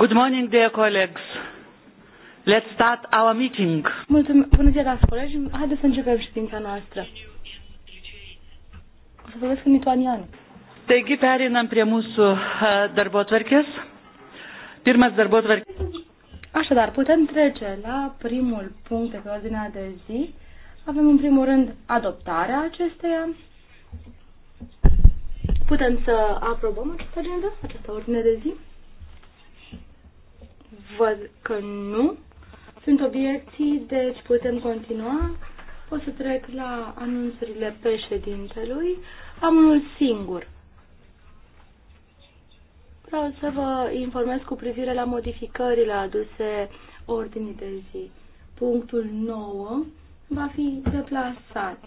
Good morning, dear colleagues. Let's start our meeting. Mulțumim. Bună ziua, dragi colegi. Haideți să începem ședința noastră. O să vorbesc în lituaniană. Taigi, perinam prie mūsų uh, darbotvarkės. Pirmas darbotvarkės. Așadar, putem trece la primul punct de pe ordinea de zi. Avem în primul rând adoptarea acesteia. Putem să aprobăm această agenda, această ordine de zi? Văd că nu. Sunt obiecții, deci putem continua. O să trec la anunțurile președintelui. Am unul singur. Vreau să vă informez cu privire la modificările aduse ordinii de zi. Punctul 9 va fi deplasat.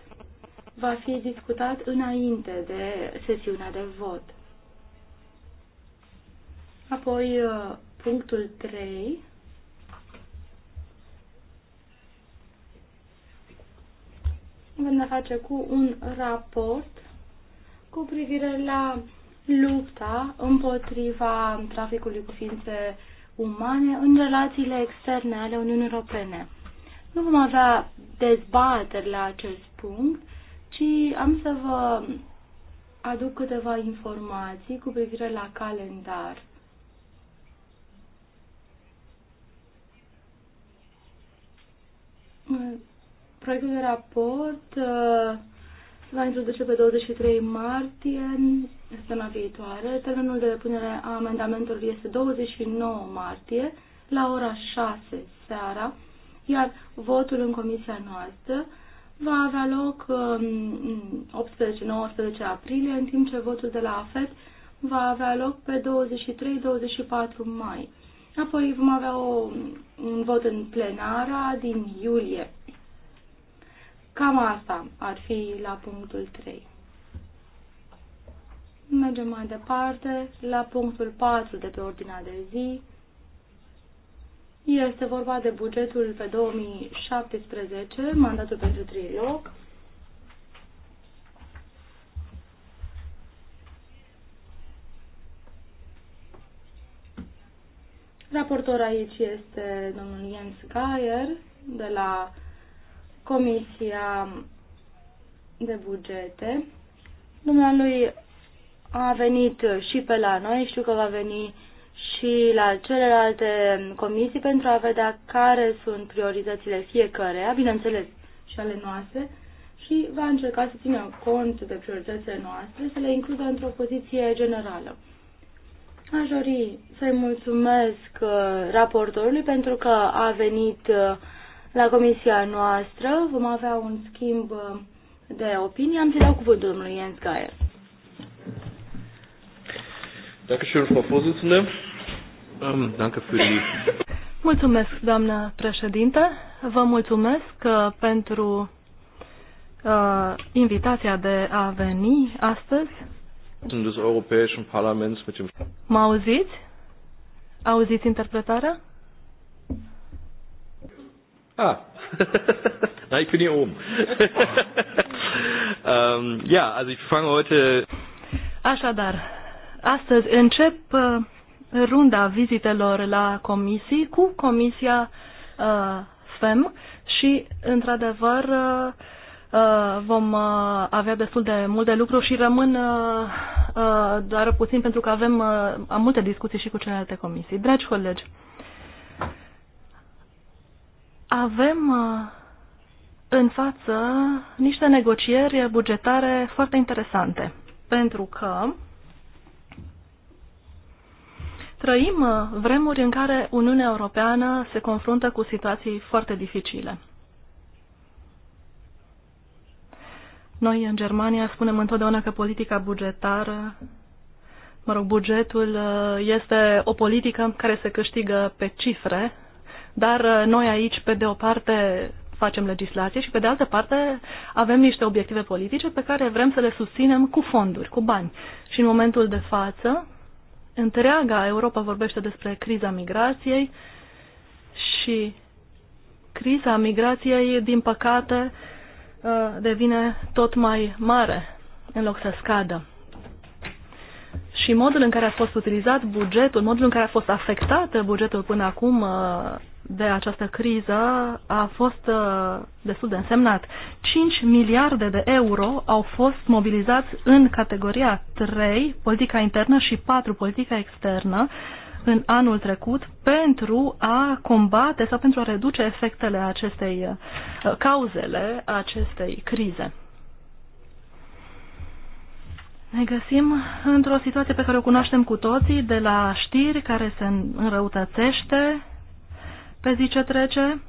Va fi discutat înainte de sesiunea de vot. Apoi, punctul 3 avem de face cu un raport cu privire la lupta împotriva traficului cu ființe umane în relațiile externe ale Uniunii Europene. Nu vom avea dezbateri la acest punct, ci am să vă aduc câteva informații cu privire la calendar. Proiectul de raport uh, se va introduce pe 23 martie, săptămâna viitoare. Termenul de depunere a amendamentelor este 29 martie, la ora 6 seara, iar votul în comisia noastră va avea loc 18-19 aprilie, în timp ce votul de la AFET va avea loc pe 23-24 mai. Apoi vom avea o, un vot în plenara din iulie. Cam asta ar fi la punctul 3. Mergem mai departe la punctul 4 de pe ordinea de zi. Este vorba de bugetul pe 2017, mandatul pentru 3 loc. Raportor aici este domnul Jens Geier de la Comisia de Bugete. Dumnealui a venit și pe la noi, știu că va veni și la celelalte comisii pentru a vedea care sunt prioritățile fiecăreia, bineînțeles și ale noastre, și va încerca să țină cont de prioritățile noastre, să le includă într-o poziție generală. Aș dori să-i mulțumesc uh, raportorului pentru că a venit uh, la comisia noastră. Vom avea un schimb uh, de opinie. Am să cuvântul domnului Jens Geier. Ähm, mulțumesc, doamnă președinte. Vă mulțumesc pentru uh, invitația de a veni astăzi des Europäischen Parlaments mit dem Mă auziți? Auziți interpretarea? Ah, Na, ich bin hier oben. ähm, ja, also ich fange heute. Așadar, astăzi încep uh, runda vizitelor la comisii cu Comisia uh, FEM și, într-adevăr, uh, Uh, vom uh, avea destul de mult de lucru și rămân uh, doar puțin pentru că avem am multe discuții și cu celelalte comisii. Dragi colegi, avem în față niște negocieri bugetare foarte interesante, pentru că trăim vremuri în care Uniunea Europeană se confruntă cu situații foarte dificile. Noi, în Germania, spunem întotdeauna că politica bugetară, mă rog, bugetul uh, este o politică care se câștigă pe cifre, dar uh, noi aici, pe de o parte, facem legislație și, pe de altă parte, avem niște obiective politice pe care vrem să le susținem cu fonduri, cu bani. Și în momentul de față, întreaga Europa vorbește despre criza migrației și criza migrației, din păcate, Uh, devine tot mai mare în loc să scadă. Și modul în care a fost utilizat bugetul, modul în care a fost afectat bugetul până acum uh, de această criză a fost uh, destul de însemnat. 5 miliarde de euro au fost mobilizați în categoria 3, politica internă și 4, politica externă, în anul trecut pentru a combate sau pentru a reduce efectele acestei, uh, cauzele acestei crize. Ne găsim într-o situație pe care o cunoaștem cu toții, de la știri care se înrăutățește pe zi ce trece.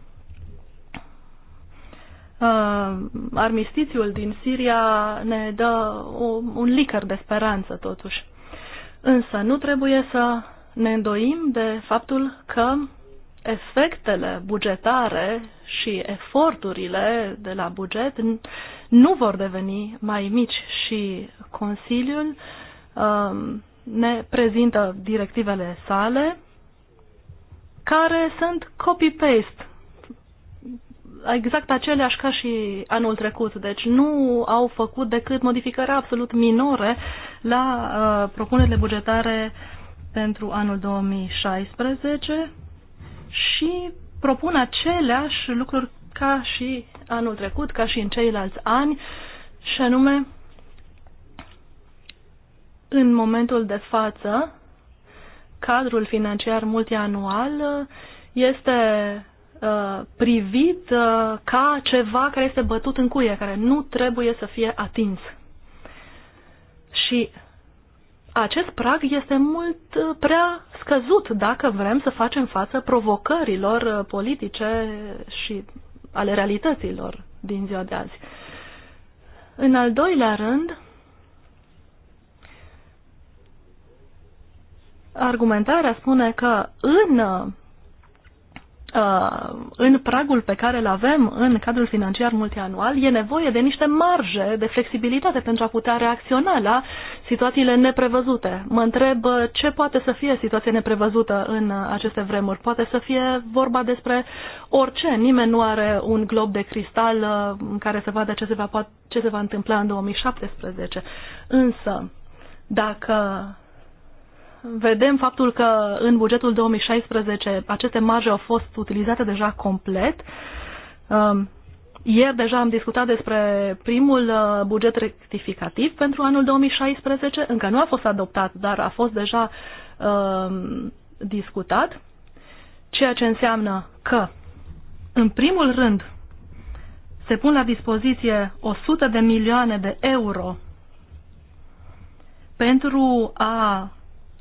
Uh, armistițiul din Siria ne dă o, un licăr de speranță, totuși. Însă nu trebuie să ne îndoim de faptul că efectele bugetare și eforturile de la buget nu vor deveni mai mici și Consiliul um, ne prezintă directivele sale care sunt copy-paste exact aceleași ca și anul trecut, deci nu au făcut decât modificări absolut minore la uh, propunerile bugetare uh, pentru anul 2016 și propun aceleași lucruri ca și anul trecut, ca și în ceilalți ani, și anume, în momentul de față, cadrul financiar multianual este uh, privit uh, ca ceva care este bătut în cuie, care nu trebuie să fie atins. Și acest prag este mult uh, prea scăzut dacă vrem să facem față provocărilor uh, politice și ale realităților din ziua de azi. În al doilea rând, argumentarea spune că în Uh, în pragul pe care îl avem în cadrul financiar multianual, e nevoie de niște marje de flexibilitate pentru a putea reacționa la situațiile neprevăzute. Mă întreb uh, ce poate să fie situație neprevăzută în uh, aceste vremuri. Poate să fie vorba despre orice. Nimeni nu are un glob de cristal în care să vadă ce se va, ce se va întâmpla în 2017. Însă, dacă vedem faptul că în bugetul 2016 aceste marje au fost utilizate deja complet. Um, ieri deja am discutat despre primul uh, buget rectificativ pentru anul 2016. Încă nu a fost adoptat, dar a fost deja um, discutat, ceea ce înseamnă că, în primul rând, se pun la dispoziție 100 de milioane de euro pentru a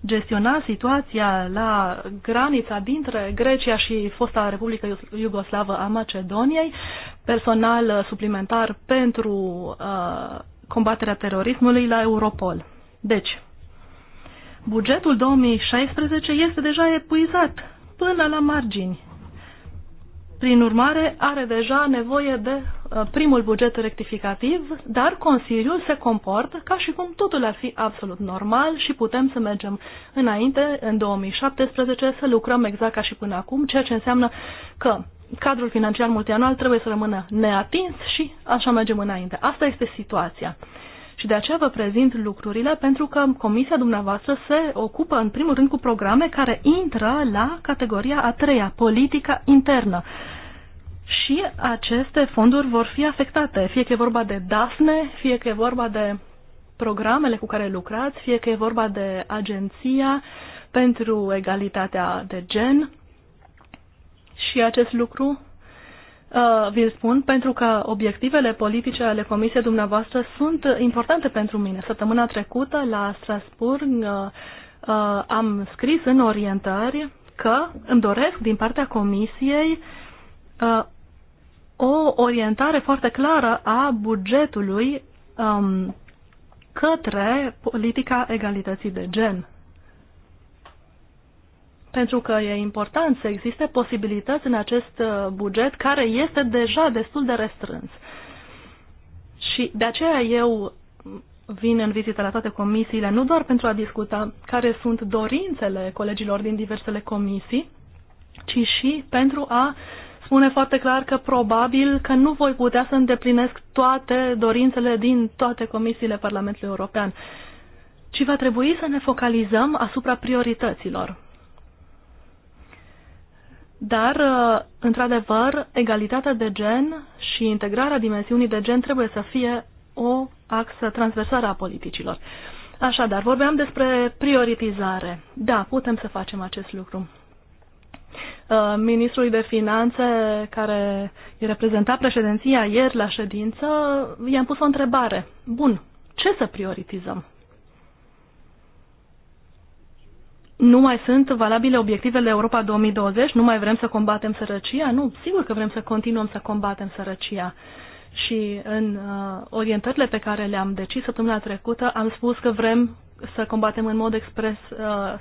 gestiona situația la granița dintre Grecia și fosta Republică Iugoslavă a Macedoniei, personal uh, suplimentar pentru uh, combaterea terorismului la Europol. Deci, bugetul 2016 este deja epuizat până la margini prin urmare, are deja nevoie de uh, primul buget rectificativ, dar Consiliul se comportă ca și cum totul ar fi absolut normal și putem să mergem înainte, în 2017, să lucrăm exact ca și până acum, ceea ce înseamnă că cadrul financiar multianual trebuie să rămână neatins și așa mergem înainte. Asta este situația. Și de aceea vă prezint lucrurile, pentru că comisia dumneavoastră se ocupă în primul rând cu programe care intră la categoria a treia, politica internă și aceste fonduri vor fi afectate, fie că e vorba de DAFNE, fie că e vorba de programele cu care lucrați, fie că e vorba de Agenția pentru Egalitatea de Gen. Și acest lucru uh, vi-l spun pentru că obiectivele politice ale comisiei dumneavoastră sunt importante pentru mine. Săptămâna trecută la Strasburg uh, uh, am scris în orientări că îmi doresc din partea comisiei uh, uh, o orientare foarte clară a bugetului um, către politica egalității de gen. Pentru că e important să existe posibilități în acest uh, buget care este deja destul de restrâns. Și de aceea eu vin în vizită la toate comisiile, nu doar pentru a discuta care sunt dorințele colegilor din diversele comisii, ci și pentru a uh, spune foarte clar că probabil că nu voi putea să îndeplinesc toate dorințele din toate comisiile Parlamentului European, ci va trebui să ne focalizăm asupra priorităților. Dar, uh, într-adevăr, egalitatea de gen și integrarea dimensiunii de gen trebuie să fie o axă transversală a politicilor. Așadar, vorbeam despre prioritizare. Da, putem să facem acest lucru. Uh, ministrului de finanțe care îi reprezenta președinția ieri la ședință, i-am pus o întrebare. Bun, ce să prioritizăm? Nu mai sunt valabile obiectivele Europa 2020? Nu mai vrem să combatem sărăcia? Nu, sigur că vrem să continuăm să combatem sărăcia. Și în uh, orientările pe care le-am decis săptămâna trecută, am spus că vrem să combatem în mod expres uh,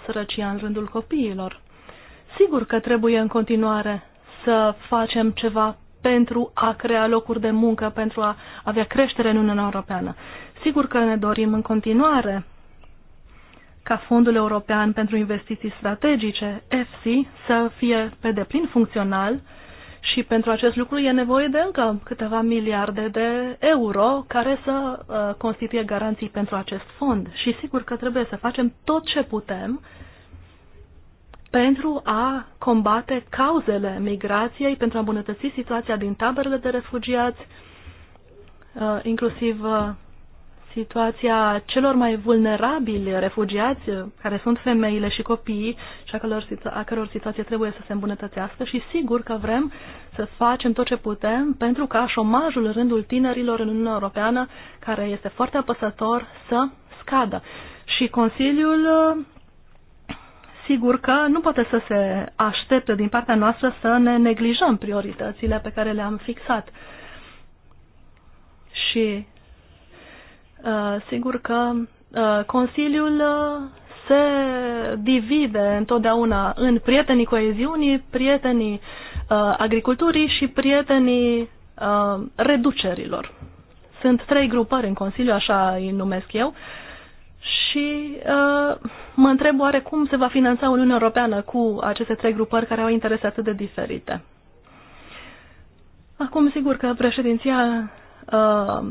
sărăcia în rândul copiilor Sigur că trebuie în continuare să facem ceva pentru a crea locuri de muncă, pentru a avea creștere în Uniunea Europeană. Sigur că ne dorim în continuare ca Fondul European pentru Investiții Strategice, EFSI, să fie pe deplin funcțional și pentru acest lucru e nevoie de încă câteva miliarde de euro care să uh, constituie garanții pentru acest fond. Și sigur că trebuie să facem tot ce putem uh, pentru a combate cauzele migrației, pentru a îmbunătăți situația din taberele de refugiați, uh, inclusiv uh, situația celor mai vulnerabili refugiați, uh, care sunt femeile și copiii, și a căror, a căror situație trebuie să se îmbunătățească și sigur că vrem să facem tot ce putem pentru ca șomajul în rândul tinerilor în Uniunea Europeană, care este foarte apăsător, să scadă. Și Consiliul sigur că nu poate să se aștepte din partea noastră să ne neglijăm prioritățile pe care le-am fixat. Și uh, sigur că uh, Consiliul uh, se divide întotdeauna în prietenii coeziunii, prietenii agriculturii și prietenii reducerilor. Sunt trei grupări în Consiliu, așa îi numesc eu, și uh, mă întreb oare cum se va finanța Uniunea Europeană cu aceste trei grupări care au interese atât de diferite. Acum, sigur că președinția uh,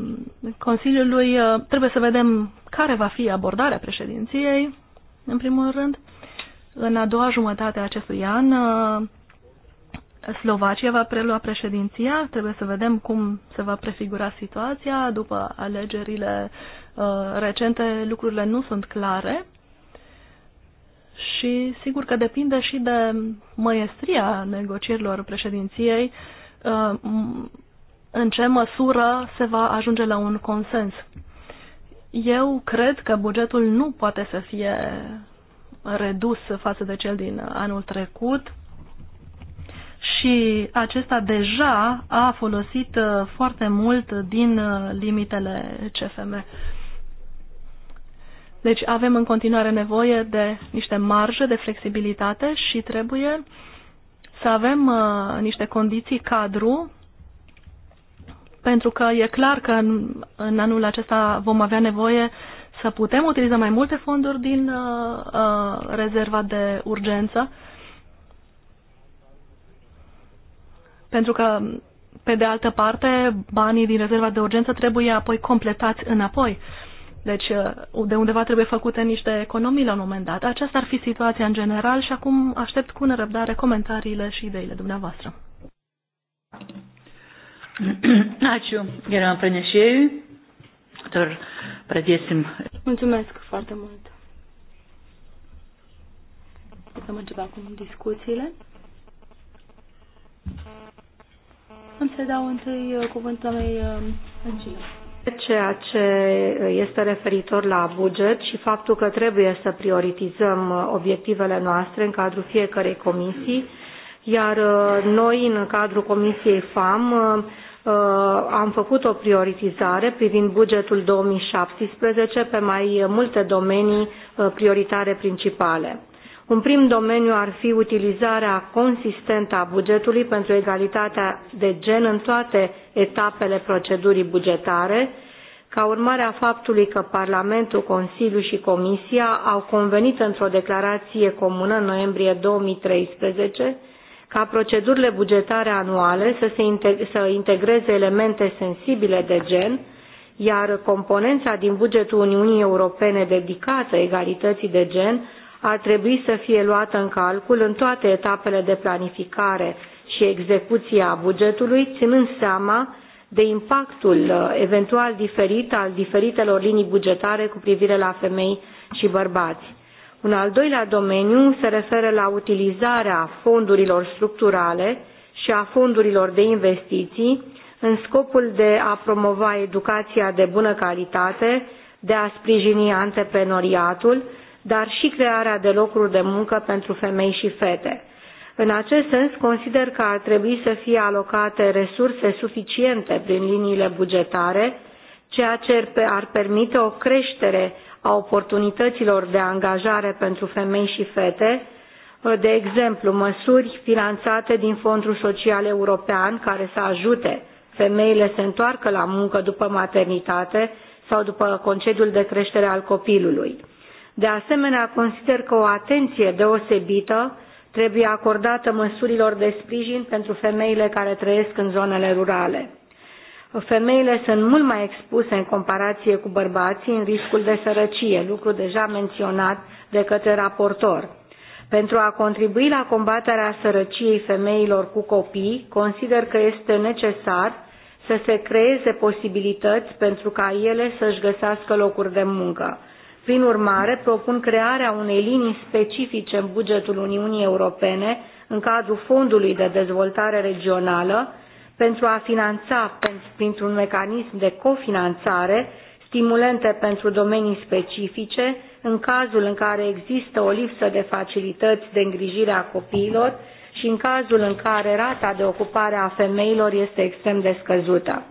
Consiliului uh, trebuie să vedem care va fi abordarea președinției, în primul rând. În a doua jumătate a acestui an, uh, Slovacia va prelua președinția, trebuie să vedem cum se va prefigura situația. După alegerile uh, recente, lucrurile nu sunt clare și sigur că depinde și de măiestria negocierilor președinției uh, în ce măsură se va ajunge la un consens. Eu cred că bugetul nu poate să fie redus față de cel din anul trecut și acesta deja a folosit uh, foarte mult din uh, limitele CFM. Deci avem în continuare nevoie de niște marjă de flexibilitate și trebuie să avem uh, niște condiții cadru, pentru că e clar că în, în anul acesta vom avea nevoie să putem utiliza mai multe fonduri din uh, uh, rezerva de urgență, pentru că, pe de altă parte, banii din rezerva de urgență trebuie apoi completați înapoi. Uh, deci uh, de undeva trebuie făcute niște economii la un moment dat. Aceasta ar fi situația în general și acum aștept cu nerăbdare comentariile și ideile dumneavoastră. Ačiū, gerbiam pranešėjui. Tur pradėsim. Mulțumesc foarte mult. Putem începe acum discuțiile. Am să dau întâi uh, cuvântul meu, uh, Angela. Ceea ce este referitor la buget și faptul că trebuie să prioritizăm obiectivele noastre în cadrul fiecărei comisii, iar uh, noi, în cadrul Comisiei FAM, uh, uh, am făcut o prioritizare privind bugetul 2017 pe mai multe domenii prioritare principale. Un prim domeniu ar fi utilizarea consistentă a bugetului pentru egalitatea de gen în toate etapele procedurii bugetare, ca urmare a faptului că Parlamentul, Consiliul și Comisia au convenit într-o declarație comună în noiembrie 2013 ca procedurile bugetare anuale să, se integ să integreze elemente sensibile de gen, iar componența din bugetul Uniunii Europene dedicată egalității de gen ar trebui să fie luată în calcul în toate etapele de planificare și execuție a bugetului, ținând seama de impactul uh, eventual diferit al diferitelor linii bugetare cu privire la femei și bărbați. Un al doilea domeniu se referă la utilizarea fondurilor structurale și a fondurilor de investiții în scopul de a promova educația de bună calitate, de a sprijini antreprenoriatul dar și crearea de locuri de muncă pentru femei și fete. În acest sens, consider că ar trebui să fie alocate resurse suficiente prin liniile bugetare, ceea ce ar permite o creștere a oportunităților de angajare pentru femei și fete, de exemplu, măsuri finanțate din Fondul Social European care să ajute femeile să întoarcă la muncă după maternitate sau după concediul de creștere al copilului. De asemenea, consider că o atenție deosebită trebuie acordată măsurilor de sprijin pentru femeile care trăiesc în zonele rurale. Femeile sunt mult mai expuse în comparație cu bărbații în riscul de sărăcie, lucru deja menționat de către raportor. Pentru a contribui la combaterea sărăciei femeilor cu copii, consider că este necesar să se creeze posibilități pentru ca ele să-și găsească locuri de muncă. Prin urmare, propun crearea unei linii specifice în bugetul Uniunii Europene, în cadrul Fondului de Dezvoltare Regională, pentru a finanța printr-un mecanism de cofinanțare stimulente pentru domenii specifice, în cazul în care există o lipsă de facilități de îngrijire a copiilor și în cazul în care rata de ocupare a femeilor este extrem de scăzută.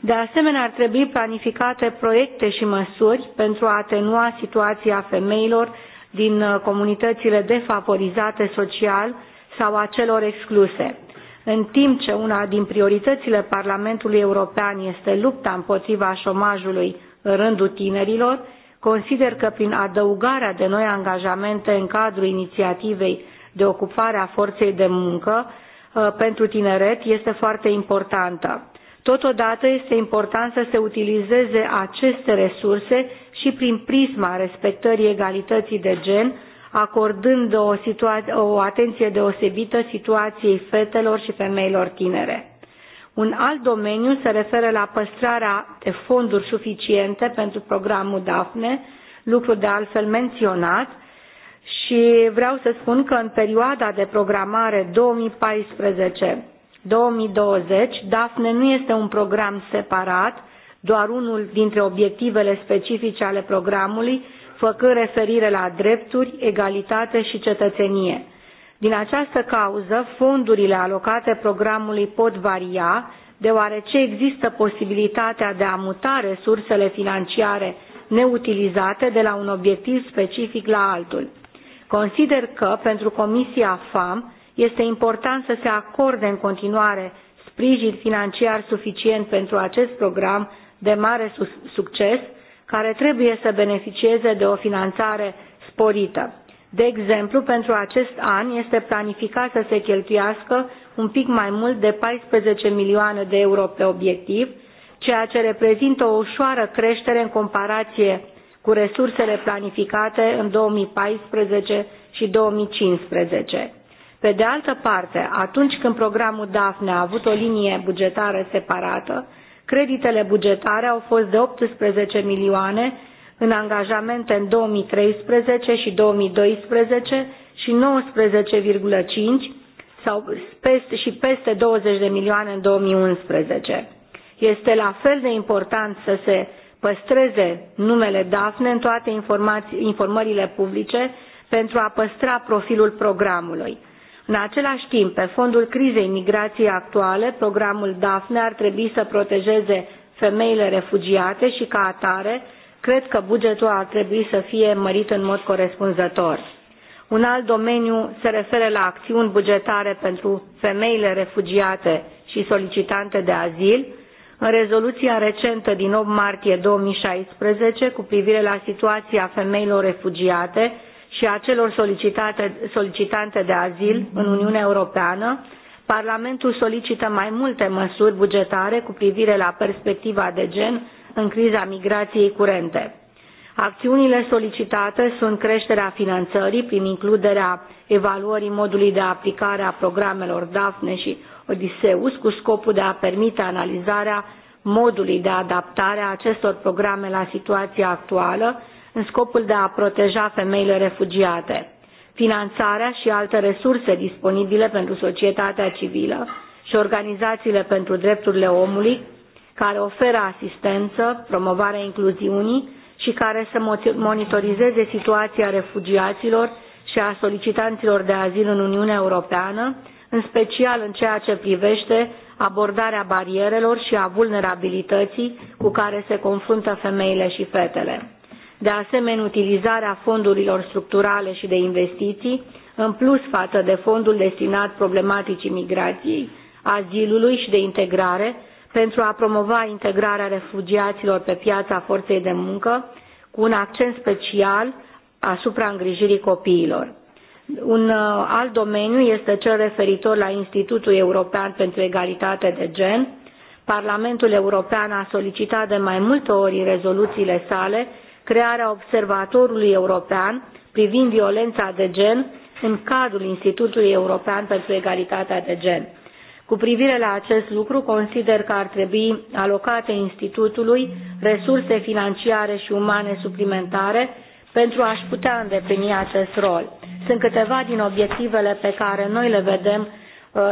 De asemenea, ar trebui planificate proiecte și măsuri pentru a atenua situația femeilor din uh, comunitățile defavorizate social sau a celor excluse. În timp ce una din prioritățile Parlamentului European este lupta împotriva șomajului în rândul tinerilor, consider că prin adăugarea de noi angajamente în cadrul inițiativei de ocupare a forței de muncă uh, pentru tineret este foarte importantă. Totodată este important să se utilizeze aceste resurse și prin prisma respectării egalității de gen, acordând o, o atenție deosebită situației fetelor și femeilor tinere. Un alt domeniu se referă la păstrarea de fonduri suficiente pentru programul DAFNE, lucru de altfel menționat, și vreau să spun că în perioada de programare 2014 2020, DAFNE nu este un program separat, doar unul dintre obiectivele specifice ale programului, făcând referire la drepturi, egalitate și cetățenie. Din această cauză, fondurile alocate programului pot varia, deoarece există posibilitatea de a muta resursele financiare neutilizate de la un obiectiv specific la altul. Consider că, pentru Comisia FAM, este important să se acorde în continuare sprijin financiar suficient pentru acest program de mare succes, care trebuie să beneficieze de o finanțare sporită. De exemplu, pentru acest an este planificat să se cheltuiască un pic mai mult de 14 milioane de euro pe obiectiv, ceea ce reprezintă o ușoară creștere în comparație cu resursele planificate în 2014 și 2015. Pe de altă parte, atunci când programul DAFNE a avut o linie bugetară separată, creditele bugetare au fost de 18 milioane în angajamente în 2013 și 2012 și 19,5 sau peste, și peste 20 de milioane în 2011. Este la fel de important să se păstreze numele DAFNE în toate informările publice pentru a păstra profilul programului. În același timp, pe fondul crizei migrației actuale, programul DAFNE ar trebui să protejeze femeile refugiate și ca atare, cred că bugetul ar trebui să fie mărit în mod corespunzător. Un alt domeniu se referă la acțiuni bugetare pentru femeile refugiate și solicitante de azil. În rezoluția recentă din 8 martie 2016 cu privire la situația femeilor refugiate, și a celor solicitante de azil în Uniunea Europeană, Parlamentul solicită mai multe măsuri bugetare cu privire la perspectiva de gen în criza migrației curente. Acțiunile solicitate sunt creșterea finanțării prin includerea evaluării modului de aplicare a programelor DAFNE și Odiseus cu scopul de a permite analizarea modului de adaptare a acestor programe la situația actuală în scopul de a proteja femeile refugiate. Finanțarea și alte resurse disponibile pentru societatea civilă și organizațiile pentru drepturile omului care oferă asistență, promovarea incluziunii și care să monitorizeze situația refugiaților și a solicitanților de azil în Uniunea Europeană, în special în ceea ce privește abordarea barierelor și a vulnerabilității cu care se confruntă femeile și fetele de asemenea utilizarea fondurilor structurale și de investiții, în plus față de fondul destinat problematicii migrației, azilului și de integrare, pentru a promova integrarea refugiaților pe piața forței de muncă, cu un accent special asupra îngrijirii copiilor. Un uh, alt domeniu este cel referitor la Institutul European pentru Egalitate de Gen. Parlamentul European a solicitat de mai multe ori în rezoluțiile sale crearea Observatorului European privind violența de gen în cadrul Institutului European pentru Egalitatea de Gen. Cu privire la acest lucru, consider că ar trebui alocate Institutului resurse financiare și umane suplimentare pentru a-și putea îndeplini acest rol. Sunt câteva din obiectivele pe care noi le vedem uh,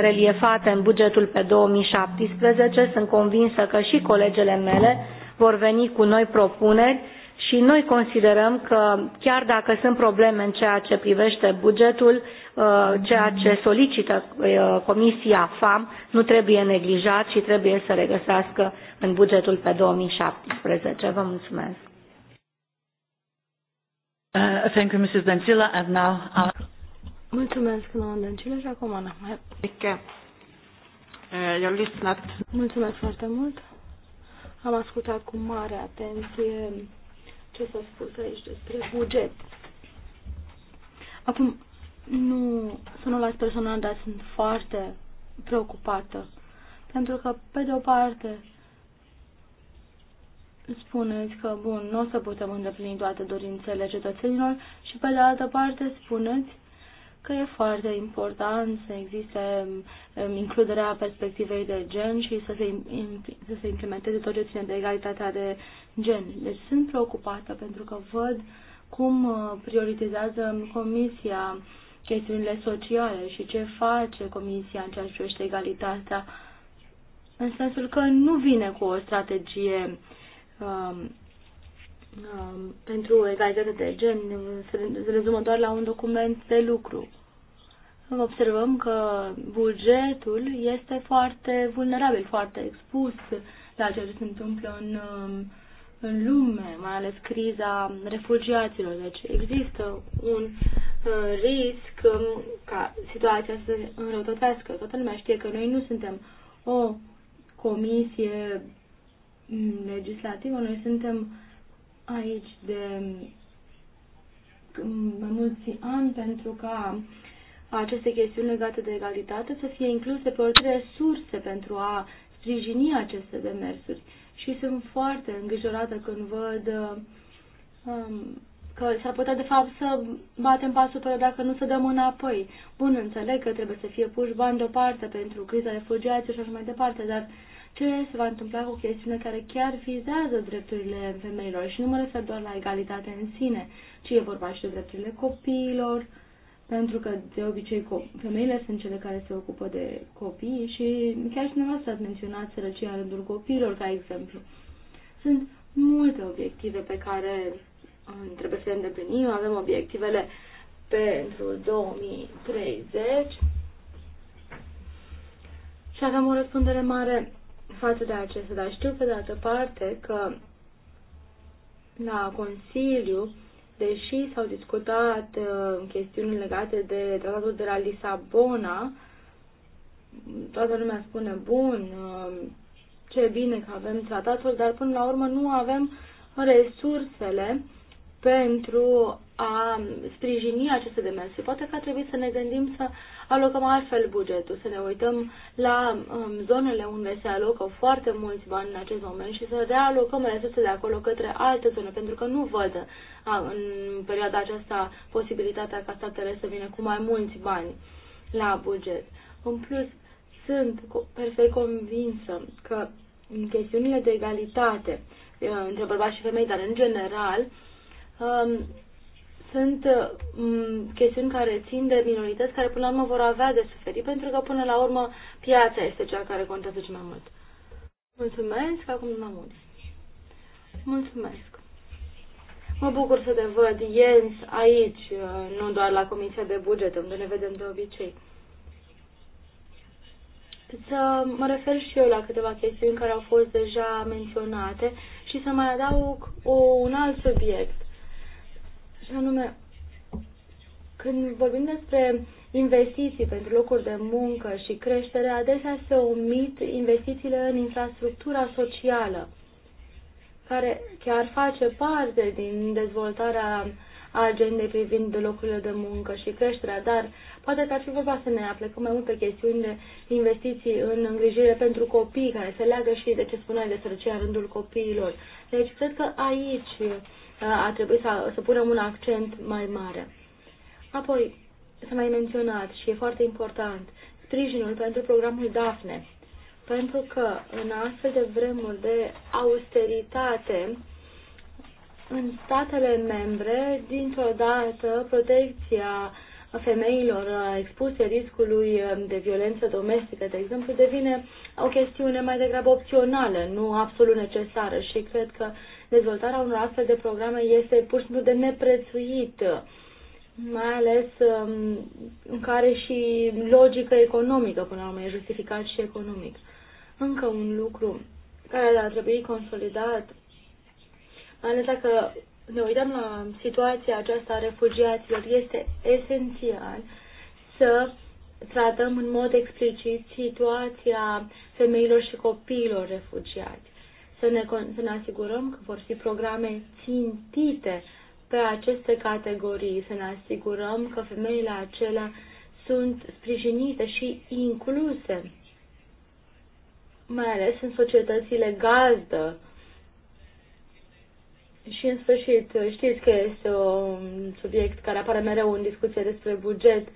reliefate în bugetul pe 2017. Sunt convinsă că și colegele mele vor veni cu noi propuneri și noi considerăm că chiar dacă sunt probleme în ceea ce privește bugetul, uh, ceea ce solicită uh, Comisia FAM nu trebuie neglijat și trebuie să regăsească în bugetul pe 2017. Vă mulțumesc. Uh, thank you, Mrs. Dancila, and now I'll... Uh, mulțumesc, doamna Dancila, și acum Ana. Adică, mulțumesc foarte mult. Am ascultat cu mare atenție ce s-a spus aici despre buget. Acum, nu, să nu las personal, dar sunt foarte preocupată. Pentru că, pe de o parte, spuneți că, bun, nu o să putem îndeplini toate dorințele cetățenilor și, pe de altă parte, spuneți că e foarte important să existe um, includerea perspectivei de gen și să se, să se implementeze tot ce ține de egalitatea de gen. Deci sunt preocupată pentru că văd cum uh, prioritizează Comisia chestiunile sociale și ce face Comisia în ceea ce privește egalitatea, în sensul că nu vine cu o strategie um, Um, pentru egalitate de gen se rezumă doar la un document de lucru. Observăm că bugetul este foarte vulnerabil, foarte expus la ceea ce se întâmplă în, um, în lume, mai ales criza refugiaților. Deci există un uh, risc um, ca situația să se înrăutățească. Toată lumea știe că noi nu suntem o comisie mm, legislativă, noi suntem uh, aici de mai mulți ani pentru ca aceste chestiuni legate de egalitate să fie incluse pe orice resurse pentru a sprijini aceste demersuri. Și sunt foarte îngrijorată când văd um, că s-ar putea de fapt să batem pasul pe dacă nu să dăm înapoi. Bun, înțeleg că trebuie să fie puși bani deoparte pentru criza refugiaților și așa mai departe, dar uh, ce se va întâmpla cu o chestiune care chiar vizează drepturile femeilor și nu mă refer doar la egalitate în sine, ci e vorba și de drepturile copiilor, pentru că de obicei femeile sunt cele care se ocupă de copii și chiar și dumneavoastră ați menționat sărăcia în rândul copiilor ca exemplu. Sunt multe obiective pe care um, trebuie să le îndeplinim. Avem obiectivele pentru 2030 și avem o răspundere mare față de acestea, dar știu pe de altă parte că la Consiliu, deși s-au discutat uh, chestiuni legate de tratatul de la Lisabona, toată lumea spune, bun, uh, ce bine că avem tratatul, dar până la urmă nu avem resursele pentru a sprijini aceste demersuri. Poate că ar trebui să ne gândim să alocăm altfel bugetul, să ne uităm la um, zonele unde se alocă foarte mulți bani în acest moment și să realocăm de acolo către alte zone, pentru că nu văd a, în perioada aceasta posibilitatea ca statele să vină cu mai mulți bani la buget. În plus, sunt perfect convinsă că în chestiunile de egalitate între bărbați și femei, dar în general, Um, sunt um, chestiuni care țin de minorități care până la urmă vor avea de suferit pentru că până la urmă piața este cea care contează cel mai mult. Mulțumesc, acum nu am Mulțumesc. Mă bucur să te văd, Jens, aici, uh, nu doar la Comisia de Buget, unde ne vedem de obicei. Să mă refer și eu la câteva chestiuni care au fost deja menționate și să mai adaug un alt subiect și anume, când vorbim despre investiții pentru locuri de muncă și creștere, adesea se omit investițiile în infrastructura socială, care chiar face parte din dezvoltarea agendei privind locurile de muncă și creșterea, dar poate că ar fi vorba să ne aplicăm mai multe chestiuni de investiții în îngrijire pentru copii, care se leagă și de ce spuneai de sărăcia în rândul copiilor. Deci, cred că aici ar trebui să, să punem un accent mai mare. Apoi, s-a mai menționat și e foarte important, sprijinul pentru programul DAFNE, pentru că în astfel de vremuri de austeritate, în statele membre, dintr-o dată, protecția femeilor expuse riscului de violență domestică, de exemplu, devine o chestiune mai degrabă opțională, nu absolut necesară și cred că uh, dezvoltarea unor astfel de programe este pur și simplu de neprețuit, mai ales um, în care și logică economică, până la urmă, e justificat și economic. Încă un lucru care ar trebui consolidat, mai ales dacă ne uităm la situația aceasta a refugiaților, este esențial să tratăm în mod explicit situația femeilor și copiilor refugiați să ne, să ne asigurăm că vor fi programe țintite pe aceste categorii, să ne asigurăm că femeile acelea sunt sprijinite și incluse, mai ales în societățile gazdă. Și în sfârșit, știți că este un subiect care apare mereu în discuție despre buget.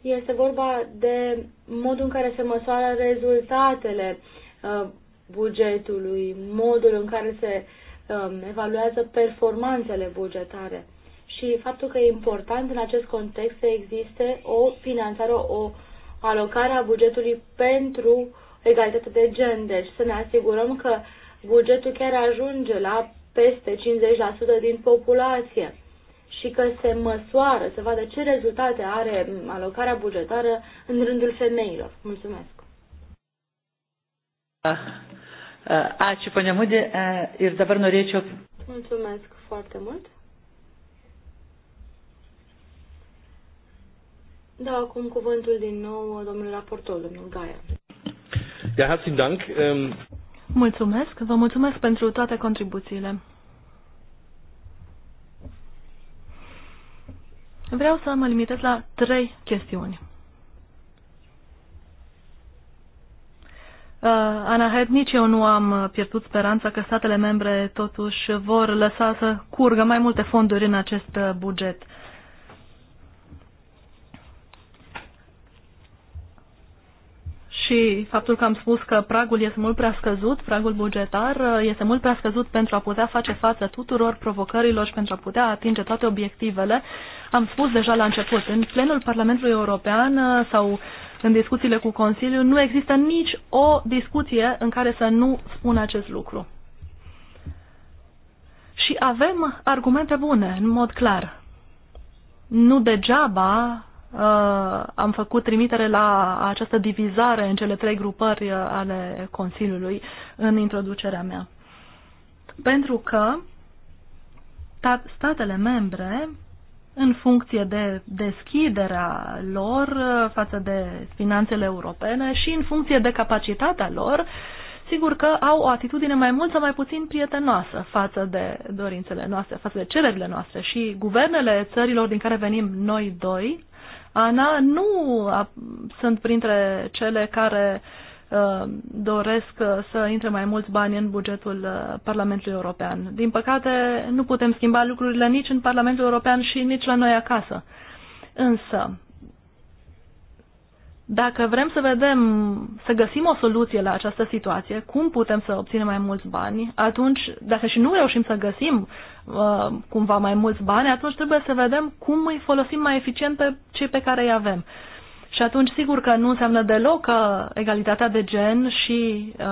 Este vorba de modul în care se măsoară rezultatele uh, bugetului, modul în care se um, evaluează performanțele bugetare și faptul că e important în acest context să existe o finanțare, o alocare a bugetului pentru egalitate de gen. Deci să ne asigurăm că bugetul chiar ajunge la peste 50% din populație și că se măsoară, se vadă ce rezultate are alocarea bugetară în rândul femeilor. Mulțumesc! Uh, ačiū, ponia Mudė, uh, ir dabar norėčiau. Mulțumesc foarte mult. Da, acum cuvântul din nou domnul raportor, domnul Gaia. Ja, herzlichen Dank. Ähm, mulțumesc, vă mulțumesc pentru toate contribuțiile. Vreau să mă limitez la trei chestiuni. Uh, Ana Head, nici eu nu am uh, pierdut speranța că statele membre totuși vor lăsa să curgă mai multe fonduri în acest uh, buget. și faptul că am spus că pragul este mult prea scăzut, pragul bugetar uh, este mult prea scăzut pentru a putea face față tuturor provocărilor și pentru a putea atinge toate obiectivele, am spus deja la început, în plenul Parlamentului European uh, sau în discuțiile cu Consiliul, nu există nici o discuție în care să nu spun acest lucru. Și avem argumente bune, în mod clar. Nu degeaba Uh, am făcut trimitere la această divizare în cele trei grupări uh, ale Consiliului în introducerea mea. Pentru că statele membre, în funcție de deschiderea lor uh, față de finanțele europene și în funcție de capacitatea lor, sigur că au o atitudine mai mult sau mai puțin prietenoasă față de dorințele noastre, față de cererile noastre și guvernele țărilor din care venim noi doi, Ana, nu a, sunt printre cele care ă, doresc să intre mai mulți bani în bugetul ă, Parlamentului European. Din păcate, nu putem schimba lucrurile nici în Parlamentul European și nici la noi acasă. Însă, dacă vrem să vedem, să găsim o soluție la această situație, cum putem să obținem mai mulți bani, atunci, dacă și nu reușim să găsim Uh, cumva mai mulți bani, atunci trebuie să vedem cum îi folosim mai eficient pe cei pe care îi avem. Și atunci, sigur că nu înseamnă deloc că egalitatea de gen și uh,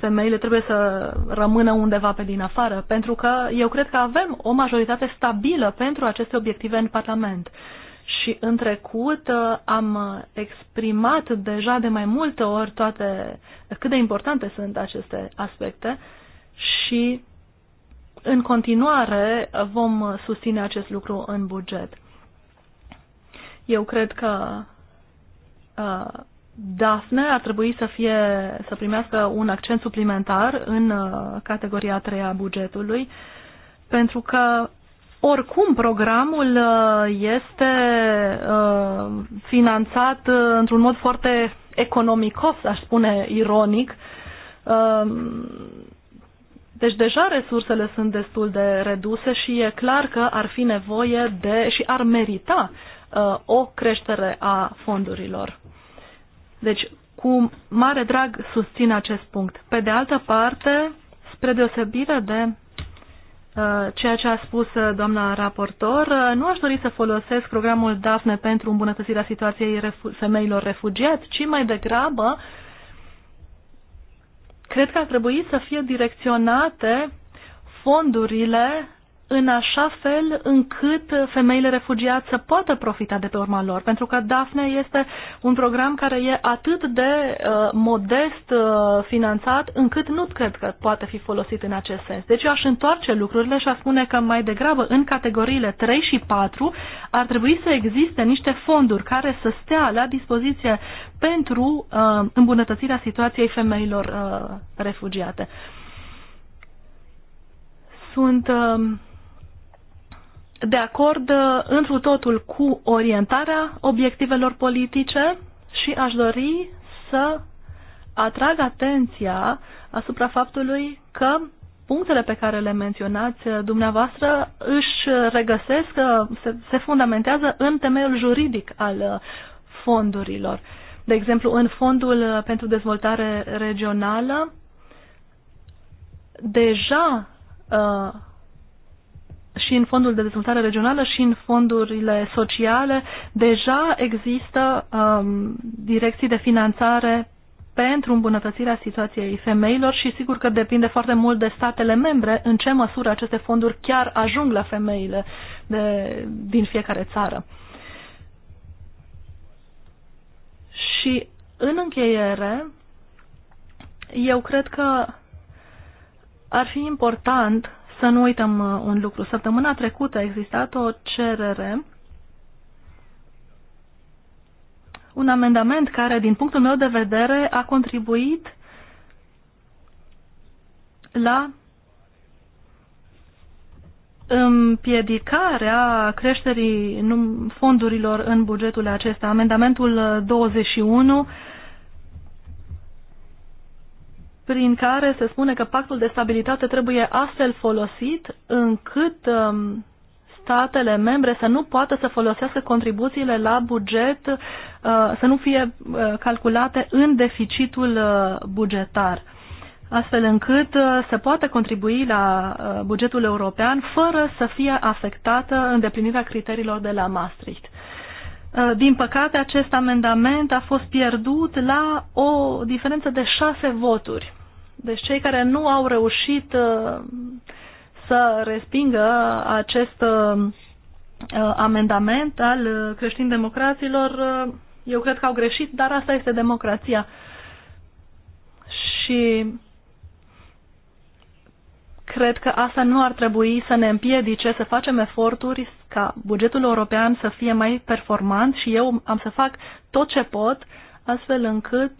femeile trebuie să rămână undeva pe din afară, pentru că eu cred că avem o majoritate stabilă pentru aceste obiective în Parlament. Și în trecut uh, am exprimat deja de mai multe ori toate cât de importante sunt aceste aspecte și în continuare vom susține acest lucru în buget. Eu cred că uh, Daphne ar trebui să, fie, să primească un accent suplimentar în uh, categoria 3 a bugetului, pentru că oricum programul uh, este uh, finanțat uh, într-un mod foarte economicos, aș spune ironic, uh, deci deja resursele sunt destul de reduse și e clar că ar fi nevoie de și ar merita uh, o creștere a fondurilor. Deci cu mare drag susțin acest punct. Pe de altă parte, spre deosebire de uh, ceea ce a spus uh, doamna raportor, uh, nu aș dori să folosesc programul DAFNE pentru îmbunătățirea situației femeilor refugiați, ci mai degrabă cred că ar trebui să fie direcționate fondurile în așa fel încât femeile refugiate să poată profita de pe urma lor. Pentru că DAFNE este un program care e atât de uh, modest uh, finanțat încât nu cred că poate fi folosit în acest sens. Deci eu aș întoarce lucrurile și aș spune că mai degrabă în categoriile 3 și 4 ar trebui să existe niște fonduri care să stea la dispoziție pentru uh, îmbunătățirea situației femeilor uh, refugiate. Sunt uh, de acord uh, întru totul cu orientarea obiectivelor politice și aș dori să atrag atenția asupra faptului că punctele pe care le menționați uh, dumneavoastră își regăsesc, uh, se, se fundamentează în temeiul juridic al fondurilor. De exemplu, în Fondul pentru Dezvoltare Regională, deja și în fondul de dezvoltare regională și în fondurile sociale deja există um, direcții de finanțare pentru îmbunătățirea situației femeilor și sigur că depinde foarte mult de statele membre în ce măsură aceste fonduri chiar ajung la femeile de, din fiecare țară. Și în încheiere, eu cred că ar fi important să nu uităm uh, un lucru. Săptămâna trecută a existat o cerere, un amendament care, din punctul meu de vedere, a contribuit la împiedicarea creșterii fondurilor în bugetul acesta. Amendamentul 21 uh, prin care se spune că pactul de stabilitate trebuie astfel folosit încât um, statele membre să nu poată să folosească contribuțiile la buget, uh, să nu fie uh, calculate în deficitul uh, bugetar astfel încât uh, se poate contribui la uh, bugetul european fără să fie afectată îndeplinirea criteriilor de la Maastricht. Uh, din păcate, acest amendament a fost pierdut la o diferență de șase voturi. Deci cei care nu au reușit uh, să respingă acest uh, uh, amendament al creștin-democraților, eu cred că au greșit, dar asta este democrația. Și cred că asta nu ar trebui să ne împiedice să facem eforturi ca bugetul european să fie mai performant și eu am să fac tot ce pot astfel încât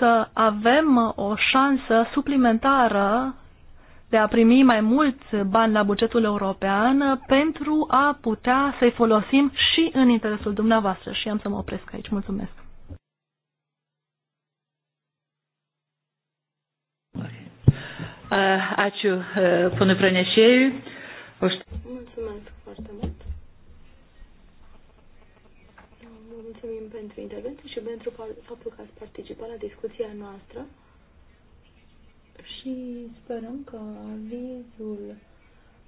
să avem o șansă suplimentară de a primi mai mulți bani la bugetul european pentru a putea să-i folosim și în interesul dumneavoastră. Și am să mă opresc aici. Mulțumesc. Uh, ačiū uh, până prăneșeiu. Mulțumesc foarte mult. mulțumim pentru intervenție și pentru faptul că ați participat la discuția noastră și sperăm că avizul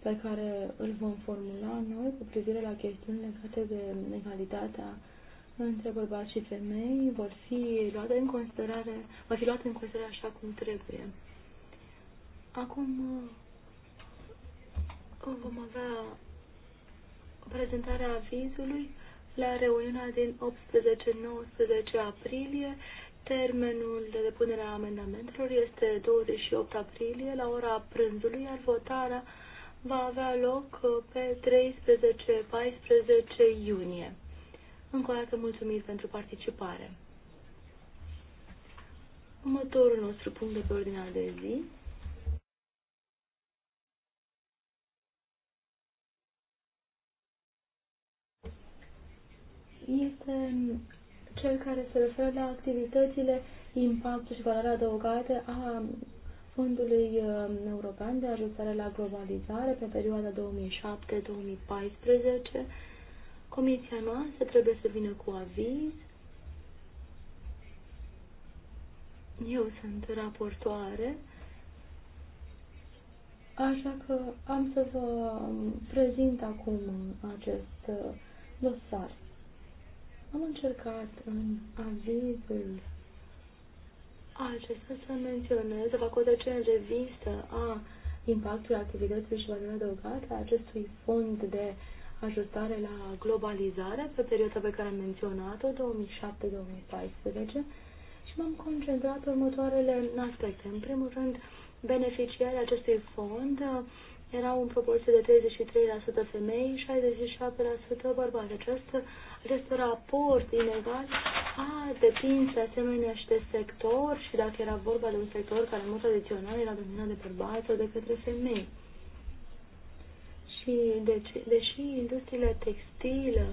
pe care îl vom formula noi cu privire la chestiuni legate de egalitatea între bărbați și femei vor fi luate în considerare, vor fi luate în considerare așa cum trebuie. Acum uh, vom avea prezentarea avizului la reuniunea din 18-19 aprilie. Termenul de depunere a amendamentelor este 28 aprilie la ora prânzului, iar votarea va avea loc uh, pe 13-14 iunie. Încă o dată mulțumim pentru participare. Următorul nostru punct de pe ordinea de zi este cel care se referă la activitățile, impactul și valoarea adăugată a Fondului um, European de Ajustare la Globalizare pe perioada 2007-2014. Comisia noastră trebuie să vină cu aviz. Eu sunt raportoare, așa că am să vă um, prezint acum acest uh, dosar. Am încercat în avizul acesta să menționez să fac o trecere în revistă a impactului activității și valoarea adăugată a acestui fond de ajustare la globalizare pe perioada pe care am menționat-o, 2007-2014, și m-am concentrat pe următoarele aspecte. În primul rând, beneficiarii acestui fond uh, erau în proporție de 33% femei, și 67% bărbați. Această despre raport inegal a depins de asemenea și de sector și dacă era vorba de un sector care în mod tradițional era dominat de bărbați sau de către femei. Și deci, deși industriile textile,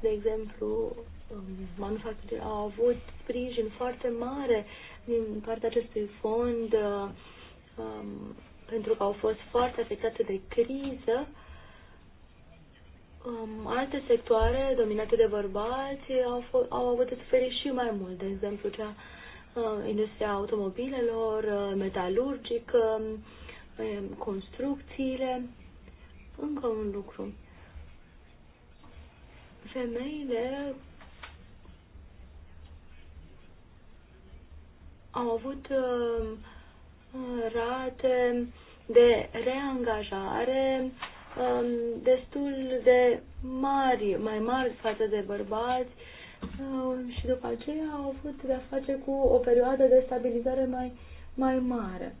de exemplu, um, manufacturile au avut sprijin foarte mare din partea acestui fond um, pentru că au fost foarte afectate de criză, Um, alte sectoare dominate de bărbați au, au avut de suferit și mai mult, de exemplu cea uh, industria automobilelor, uh, metalurgică, uh, um, um, construcțiile. Încă un lucru. Femeile au avut uh, rate de reangajare uh, Um, destul de mari, mai mari față de bărbați um, și după aceea au avut de-a face cu o perioadă de stabilizare mai, mai mare.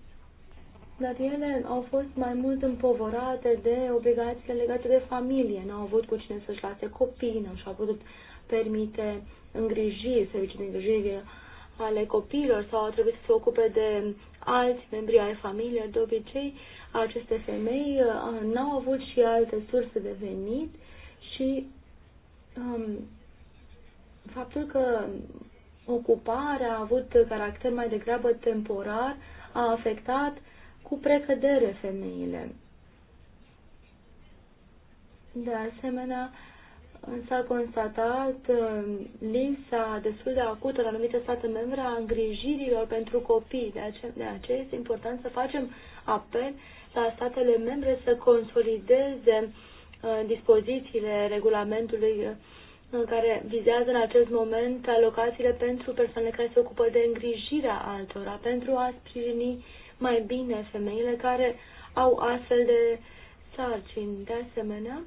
Dar ele au fost mai mult împovorate de obligațiile legate de familie, n-au avut cu cine să-și lase copii, nu și-au putut permite îngrijiri, servicii de îngrijire ale copiilor sau au trebuit să se ocupe de alți membri ai familiei. De obicei, uh, aceste femei uh, n-au avut și alte surse de venit și um, faptul că ocuparea a avut caracter mai degrabă temporar a afectat cu precădere femeile. De asemenea, s-a constatat uh, lipsa destul de acută la anumite state membre a îngrijirilor pentru copii. De aceea, de aceea este important să facem apel la statele membre să consolideze uh, dispozițiile regulamentului uh, care vizează în acest moment alocațiile pentru persoanele care se ocupă de îngrijirea altora, pentru a sprijini mai bine femeile care au astfel de sarcini. De asemenea,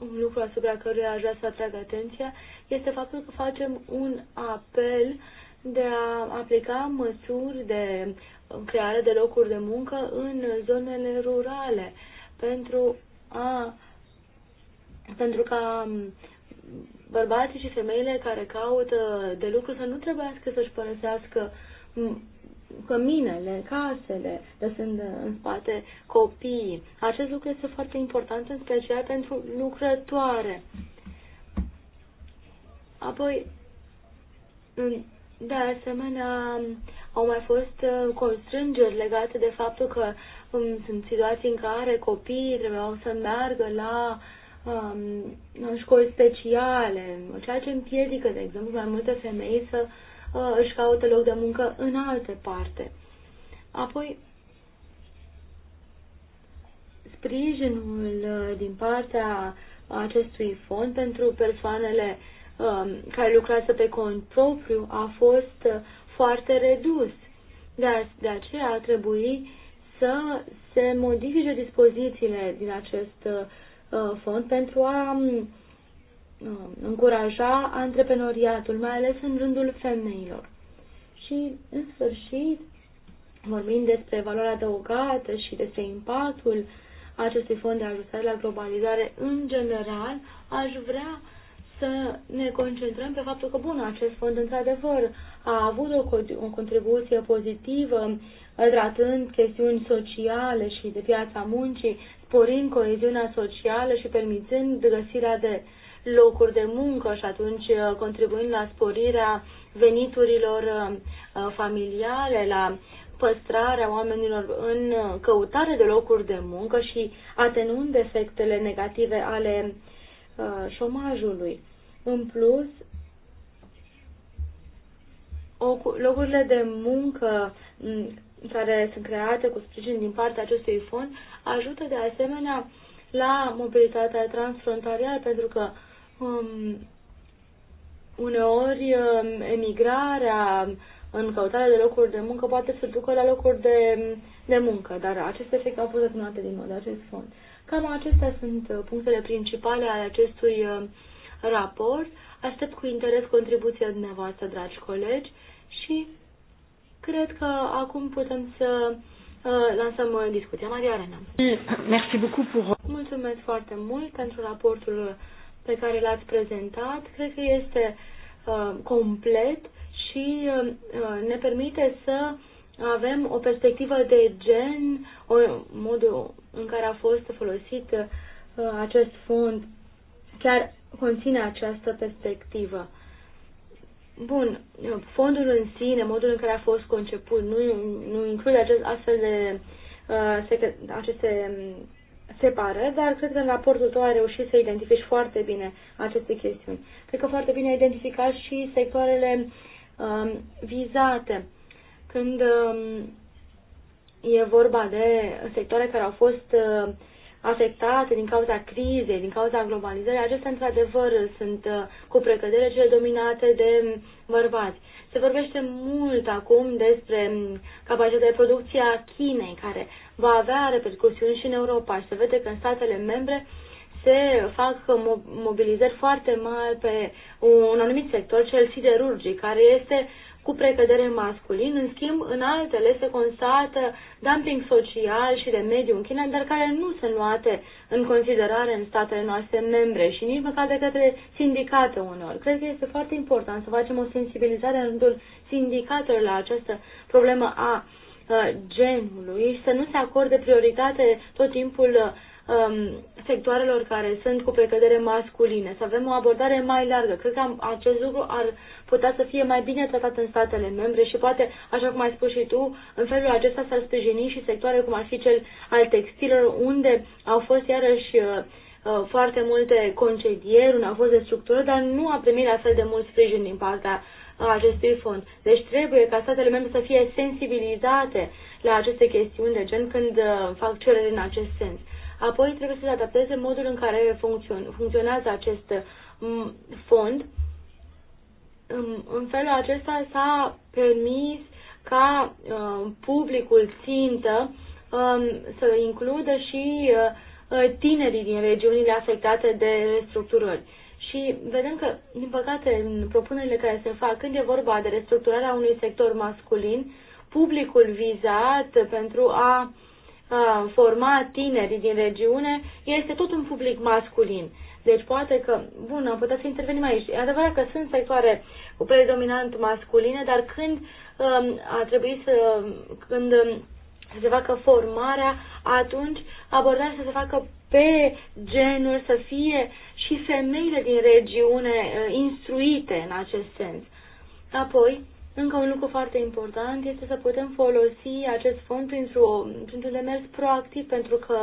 un lucru asupra căruia aș vrea să atrag atenția este faptul că facem un apel de a aplica măsuri de creare de locuri de muncă în zonele rurale pentru a pentru ca bărbații și femeile care caută de lucru să nu trebuiască să-și părăsească căminele, casele, lăsând în spate copiii. Acest lucru este foarte important, în special pentru lucrătoare. Apoi, de asemenea, au mai fost uh, constrângeri legate de faptul că um, sunt situații în care copiii trebuiau să meargă la um, școli speciale, ceea ce împiedică, de exemplu, mai multe femei să uh, își caute loc de muncă în alte parte. Apoi, sprijinul uh, din partea acestui fond pentru persoanele uh, Um, care lucrează pe cont propriu a fost uh, foarte redus. De, de aceea ar trebui să se modifice dispozițiile din acest uh, uh, fond pentru a um, um, încuraja antreprenoriatul, mai ales în rândul femeilor. Și, în sfârșit, vorbind despre valoarea adăugată și despre impactul acestui fond de ajustare la globalizare în general, aș vrea să ne concentrăm pe faptul că, bun, acest fond, într-adevăr, a avut o, o contribuție pozitivă, tratând chestiuni sociale și de piața muncii, sporind coeziunea socială și permițând găsirea de locuri de muncă și atunci uh, contribuind la sporirea veniturilor uh, familiale, la păstrarea oamenilor în căutare de locuri de muncă și atenuând efectele negative ale uh, șomajului. În plus, locurile de muncă care sunt create cu sprijin din partea acestui fond ajută de asemenea la mobilitatea transfrontalieră pentru că um, uneori um, emigrarea um, în căutarea de locuri de muncă poate să ducă la locuri de, um, de muncă, dar aceste efecte au fost atenuate din mod acest fond. Cam acestea sunt uh, punctele principale ale acestui um, raport. Aștept cu interes contribuția dumneavoastră, dragi colegi, și cred că acum putem să uh, lansăm uh, discuția. Maria Arena. Merci beaucoup pour... Mulțumesc foarte mult pentru raportul pe care l-ați prezentat. Cred că este uh, complet și uh, uh ne permite să avem o perspectivă de gen, o, modul în care a fost folosit uh, acest fond. Chiar conține această perspectivă. Bun, fondul în sine, modul în care a fost conceput, nu, nu include acest, astfel de uh, aceste um, separă, dar cred că în raportul tău ai reușit să identifici foarte bine aceste chestiuni. Cred că foarte bine ai identificat și sectoarele um, vizate. Când um, e vorba de sectoare care au fost uh, afectate din cauza crizei, din cauza globalizării, acestea într-adevăr sunt uh, cu precădere cele dominate de mm, bărbați. Se vorbește mult acum despre mm, capacitatea de producție a Chinei, care va avea repercusiuni și în Europa și se vede că în statele membre se fac mobilizări foarte mari pe un anumit sector, cel siderurgic, care este cu precădere masculin, în schimb în altele se constată dumping social și de mediu în China, dar care nu sunt luate în considerare în statele noastre membre și nici măcar de către sindicate uneori. Cred că este foarte important să facem o sensibilizare în rândul sindicatelor la această problemă a genului și să nu se acorde prioritate tot timpul um, sectoarelor care sunt cu precădere masculine, să avem o abordare mai largă. Cred că acest lucru ar putea să fie mai bine tratat în statele membre și poate, așa cum ai spus și tu, în felul acesta s-ar sprijini și sectoare cum ar fi cel al textilor, unde au fost iarăși uh, uh foarte multe concedieri, au fost de structură, dar nu a primit la fel de mult sprijin din partea uh, acestui fond. Deci trebuie ca statele membre să fie sensibilizate la aceste chestiuni de gen când uh, fac cereri în acest sens. Apoi trebuie să se adapteze modul în care funcționează acest mm, fond. În felul acesta s-a permis ca uh, publicul țintă um, să includă și uh, tinerii din regiunile afectate de restructurări. Și vedem că, din păcate, în propunerile care se fac, când e vorba de restructurarea unui sector masculin, publicul vizat pentru a a forma tinerii din regiune este tot un public masculin. Deci poate că, bun, am putea să intervenim aici. E adevărat că sunt sectoare cu predominant masculine, dar când um, a trebuit să, când um, să se facă formarea, atunci abordarea să se facă pe genuri, să fie și femeile din regiune uh, instruite în acest sens. Apoi, încă un lucru foarte important este să putem folosi acest fond printr-un printr demers proactiv, pentru că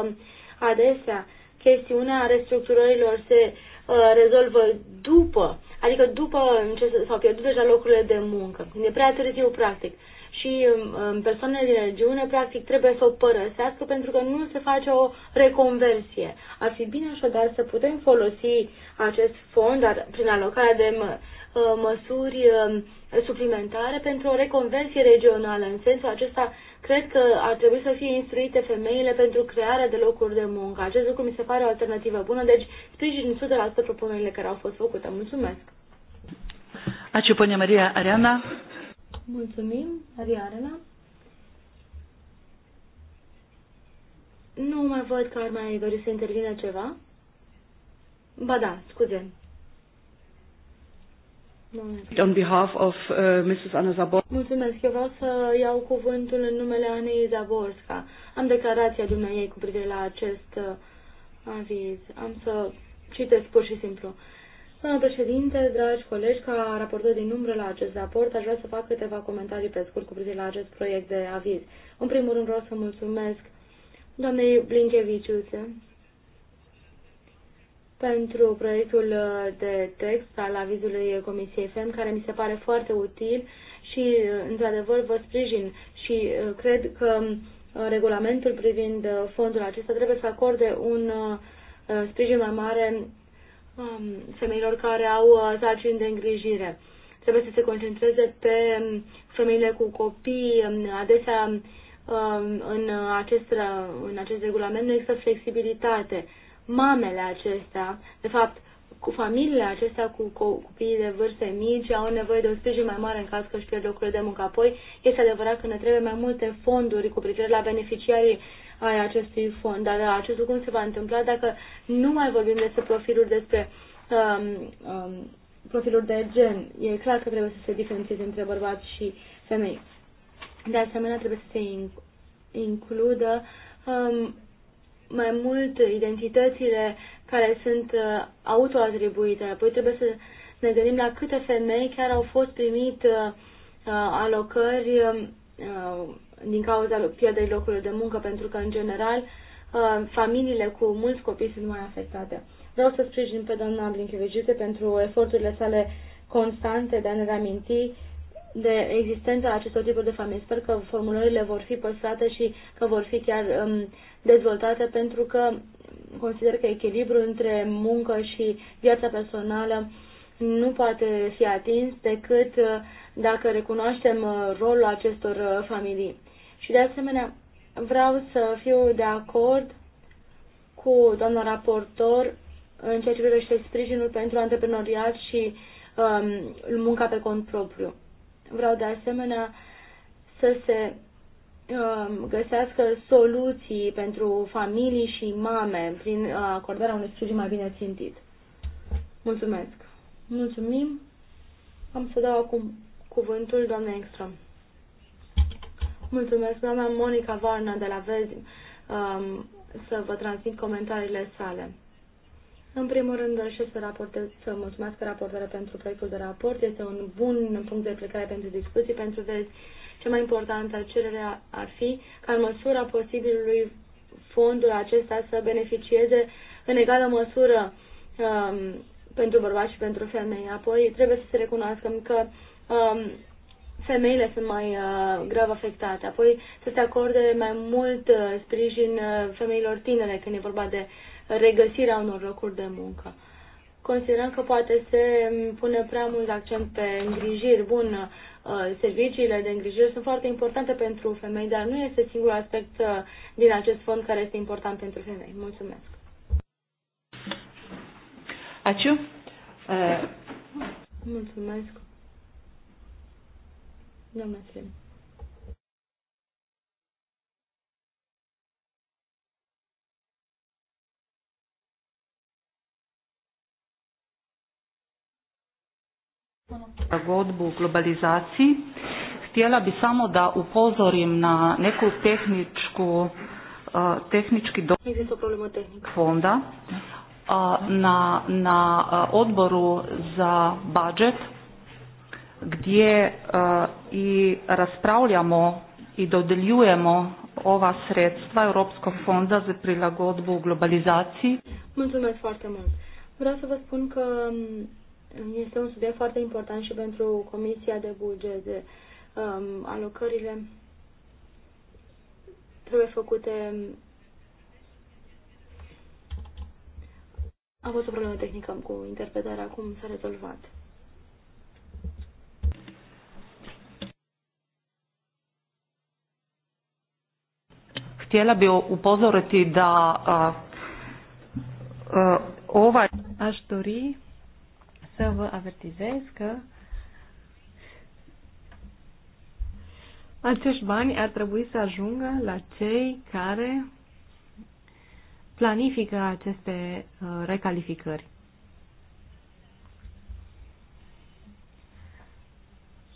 adesea chestiunea restructurărilor se uh, rezolvă după, adică după ce s-au pierdut deja locurile de muncă. E prea târziu, practic. Și um, um, persoanele din regiune, practic, trebuie să o părăsească pentru că nu se face o reconversie. Ar fi bine așadar să putem folosi acest fond, dar prin alocarea de Uh, măsuri um, suplimentare pentru o reconversie regională. În sensul acesta, cred că ar trebui să fie instruite femeile pentru crearea de locuri de muncă. Acest lucru mi se pare o alternativă bună, deci sprijin 100% propunerile care au fost făcute. Mulțumesc! Ačiū, Maria Ariana. Mulțumim, Maria Ariana. Nu mai văd că ar mai dori să intervine ceva. Ba da, scuze. On behalf of uh, Mrs. Anna Zaborska. Mulțumesc, eu vreau să iau cuvântul în numele Anei Zaborska. Am declarația dumneavoastră cu privire la acest uh, aviz. Am să citesc pur și simplu. Doamna președinte, dragi colegi, ca raportor din umbră la acest raport, aș vrea să fac câteva comentarii pe scurt cu privire la acest proiect de aviz. În primul rând vreau să mulțumesc doamnei Blinkeviciuse pentru proiectul uh, de text al avizului Comisiei FEM, care mi se pare foarte util și, uh, într-adevăr, vă sprijin și uh, cred că regulamentul privind fondul acesta trebuie să acorde un sprijin mai mare um, femeilor care au sarcini de îngrijire. Trebuie să se concentreze pe um, femeile cu copii. Um, adesea, în acest, în acest regulament nu există flexibilitate mamele acestea. De fapt, cu familiile acestea, cu copiii de vârste mici, au nevoie de o sprijin mai mare în caz că își pierd locurile de muncă. Apoi, este adevărat că ne trebuie mai multe fonduri cu privire la beneficiarii ai acestui fond, dar da, acest lucru nu se va întâmpla dacă nu mai vorbim despre profiluri despre um, um, profiluri de gen. E clar că trebuie să se diferențieze între bărbați și femei. De asemenea, trebuie să se includă um, mai mult identitățile care sunt uh, autoatribuite. Apoi trebuie să ne gândim la câte femei chiar au fost primit uh, uh, alocări um, din cauza pierderii locurilor de muncă, pentru că, în general, familiile cu mulți copii sunt mai afectate. Vreau să sprijin pe doamna Blinkeviciute pentru eforturile sale constante de a ne reaminti de existența acestor tipuri de familii. Sper că formulările vor fi păstrate și că vor fi chiar um, dezvoltate pentru că consider că echilibrul între muncă și viața personală nu poate fi atins decât uh, dacă recunoaștem uh, rolul acestor uh, familii. Și de asemenea, vreau să fiu de acord cu doamna raportor în ceea ce privește sprijinul pentru antreprenoriat și um, munca pe cont propriu. Vreau de asemenea să se Um, găsească soluții pentru familii și mame prin acordarea unui studiu mai bine țintit. Mulțumesc! Mulțumim! Am să dau acum cuvântul doamnei Engström. Mulțumesc, doamna Monica Varna de la Vezi, um, să vă transmit comentariile sale. În primul rând, doresc să raportez, să mulțumesc raportarea pentru proiectul de raport. Este un bun punct de plecare pentru discuții, pentru Vezi cel mai importantă cerere ar fi ca în măsura posibilului fondul acesta să beneficieze în egală măsură um, pentru bărbați și pentru femei. Apoi trebuie să se recunoască că um, femeile sunt mai uh, grav afectate. Apoi să se acorde mai mult uh, sprijin uh, femeilor tinere când e vorba de regăsirea unor locuri de muncă. Considerăm că poate se um, pune prea mult accent pe îngrijiri. uh, Uh, serviciile de îngrijire sunt foarte importante pentru femei, dar nu este singurul aspect uh, din acest fond care este important pentru femei. Mulțumesc. Aciu? Uh. Mulțumesc. Domnul Godbu globalizaciji. Htjela bi samo da upozorim na neku tehničku eh, tehnički do da fonda eh, na, na eh, odboru za budžet gdje i raspravljamo i dodeljujemo ova sredstva Europskog fonda za prilagodbu globalizaciji. Mulțumesc foarte mult. Vreau să vă spun că mm, este un subiect foarte important și pentru Comisia de Bugete. Um, alocările trebuie făcute. Am fost o problemă tehnică cu interpretarea, cum s-a rezolvat. Htjela bi upozoriti da uh, uh, ovaj... Aș dori să vă avertizez că acești bani ar trebui să ajungă la cei care planifică aceste uh, recalificări.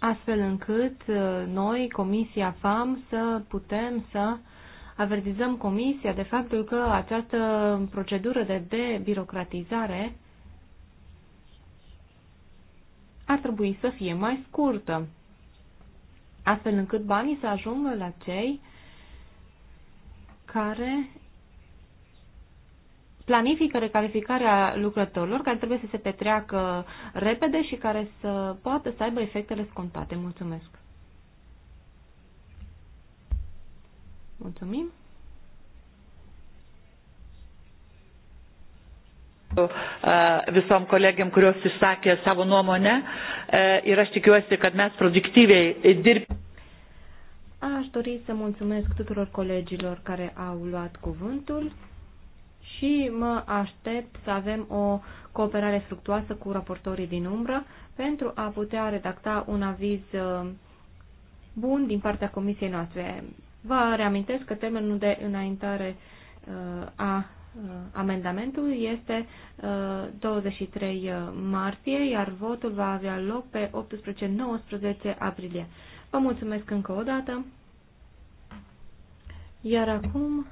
astfel încât uh, noi, Comisia FAM, să putem să avertizăm Comisia de faptul că această procedură de debirocratizare ar trebui să fie mai scurtă, astfel încât banii să ajungă la cei care planifică recalificarea lucrătorilor, care trebuie să se petreacă repede și care să poată să aibă efectele scontate. Mulțumesc! Mulțumim! visom kolegiam, kurios išsakė savo nuomonę ir aš tikiuosi, kad mes produktyviai dirbsime. Aș dori să mulțumesc tuturor colegilor care au luat cuvântul și mă aștept să avem o cooperare fructuoasă cu raportorii din umbră pentru a putea redacta un aviz bun din partea comisiei noastre. Vă reamintesc că termenul de înaintare a Uh, amendamentul este 23 uh, uh, martie, iar votul va avea loc pe 18-19 aprilie. Vă mulțumesc încă o dată. Iar acum,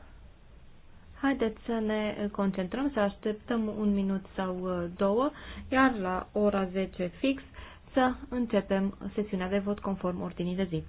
haideți să ne concentrăm, să așteptăm un minut sau două, iar la ora 10 fix să începem sesiunea de vot conform ordinii de zi.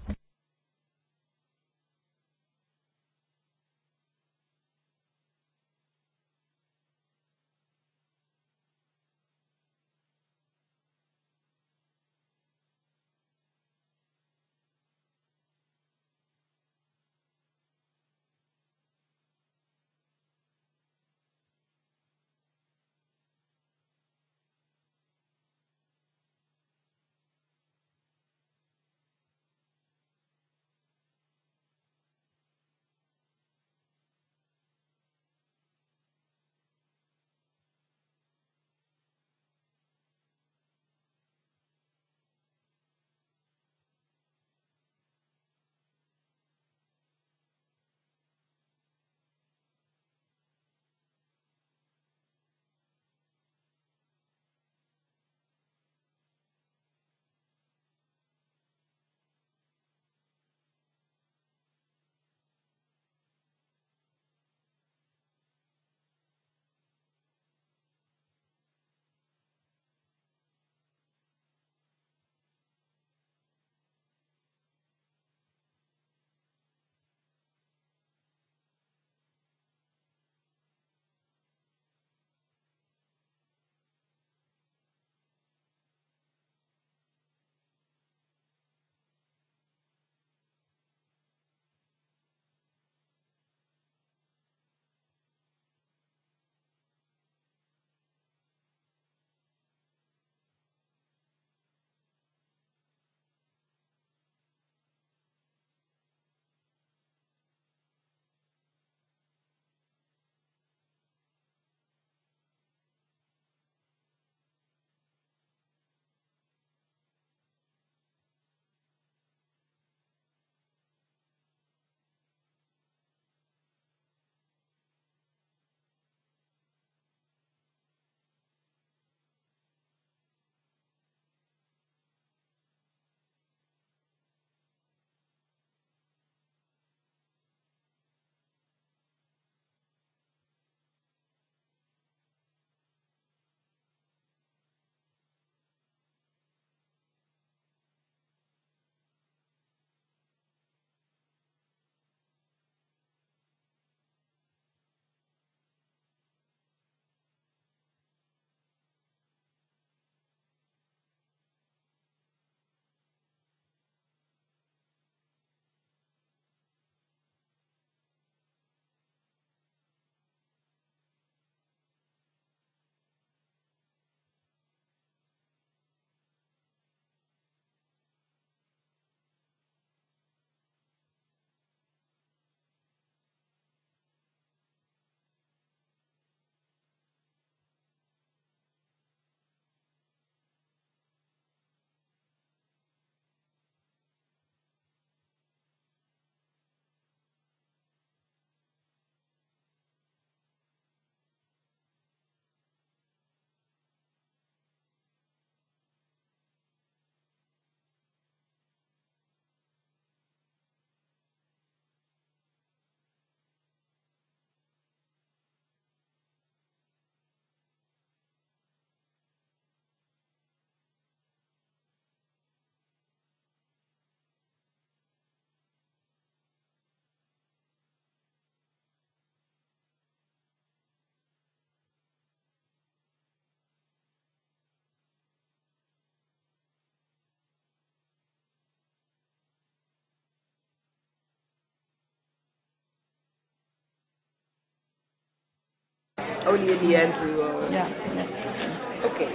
only in the end we will. Yeah. yeah. Okay.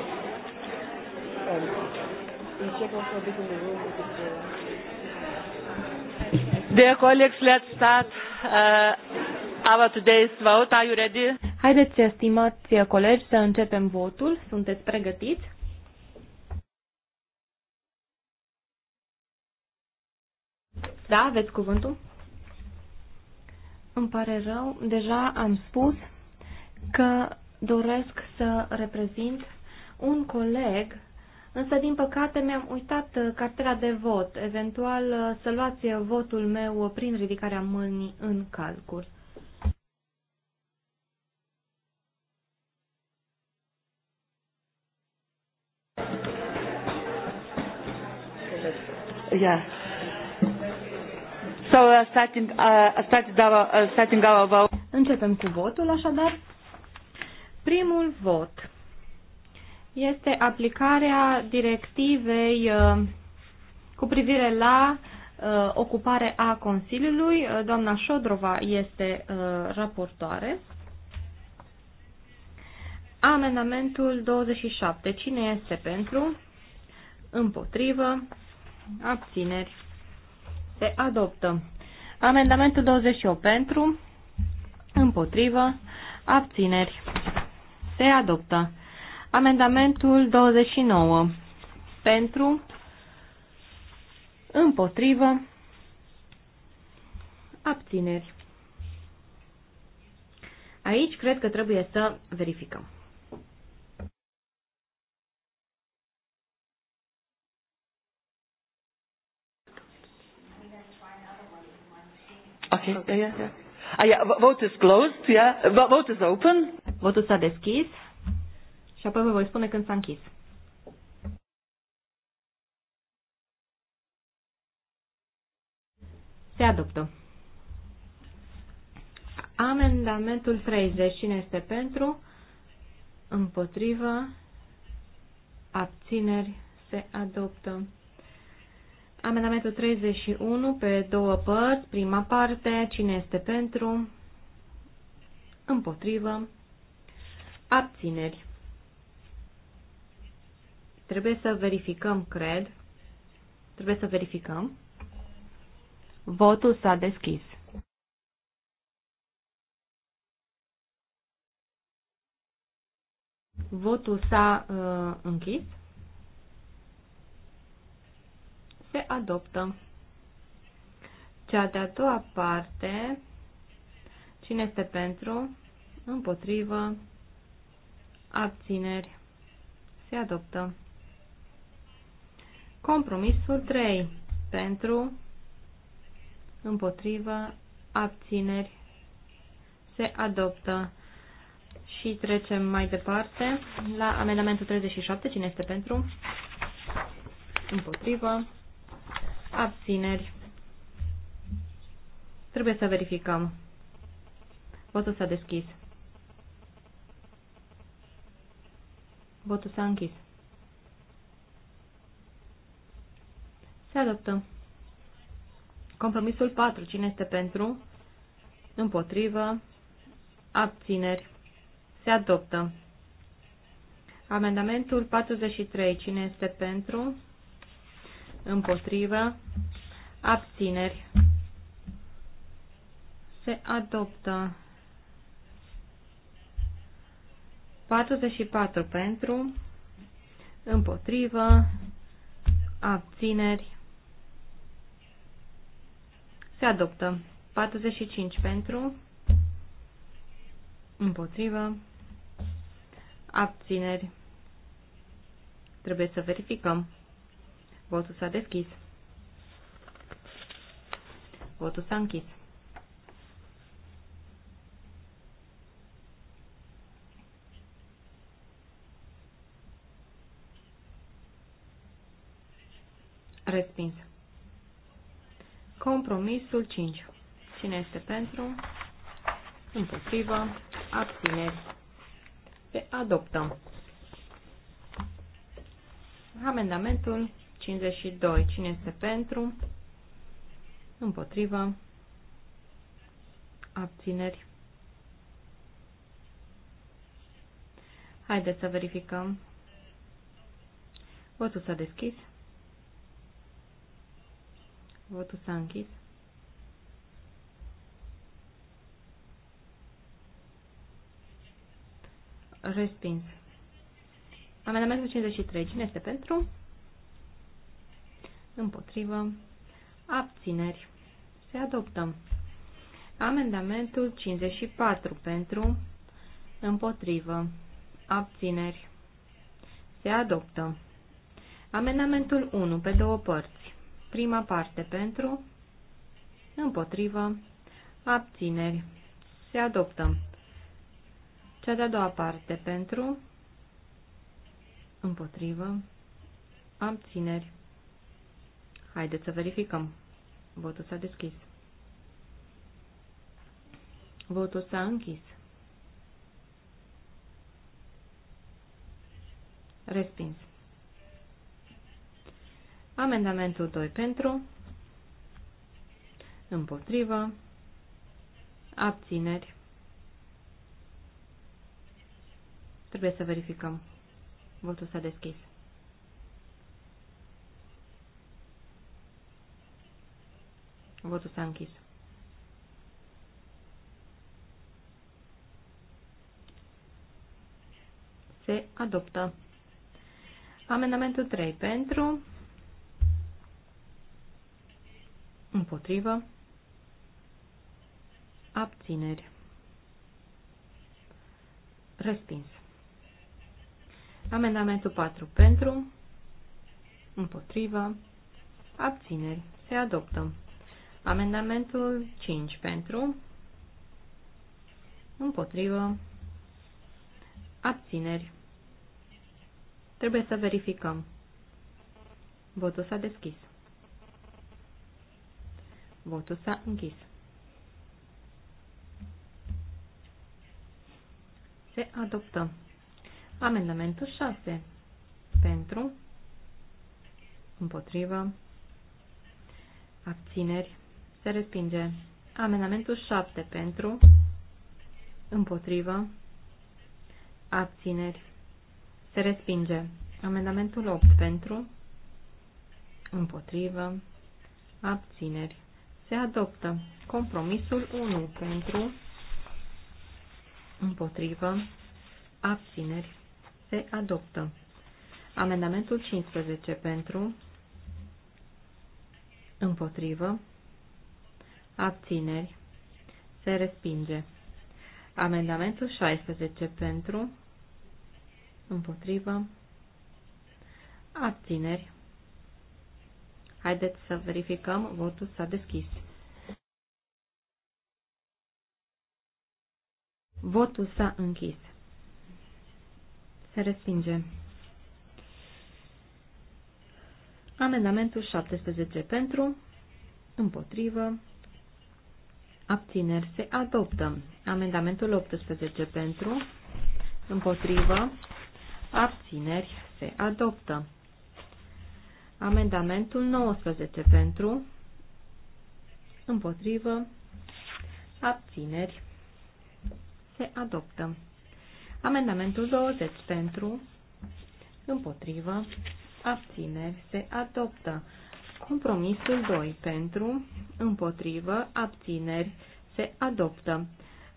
Um, we check also a bit in the room. If it's, uh... Dear colleagues, let's start uh, our today's vote. Are you ready? Haideți, estimați colegi, să începem votul. Sunteți pregătiți? Da, aveți cuvântul? Îmi pare rău, deja am spus că doresc să reprezint un coleg, însă din păcate mi-am uitat uh, cartela de vot, eventual uh, să luați uh, votul meu prin ridicarea mâinii în calcul. Yeah. So uh, starting, uh, starting our, uh, starting our vote. Începem cu votul, așadar. Primul vot este aplicarea directivei uh, cu privire la uh, ocupare a Consiliului. Uh, doamna Șodrova este raportoare. Amendamentul 27. Cine este pentru? Împotrivă? Abțineri? Se adoptă. Amendamentul 28. Pentru? Împotrivă? Abțineri? Se adoptă. Amendamentul 29. Pentru. Împotrivă. Abțineri. Aici cred că trebuie să verificăm. Okay, yeah, yeah, ah, yeah. yeah, vote is closed, yeah. Vote is open. Votul s-a deschis și apoi vă voi spune când s-a închis. Se adoptă. Amendamentul 30. Cine este pentru? Împotrivă. Abțineri. Se adoptă. Amendamentul 31 pe două părți. Prima parte. Cine este pentru? Împotrivă. Abțineri. Trebuie să verificăm, cred. Trebuie să verificăm. Votul s-a deschis. Votul s-a uh, închis. Se adoptă. Cea de-a doua parte. Cine este pentru? Împotrivă abțineri, se adoptă. Compromisul 3. Pentru, împotrivă, abțineri, se adoptă. Și trecem mai departe la amendamentul 37. Cine este pentru? Împotrivă, abțineri. Trebuie să verificăm. Votul s-a deschis. Votul s-a închis. Se adoptă. Compromisul 4. Cine este pentru? Împotrivă. Abțineri. Se adoptă. Amendamentul 43. Cine este pentru? Împotrivă. Abțineri. Se adoptă. 44 pentru, împotrivă, abțineri, se adoptă. 45 pentru, împotrivă, abțineri. Trebuie să verificăm. Votul s-a deschis. Votul s-a închis. Respins. Compromisul 5. Cine este pentru? Împotrivă. Abțineri. Se adoptă. Amendamentul 52. Cine este pentru? Împotrivă. Abțineri. Haideți să verificăm. Votul s-a deschis. Votul s-a închis. Respins. Amendamentul 53. Cine este pentru? Împotrivă. Abțineri. Se adoptă. Amendamentul 54. Pentru. Împotrivă. Abțineri. Se adoptă. Amendamentul 1. Pe două părți. Prima parte pentru, împotrivă, abțineri, se adoptă. Cea de-a doua parte pentru, împotrivă, abțineri. Haideți să verificăm. Votul s-a deschis. Votul s-a închis. Respins. Amendamentul 2 pentru, împotrivă, abțineri. Trebuie să verificăm. Votul s-a deschis. Votul s-a închis. Se adoptă. Amendamentul 3 pentru, Împotrivă. Abțineri. Respins. Amendamentul 4 pentru, împotrivă, abțineri, se adoptă. Amendamentul 5 pentru, împotrivă, abțineri. Trebuie să verificăm. Votul s-a deschis. Votul s-a închis. Se adoptă. Amendamentul 6. Pentru. Împotrivă. Abțineri. Se respinge. Amendamentul 7. Pentru. Împotrivă. Abțineri. Se respinge. Amendamentul 8. Pentru. Împotrivă. Abțineri se adoptă. Compromisul 1 pentru, împotrivă, abțineri, se adoptă. Amendamentul 15 pentru, împotrivă, abțineri, se respinge. Amendamentul 16 pentru, împotrivă, abțineri, Haideți să verificăm. Votul s-a deschis. Votul s-a închis. Se respinge. Amendamentul 17 pentru, împotrivă, abțineri se adoptă. Amendamentul 18 pentru, împotrivă, abțineri se adoptă. Amendamentul 19 pentru, împotrivă, abțineri, se adoptă. Amendamentul 20 pentru, împotrivă, abțineri, se adoptă. Compromisul 2 pentru, împotrivă, abțineri, se adoptă.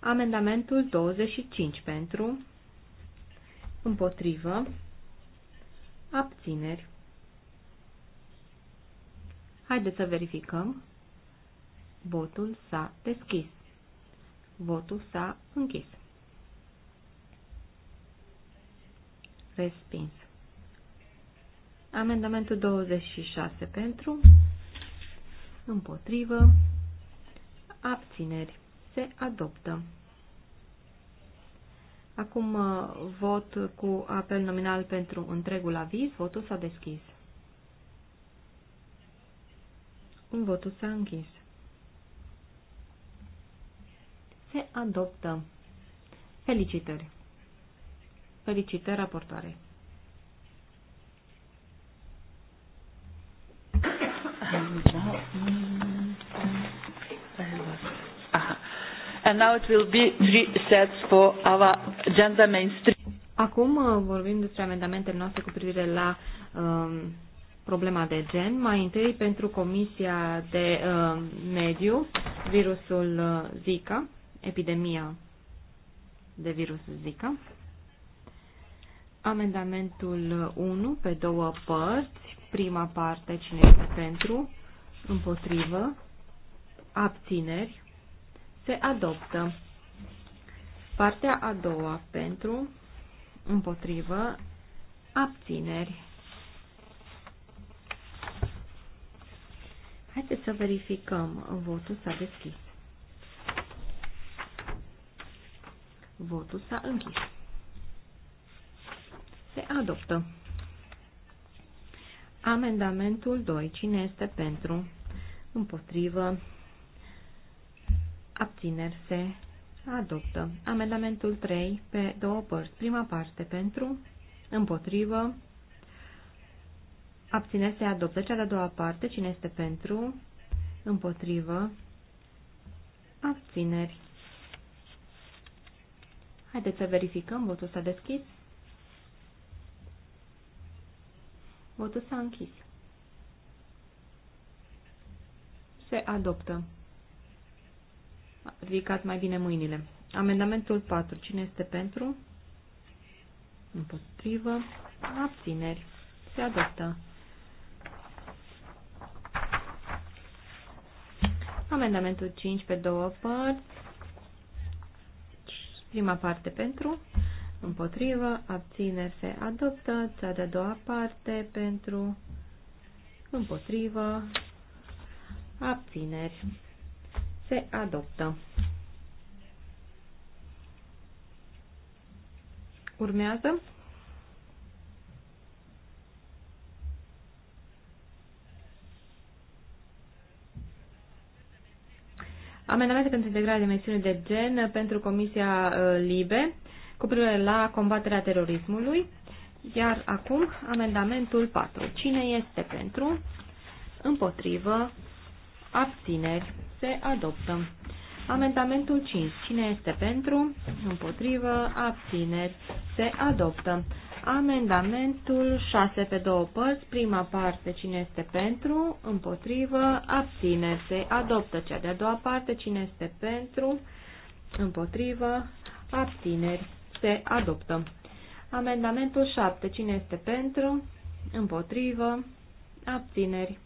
Amendamentul 25 pentru, împotrivă, abțineri, Haideți să verificăm. Votul s-a deschis. Votul s-a închis. Respins. Amendamentul 26 pentru, împotrivă, abțineri. Se adoptă. Acum uh, vot cu apel nominal pentru întregul aviz. Votul s-a deschis. Votul s-a închis. Se adoptă. Felicitări. Felicitări raportoare. And now it will be three sets for our agenda mainstream. Acum uh, vorbim despre amendamentele noastre cu privire la um, problema de gen, mai întâi pentru Comisia de uh, Mediu, virusul uh, Zika, epidemia de virus Zika, amendamentul 1 pe două părți, prima parte cine este pentru, împotrivă, abțineri, se adoptă. Partea a doua pentru, împotrivă, abțineri Haideți să verificăm. Votul s-a deschis. Votul s-a închis. Se adoptă. Amendamentul 2. Cine este pentru? Împotrivă. Abțineri se adoptă. Amendamentul 3. Pe două părți. Prima parte pentru. Împotrivă. Abțineri se adoptă. Cea de-a doua parte, cine este pentru? Împotrivă. Abțineri. Haideți să verificăm. Votul s-a deschis. Votul s-a închis. Se adoptă. Ridicați mai bine mâinile. Amendamentul 4. Cine este pentru? Împotrivă. Abțineri. Se adoptă. Amendamentul 5 pe două părți. Prima parte pentru, împotrivă, abține, se adoptă, cea de-a doua parte pentru, împotrivă, abțineri se adoptă. Urmează Amendamente pentru integrarea dimensiunii de gen pentru Comisia uh, Libe cu privire la combaterea terorismului. Iar acum, amendamentul 4. Cine este pentru? Împotrivă? Abțineri? Se adoptă. Amendamentul 5. Cine este pentru? Împotrivă? Abțineri? Se adoptă. Amendamentul 6 pe două părți, prima parte cine este pentru, împotrivă, abține, se adoptă cea de-a doua parte, cine este pentru, împotrivă, abțineri, se adoptă. Amendamentul 7, cine este pentru, împotrivă, abțineri,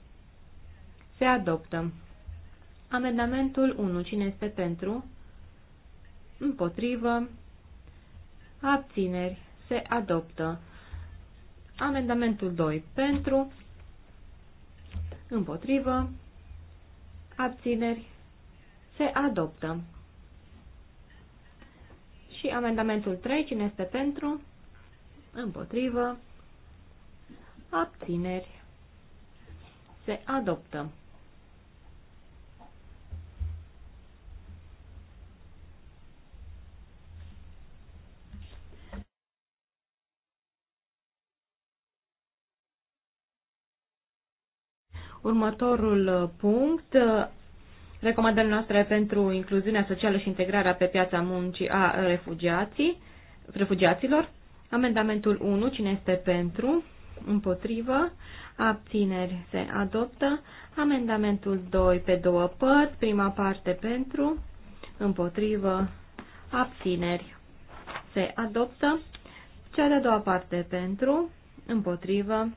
se adoptă. Amendamentul 1, cine este pentru, împotrivă, abțineri, se adoptă. Amendamentul 2 pentru, împotrivă, abțineri, se adoptă. Și amendamentul 3, cine este pentru, împotrivă, abțineri, se adoptă. Următorul uh, punct, uh, recomandările noastre pentru incluziunea socială și integrarea pe piața muncii a refugiații, refugiaților. Amendamentul 1, cine este pentru, împotrivă, abțineri se adoptă. Amendamentul 2 pe două părți, prima parte pentru, împotrivă, abțineri se adoptă. Cea de-a doua parte pentru, împotrivă,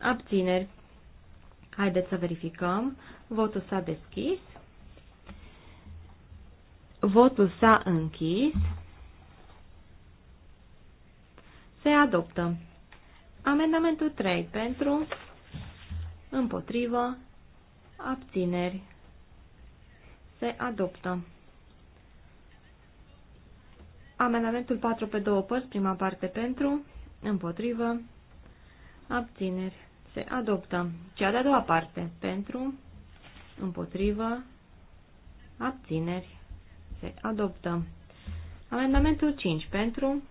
abțineri Haideți să verificăm. Votul s-a deschis. Votul s-a închis. Se adoptă. Amendamentul 3 pentru, împotrivă, abțineri. Se adoptă. Amendamentul 4 pe două părți, prima parte pentru, împotrivă, abțineri se adoptă. Cea de-a doua parte, pentru, împotrivă, abțineri, se adoptă. Amendamentul 5, pentru,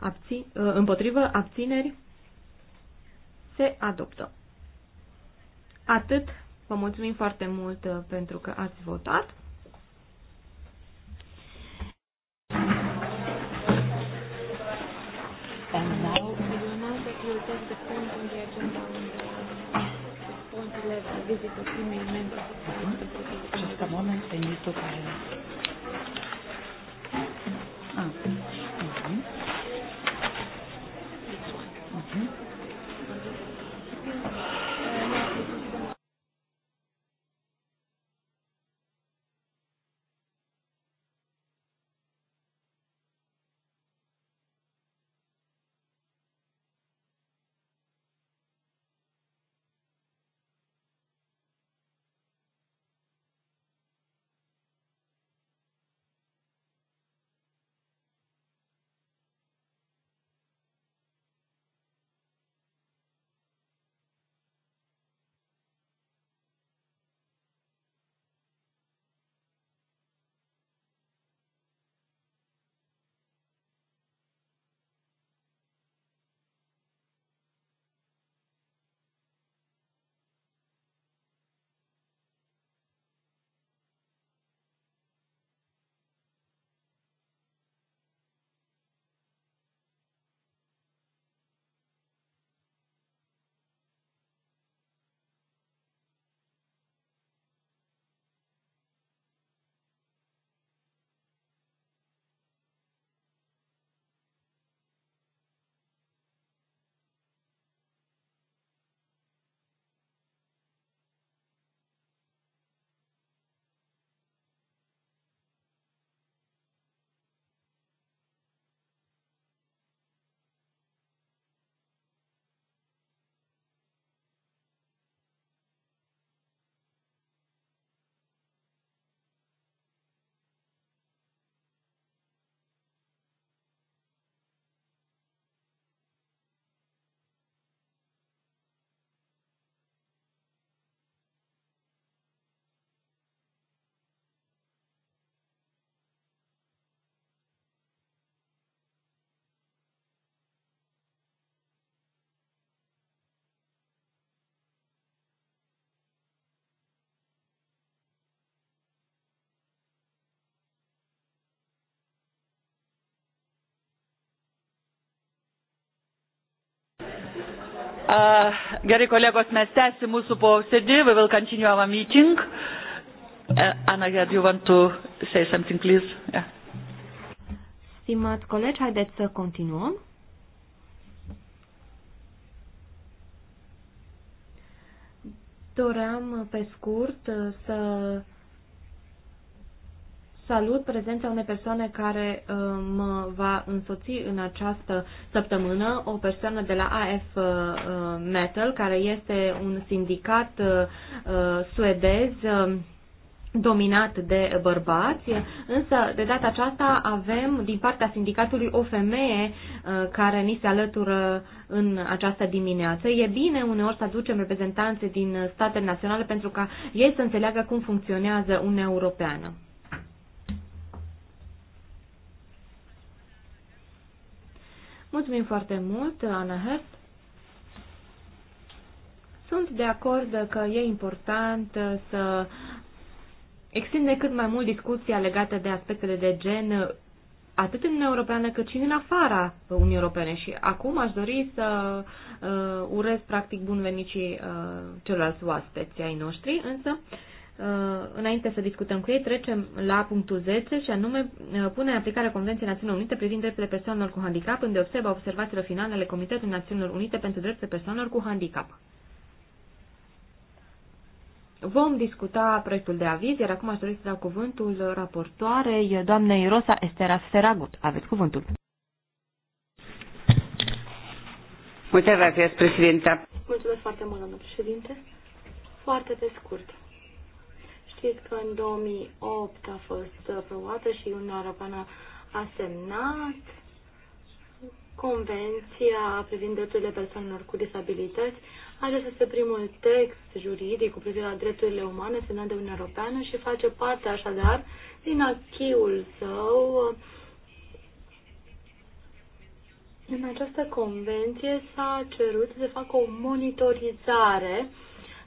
abți, ă, împotrivă, abțineri, se adoptă. Atât. Vă mulțumim foarte mult ă, pentru că ați votat. point on the agenda point 11, visit of female members. Just a moment, I need to find Uh, gerai, kolegos, mes tęsim mūsų posėdį. We will continue our meeting. Uh, Ana, do you want to say something, please? Yeah. Stimați colegi, haideți să continuăm. Doream, pe scurt, să salut prezența unei persoane care uh, mă va însoți în această săptămână, o persoană de la AF uh, Metal, care este un sindicat uh, suedez um, dominat de bărbați, însă de data aceasta avem din partea sindicatului o femeie care ni se alătură în această dimineață. E bine uneori să aducem reprezentanțe din state naționale pentru ca ei să înțeleagă cum funcționează Uniunea Europeană. Mulțumim foarte mult, Ana Hert. Sunt de acord că e important să extinde cât mai mult discuția legată de aspectele de gen atât în Uniunea Europeană cât și în afara Uniunii Europene. Și acum aș dori să uh, urez practic bun venit și uh, celorlalți oaspeți ai noștri, însă uh, Uh, înainte să discutăm cu ei, trecem la punctul 10 și anume uh, pune în aplicare Convenției Națiunilor Unite privind drepturile persoanelor cu handicap, unde observă observațiile finale ale Comitetului Națiunilor Unite pentru drepturile persoanelor cu handicap. Vom discuta proiectul de aviz, iar acum aș dori să dau cuvântul raportoarei doamnei Rosa Estera Seragut. Aveți cuvântul. Mulțumesc Mulțumesc foarte mult, doamnă președinte. Foarte pe scurt. Știți că în 2008 a fost aprobată și Uniunea Europeană a semnat Convenția privind drepturile persoanelor cu disabilități. Acesta este primul text juridic cu privire la drepturile umane semnat de Uniunea Europeană și face parte așadar din achiul său. În această convenție s-a cerut să se facă o monitorizare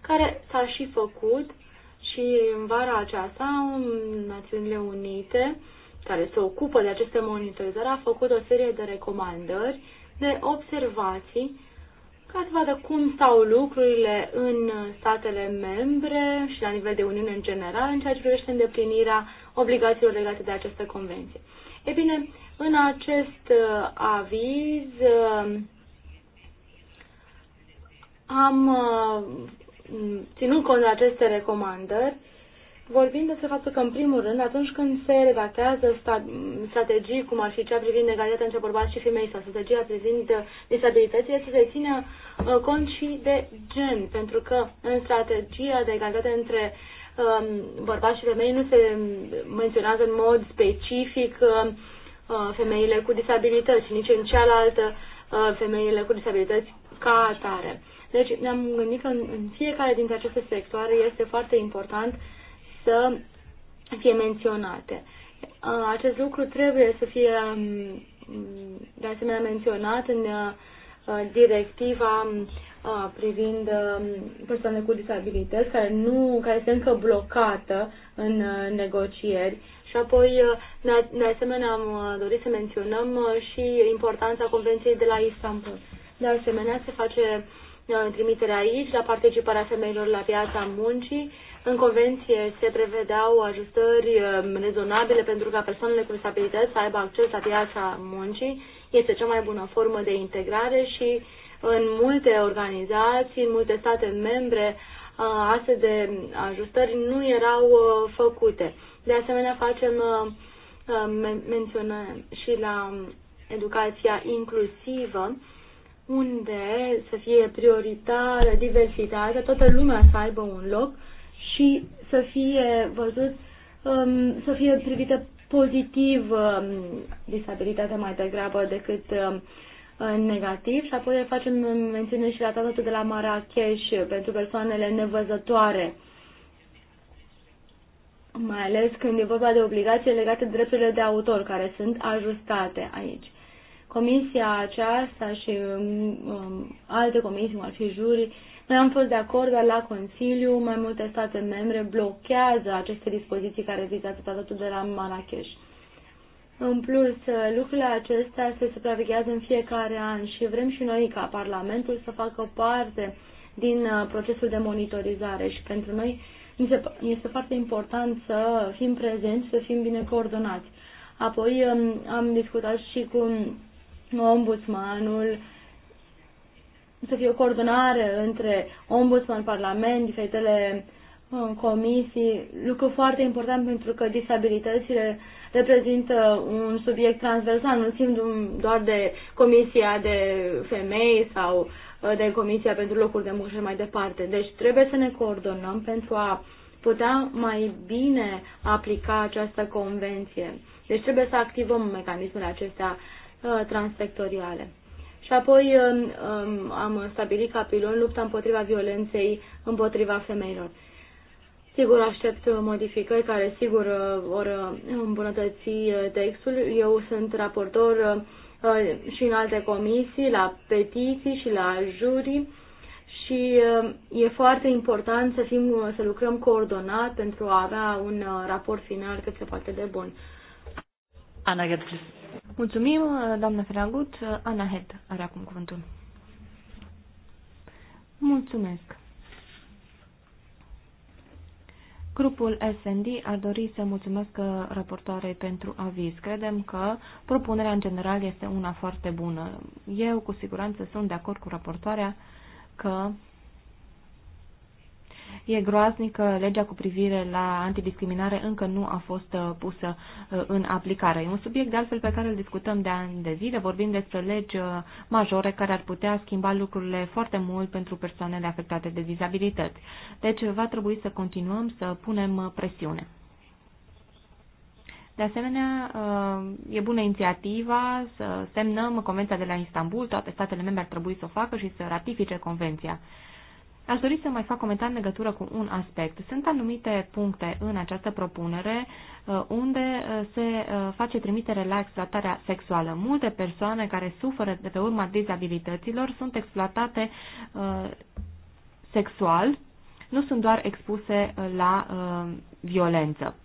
care s-a și făcut și în vara aceasta, Națiunile Unite, care se ocupă de aceste monitorizări, a făcut o serie de recomandări, de observații, ca să vadă cum stau lucrurile în statele membre și la nivel de Uniune în general, în ceea ce privește îndeplinirea obligațiilor legate de această convenție. E bine, în acest uh, aviz uh, am uh, Mm, ținând cont de aceste recomandări, vorbim despre faptul că, în primul rând, atunci când se redactează strategii, cum ar fi cea privind egalitatea între bărbați și femei sau strategia privind disabilitățile, uh, să se țină uh, cont și de gen, pentru că în strategia de egalitate între um, bărbați și femei nu se menționează în mod specific uh, femeile cu disabilități, nici în cealaltă femeile cu disabilități ca atare. Deci ne-am gândit că în fiecare dintre aceste sectoare este foarte important să fie menționate. Acest lucru trebuie să fie mm, de asemenea menționat în directiva privind persoane cu disabilități care nu care este încă blocată în negocieri și apoi de asemenea am dorit să menționăm și importanța convenției de la Istanbul. De asemenea se face Uh, trimitere aici la participarea femeilor la piața muncii. În convenție se prevedeau ajustări um, rezonabile pentru ca persoanele cu disabilități să aibă acces la piața muncii. Este cea mai bună formă de integrare și în multe organizații, în multe state membre, uh, astfel de ajustări nu erau uh, făcute. De asemenea, facem menționăm și la um, educația inclusivă, unde să fie prioritară diversitatea, toată lumea să aibă un loc și să fie văzut, um, să fie privită pozitiv um, disabilitatea mai degrabă decât um, negativ și apoi facem mențiune și la tratatul de la Marrakesh pentru persoanele nevăzătoare mai ales când e vorba de obligații legate de drepturile de autor care sunt ajustate aici comisia aceasta și um, um, alte comisii, cum ar fi juri, noi am fost de acord, dar la Consiliu mai multe state membre blochează aceste dispoziții care vizează tratatul de la Marrakesh. În plus, lucrurile acestea se supraveghează în fiecare an și vrem și noi ca Parlamentul să facă parte din uh, procesul de monitorizare și pentru noi este foarte important să fim prezenți, să fim bine coordonați. Apoi um, am discutat și cu ombudsmanul, să fie o coordonare între ombudsman, parlament, diferitele uh, comisii, lucru foarte important pentru că disabilitățile reprezintă un subiect transversal, nu simt doar de comisia de femei sau uh, de comisia pentru locuri de muncă și mai departe. Deci trebuie să ne coordonăm pentru a putea mai bine aplica această convenție. Deci trebuie să activăm mecanismele acestea Uh, transsectoriale. Și apoi um, um, am stabilit ca pilon lupta împotriva violenței împotriva femeilor. Sigur, aștept modificări care, sigur, uh, vor îmbunătăți uh, textul. Eu sunt raportor și în alte comisii, la petiții și la jurii și e foarte important să, fim, să lucrăm coordonat pentru a avea un raport final cât se poate de bun. Ana Mulțumim, doamnă Feragut. Ana Het are acum cuvântul. Mulțumesc. Grupul SND ar dori să mulțumesc raportoarei pentru aviz. Credem că propunerea în general este una foarte bună. Eu cu siguranță sunt de acord cu raportoarea că E groaznic că legea cu privire la antidiscriminare încă nu a fost uh, pusă uh, în aplicare. E un subiect de altfel pe care îl discutăm de ani de zile, vorbim despre legi uh, majore care ar putea schimba lucrurile foarte mult pentru persoanele afectate de dizabilități. Deci va trebui să continuăm să punem presiune. De asemenea, e bună inițiativa să semnăm Convenția de la Istanbul, toate statele membre ar trebui să o facă și să ratifice Convenția. Aș dori să mai fac comentarii în legătură cu un aspect. Sunt anumite puncte în această propunere uh, unde uh, se uh, face trimitere la exploatarea sexuală. Multe persoane care suferă de pe urma dizabilităților sunt exploatate sexual, nu sunt doar expuse la violență.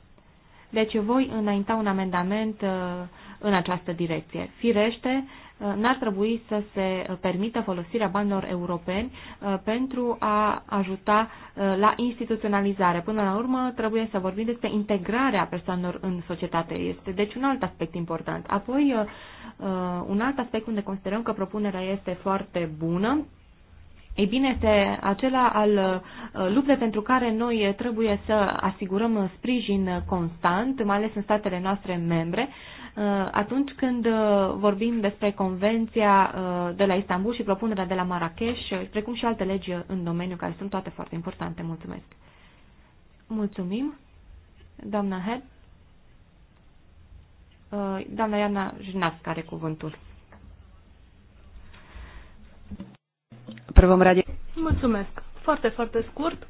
Deci voi înainta un amendament în această direcție. Firește, Uh, n-ar trebui să se uh, permită folosirea banilor europeni uh, pentru a ajuta la instituționalizare. Până la urmă, trebuie să vorbim despre integrarea persoanelor în societate. Este deci un alt aspect important. Apoi, un alt aspect unde considerăm că propunerea este foarte bună ei bine, este acela al luptei pentru care noi trebuie să asigurăm sprijin constant, mai ales în statele noastre membre, Uh, atunci când uh, vorbim despre Convenția uh, de la Istanbul și propunerea de la Marrakesh, precum și alte legi în domeniu, care sunt toate foarte importante. Mulțumesc! Mulțumim, doamna Hed, Doamna Iana Jnas, are cuvântul. Mulțumesc. Foarte, foarte scurt.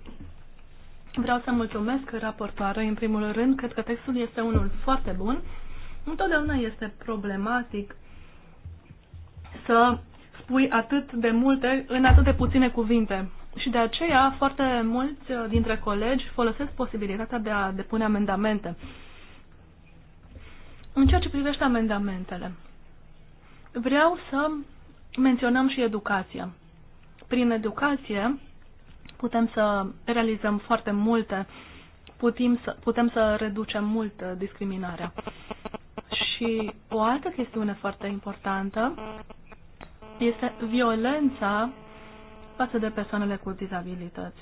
Vreau să mulțumesc raportoarei în primul rând. Cred că textul este unul foarte bun Întotdeauna este problematic să spui atât de multe în atât de puține cuvinte. Și de aceea foarte mulți dintre colegi folosesc posibilitatea de a depune amendamente. În ceea ce privește amendamentele, vreau să menționăm și educația. Prin educație putem să realizăm foarte multe, putem să, putem să reducem mult discriminarea. Și o altă chestiune foarte importantă este violența față de persoanele cu dizabilități.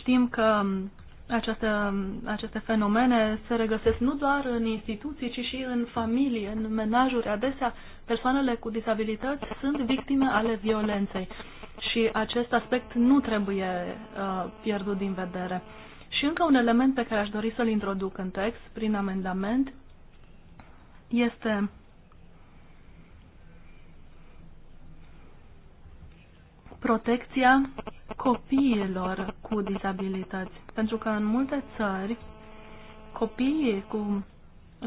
Știm că um, aceste, um, aceste fenomene se regăsesc nu doar în instituții, ci și în familie, în menajuri. Adesea, persoanele cu dizabilități sunt victime ale violenței și acest aspect nu trebuie uh, pierdut din vedere. Și încă un element pe care aș dori să-l introduc în text prin amendament este protecția copiilor cu dizabilități. Pentru că în multe țări copiii cu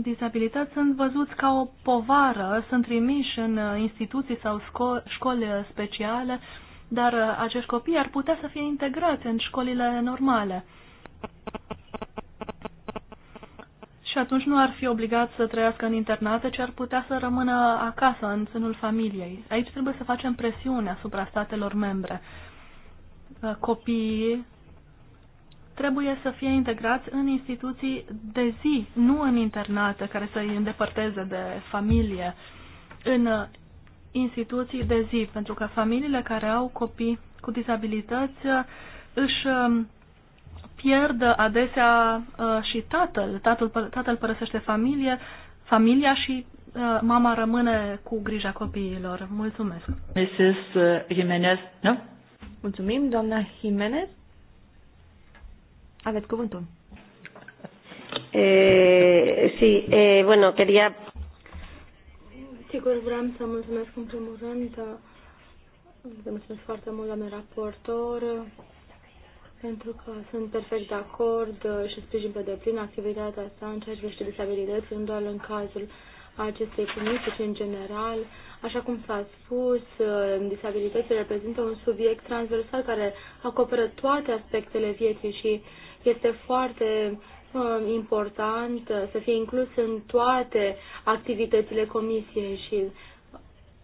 dizabilități sunt văzuți ca o povară, sunt trimiși în instituții sau școli speciale, dar acești copii ar putea să fie integrați în școlile normale și atunci nu ar fi obligat să trăiască în internate, ci ar putea să rămână acasă, în sânul familiei. Aici trebuie să facem presiune asupra statelor membre. Copiii trebuie să fie integrați în instituții de zi, nu în internate care să îi îndepărteze de familie, în instituții de zi, pentru că familiile care au copii cu dizabilități uh, își um, pierd adesea uh, și tatăl. Tatăl, tatăl părăsește familie, familia și uh, mama rămâne cu grija copiilor. Mulțumesc. Mrs. Uh, Jimenez, nu? No? Mulțumim, doamna Jimenez. Aveți cuvântul. Eh, sí, eh, bueno, quería... Sigur, vreau să mulțumesc în primul rând, mulțumesc foarte mult, doamne raportor, pentru că sunt perfect de acord uh, și sprijin pe deplin activitatea sa în ceea ce privește disabilități, nu doar în cazul acestei comisii, ci în general. Așa cum s-a spus, uh, disabilitățile reprezintă un subiect transversal care acoperă toate aspectele vieții și este foarte um, important uh, să fie inclus în toate activitățile comisiei și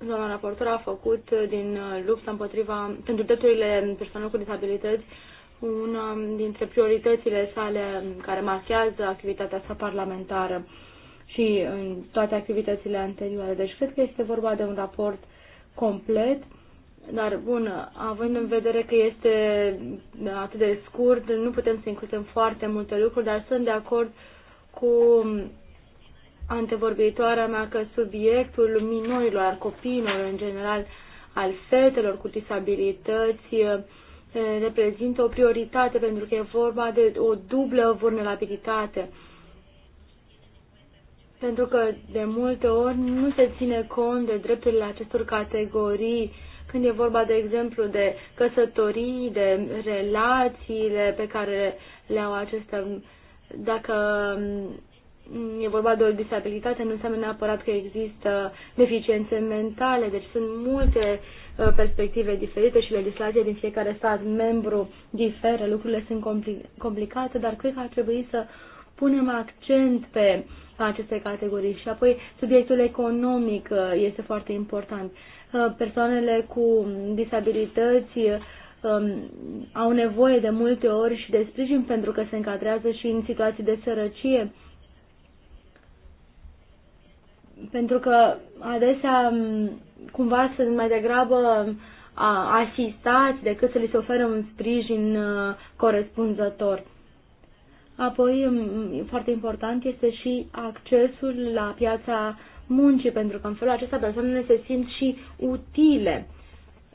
doamna raportor a făcut din lupta împotriva pentru drepturile persoanelor cu disabilități una dintre prioritățile sale care marchează activitatea sa parlamentară și în toate activitățile anterioare. Deci cred că este vorba de un raport complet, dar bun, având în vedere că este atât de scurt, nu putem să includem foarte multe lucruri, dar sunt de acord cu antevorbitoarea mea că subiectul minorilor, copiilor în general, al fetelor cu disabilități, reprezintă o prioritate pentru că e vorba de o dublă vulnerabilitate. Pentru că de multe ori nu se ține cont de drepturile acestor categorii când e vorba, de exemplu, de căsătorii, de relațiile pe care le au acestea. Dacă e vorba de o disabilitate, nu înseamnă neapărat că există deficiențe mentale, deci sunt multe uh, Uh, perspective diferite și legislația din fiecare stat membru diferă, lucrurile sunt compli complicate, dar cred că ar trebui să punem accent pe aceste categorii. Și apoi subiectul economic uh, este foarte important. Uh, persoanele cu disabilități um, au nevoie de multe ori și de sprijin pentru că se încadrează și în situații de sărăcie pentru că adesea cumva sunt mai degrabă asistați decât să li se oferă un sprijin uh, corespunzător. Apoi, foarte important este și accesul la piața muncii, pentru că în felul acesta persoanele se simt și utile.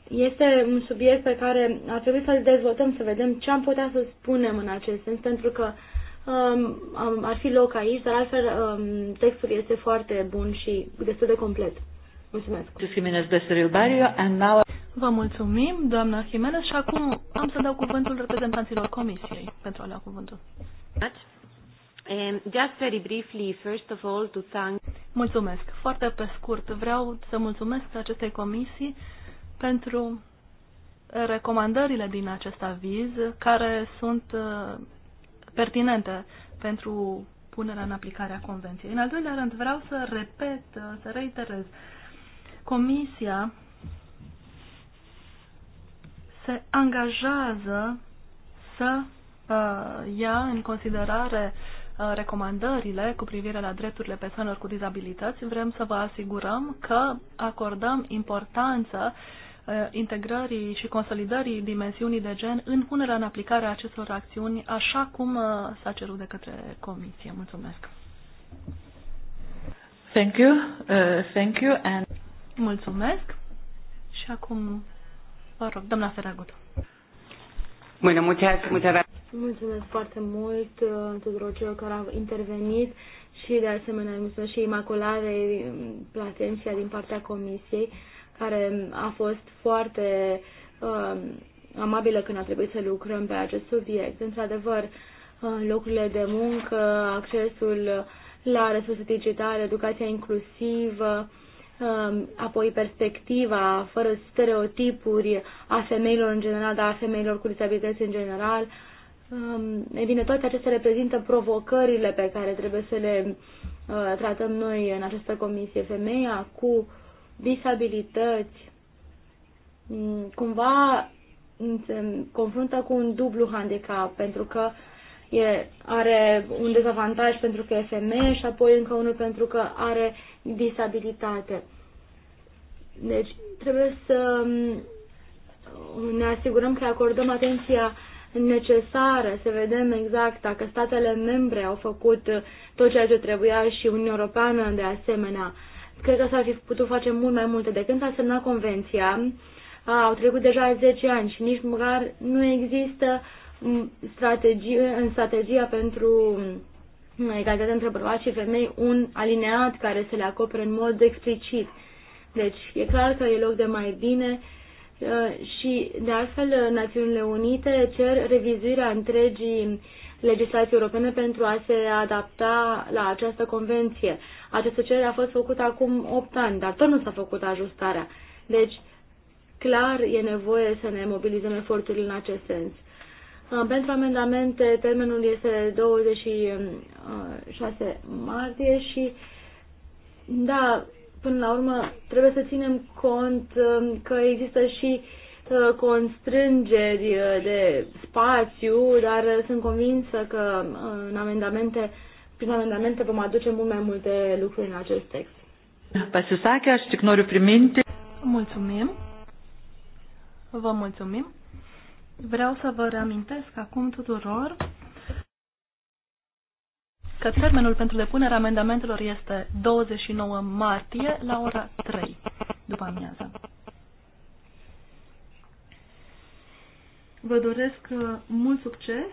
Este un subiect pe care ar trebui să-l dezvoltăm, să vedem ce am putea să spunem în acest sens, pentru că uh, Um, ar fi loc aici, dar altfel um, textul este foarte bun și destul de complet. Mulțumesc. Vă mulțumim, doamna Jimenez, și acum am să dau cuvântul reprezentanților Comisiei pentru a lua cuvântul. Um, just very briefly, first of all, to thank... Mulțumesc. Foarte pe scurt, vreau să mulțumesc acestei comisii pentru recomandările din acest aviz, care sunt uh, pertinente pentru punerea în aplicare a Convenției. În al doilea rând, vreau să repet, să reiterez. Comisia se angajează să uh, ia în considerare uh, recomandările cu privire la drepturile persoanelor cu dizabilități. Vrem să vă asigurăm că acordăm importanță uh, Uh, integrării și consolidării dimensiunii de gen în punerea în aplicare a acestor acțiuni, așa cum uh, s-a cerut de către Comisie. Mulțumesc! Thank you. Uh, thank you and... Mulțumesc! Și acum vă rog, doamna Feragut. Bună, mulțumesc, mulțumesc! Mulțumesc foarte mult uh, tuturor celor care au intervenit și de asemenea mulțumesc și Imaculare um, Platensia din partea Comisiei care a fost foarte uh, amabilă când a trebuit să lucrăm pe acest subiect. Într-adevăr, uh, locurile de muncă, accesul la resurse digitale, educația inclusivă, uh, apoi perspectiva fără stereotipuri a femeilor în general, dar a femeilor cu disabilități în general. Um, e bine, toate acestea reprezintă provocările pe care trebuie să le uh, tratăm noi în această comisie. Femeia cu uh, disabilități, mm, cumva se confruntă cu un dublu handicap, pentru că e, are un dezavantaj pentru că e femeie și apoi încă unul pentru că are disabilitate. Deci trebuie să mm, ne asigurăm că acordăm atenția necesară, să vedem exact dacă statele membre au făcut tot ceea ce trebuia și Uniunea Europeană de asemenea. Cred că s-ar fi putut face mult mai multe de când s-a semnat convenția. Au trecut deja 10 ani și nici măcar nu există strategie, în strategia pentru egalitatea între bărbați și femei un alineat care să le acopere în mod explicit. Deci e clar că e loc de mai bine uh, și de altfel Națiunile Unite cer revizuirea întregii legislație europene pentru a se adapta la această convenție. Această cerere a fost făcută acum 8 ani, dar tot nu s-a făcut ajustarea. Deci, clar, e nevoie să ne mobilizăm eforturile în acest sens. Uh, pentru amendamente, termenul este 26 uh, martie și, da, până la urmă, trebuie să ținem cont uh, că există și uh, Uh, constrângeri uh, de spațiu, dar uh, sunt convinsă că în amendamente, prin amendamente vom aduce mult mai multe lucruri în acest text. Pasisache, aș tik noriu priminti. Mulțumim. Vă mulțumim. Vreau să vă reamintesc acum tuturor că termenul pentru depunerea amendamentelor este 29 martie la ora 3 după amiază. Vă doresc uh, mult succes.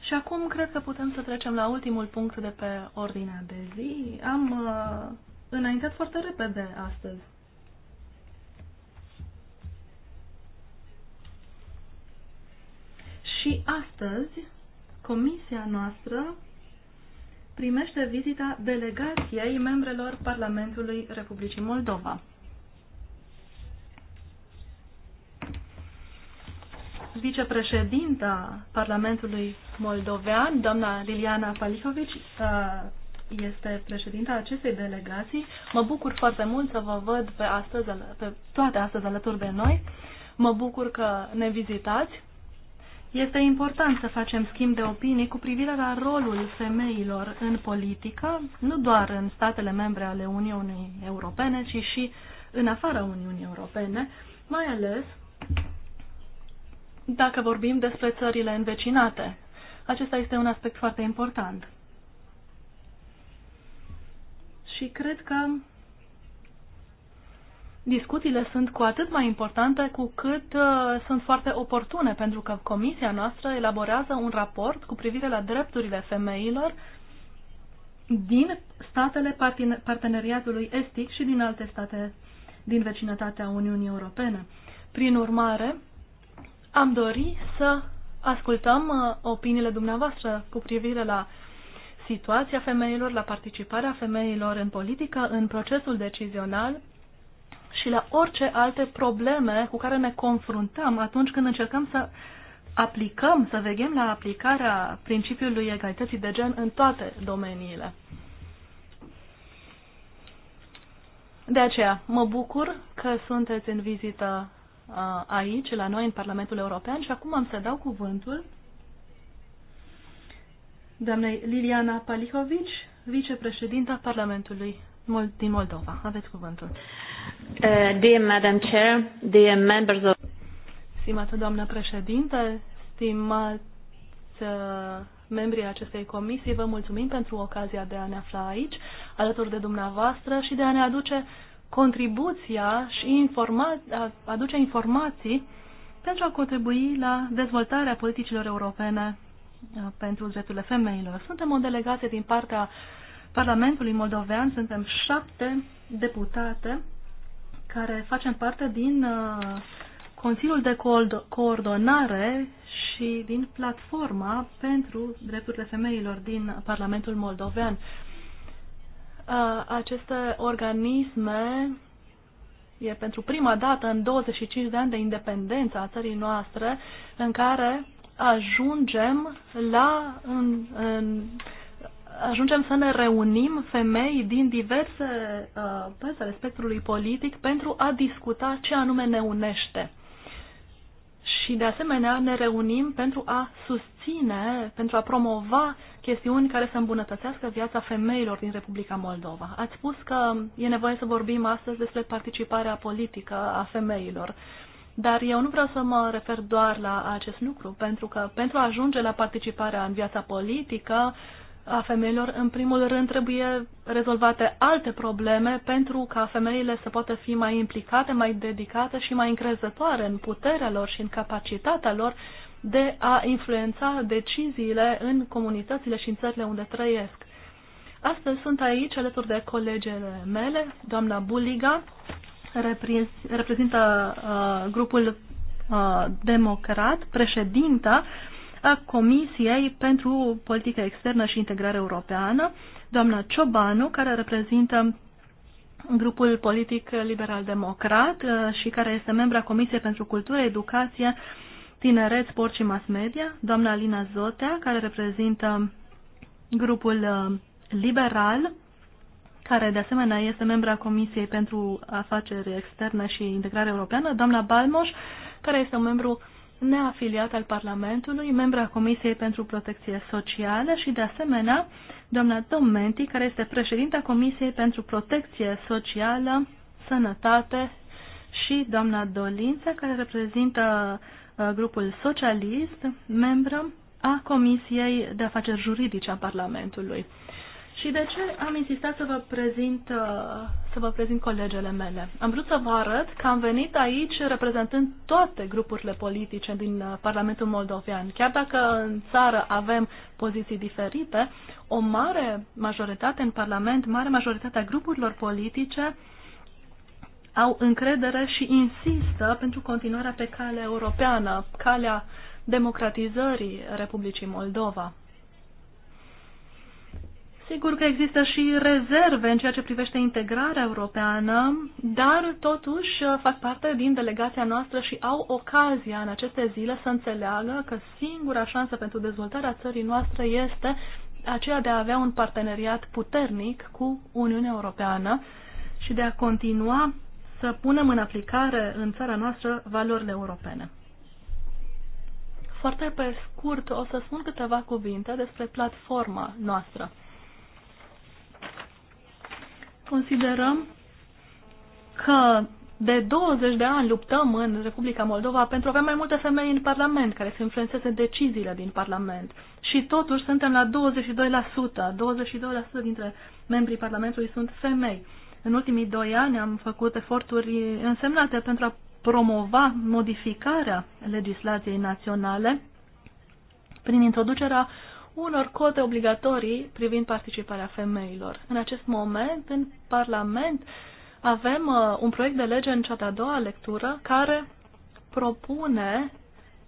Și acum cred că putem să trecem la ultimul punct de pe ordinea de zi. Am uh, înaintat foarte repede astăzi. Și astăzi, comisia noastră primește vizita delegației membrelor Parlamentului Republicii Moldova. vicepreședinta Parlamentului Moldovean, doamna Liliana Palihovici, uh, este președinta acestei delegații. Mă bucur foarte mult să vă văd pe, astăzi, pe toate astăzi alături de noi. Mă bucur că ne vizitați. Este important să facem schimb de opinii cu privire la rolul femeilor în politică, nu doar în statele membre ale Uniunii Europene, ci și în afara Uniunii Europene, mai ales dacă vorbim despre țările învecinate. Acesta este un aspect foarte important. Și cred că discuțiile sunt cu atât mai importante cu cât uh, sunt foarte oportune, pentru că comisia noastră elaborează un raport cu privire la drepturile femeilor din statele parteneriatului estic și din alte state din vecinătatea Uniunii Europene. Prin urmare, am dori să ascultăm uh, opiniile dumneavoastră cu privire la situația femeilor, la participarea femeilor în politică, în procesul decizional și la orice alte probleme cu care ne confruntăm atunci când încercăm să aplicăm, să vegem la aplicarea principiului egalității de gen în toate domeniile. De aceea, mă bucur că sunteți în vizită aici, la noi, în Parlamentul European și acum am să dau cuvântul doamnei Liliana Palihovic, vicepreședinta Parlamentului din Moldova. Aveți cuvântul. Uh, dear Madam Chair, dear members of... Stimată doamnă președintă, stimați uh, membrii acestei comisii, vă mulțumim pentru ocazia de a ne afla aici, alături de dumneavoastră și de a ne aduce contribuția și informa aduce informații pentru a contribui la dezvoltarea politicilor europene pentru drepturile femeilor. Suntem o delegație din partea Parlamentului Moldovean, suntem șapte deputate care facem parte din Consiliul de Coordonare și din Platforma pentru Drepturile Femeilor din Parlamentul Moldovean aceste organisme e pentru prima dată în 25 de ani de independență a țării noastre în care ajungem la în, în, ajungem să ne reunim femei din diverse părți ale spectrului politic pentru a discuta ce anume ne unește. Și de asemenea ne reunim pentru a susține, pentru a promova chestiuni care să îmbunătățească viața femeilor din Republica Moldova. Ați spus că e nevoie să vorbim astăzi despre participarea politică a femeilor. Dar eu nu vreau să mă refer doar la acest lucru, pentru că pentru a ajunge la participarea în viața politică, uh, a femeilor, în primul rând, trebuie rezolvate alte probleme pentru ca femeile să poată fi mai implicate, mai dedicate și mai încrezătoare în puterea lor și în capacitatea lor de a influența deciziile în comunitățile și în țările unde trăiesc. Astăzi sunt aici alături de colegele mele, doamna Buliga, reprezintă uh, grupul uh, democrat, președinta uh, a Comisiei pentru Politică Externă și Integrare Europeană, doamna Ciobanu, care reprezintă grupul politic liberal-democrat uh, și care este membra Comisiei pentru Cultură, Educație, Tineret, Sport și Mass Media, doamna Alina Zotea, care reprezintă grupul uh, liberal, care de asemenea este membra Comisiei pentru Afaceri Externe și Integrare Europeană, doamna Balmoș, care este un membru neafiliat al Parlamentului, membra Comisiei pentru Protecție Socială și, de asemenea, doamna Domenti, care este președinta Comisiei pentru Protecție Socială, Sănătate și doamna Dolința, care reprezintă uh, grupul socialist, membră a Comisiei de Afaceri Juridice a Parlamentului. Și de ce am insistat să vă prezint, uh, să vă prezint colegele mele? Am vrut să vă arăt că am venit aici reprezentând toate grupurile politice din uh, Parlamentul Moldovean. Chiar dacă în țară avem poziții diferite, o mare majoritate în Parlament, mare majoritatea grupurilor politice au încredere și insistă pentru continuarea pe calea europeană, calea democratizării Republicii Moldova. Sigur că există și rezerve în ceea ce privește integrarea europeană, dar totuși uh, fac parte din delegația noastră și au ocazia în aceste zile să înțeleagă că singura șansă pentru dezvoltarea țării noastre este aceea de a avea un parteneriat puternic cu Uniunea Europeană și de a continua să punem în aplicare în țara noastră valorile europene. Foarte pe scurt o să spun câteva cuvinte despre platforma noastră. Considerăm că de 20 de ani luptăm în Republica Moldova pentru a avea mai multe femei în Parlament care să influențeze deciziile din Parlament. Și totuși suntem la 22%. 22% dintre membrii Parlamentului sunt femei. În ultimii doi ani am făcut eforturi însemnate pentru a promova modificarea legislației naționale prin introducerea unor cote obligatorii privind participarea femeilor. În acest moment, în Parlament, avem uh, un proiect de lege în cea de-a doua lectură care propune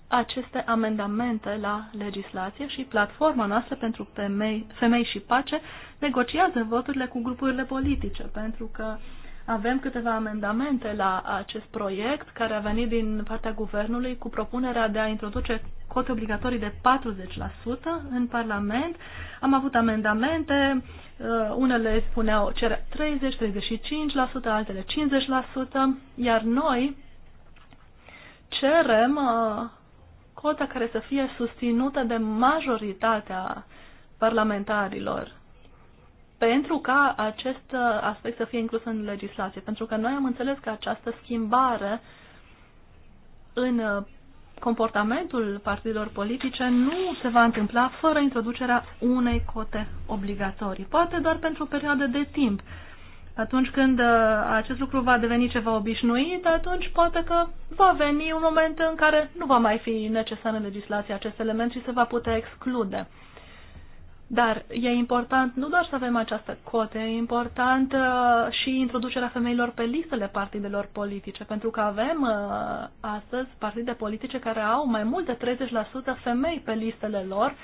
aceste amendamente la legislație și platforma noastră pentru femei, femei și pace negociază voturile cu grupurile politice, pentru că uh, avem câteva amendamente la acest proiect care a venit din partea guvernului cu propunerea de a introduce cote obligatorii de 40% în Parlament. Am avut amendamente, uh, unele spuneau cerea 30-35%, altele 50%, iar noi cerem uh, cota care să fie susținută de majoritatea parlamentarilor pentru ca acest uh, aspect să fie inclus în legislație. Pentru că noi am înțeles că această schimbare în uh, comportamentul partidelor politice nu se va întâmpla fără introducerea unei cote obligatorii. Poate doar pentru o perioadă de timp. Atunci când uh, acest lucru va deveni ceva obișnuit, atunci poate că va veni un moment în care nu va mai fi necesar în legislație acest element și se va putea exclude. Dar e important nu doar să avem această cote, e important uh, și introducerea femeilor pe listele partidelor politice, pentru că avem uh, astăzi partide politice care au mai mult de 30% femei pe listele lor,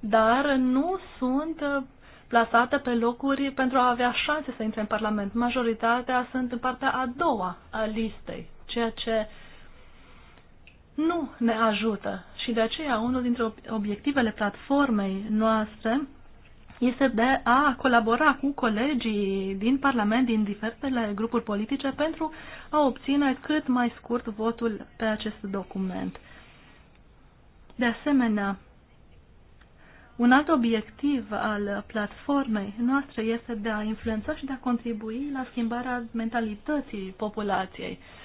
dar nu sunt uh, plasate pe locuri pentru a avea șanse să intre în Parlament. Majoritatea sunt în partea a doua a listei, ceea ce uh, nu ne ajută și de aceea unul dintre obiectivele platformei noastre este de a colabora cu colegii din Parlament, din diferitele grupuri politice, pentru a obține cât mai scurt votul pe acest document. De asemenea, un alt obiectiv al platformei noastre este de a influența și de a contribui la schimbarea mentalității populației. Uh,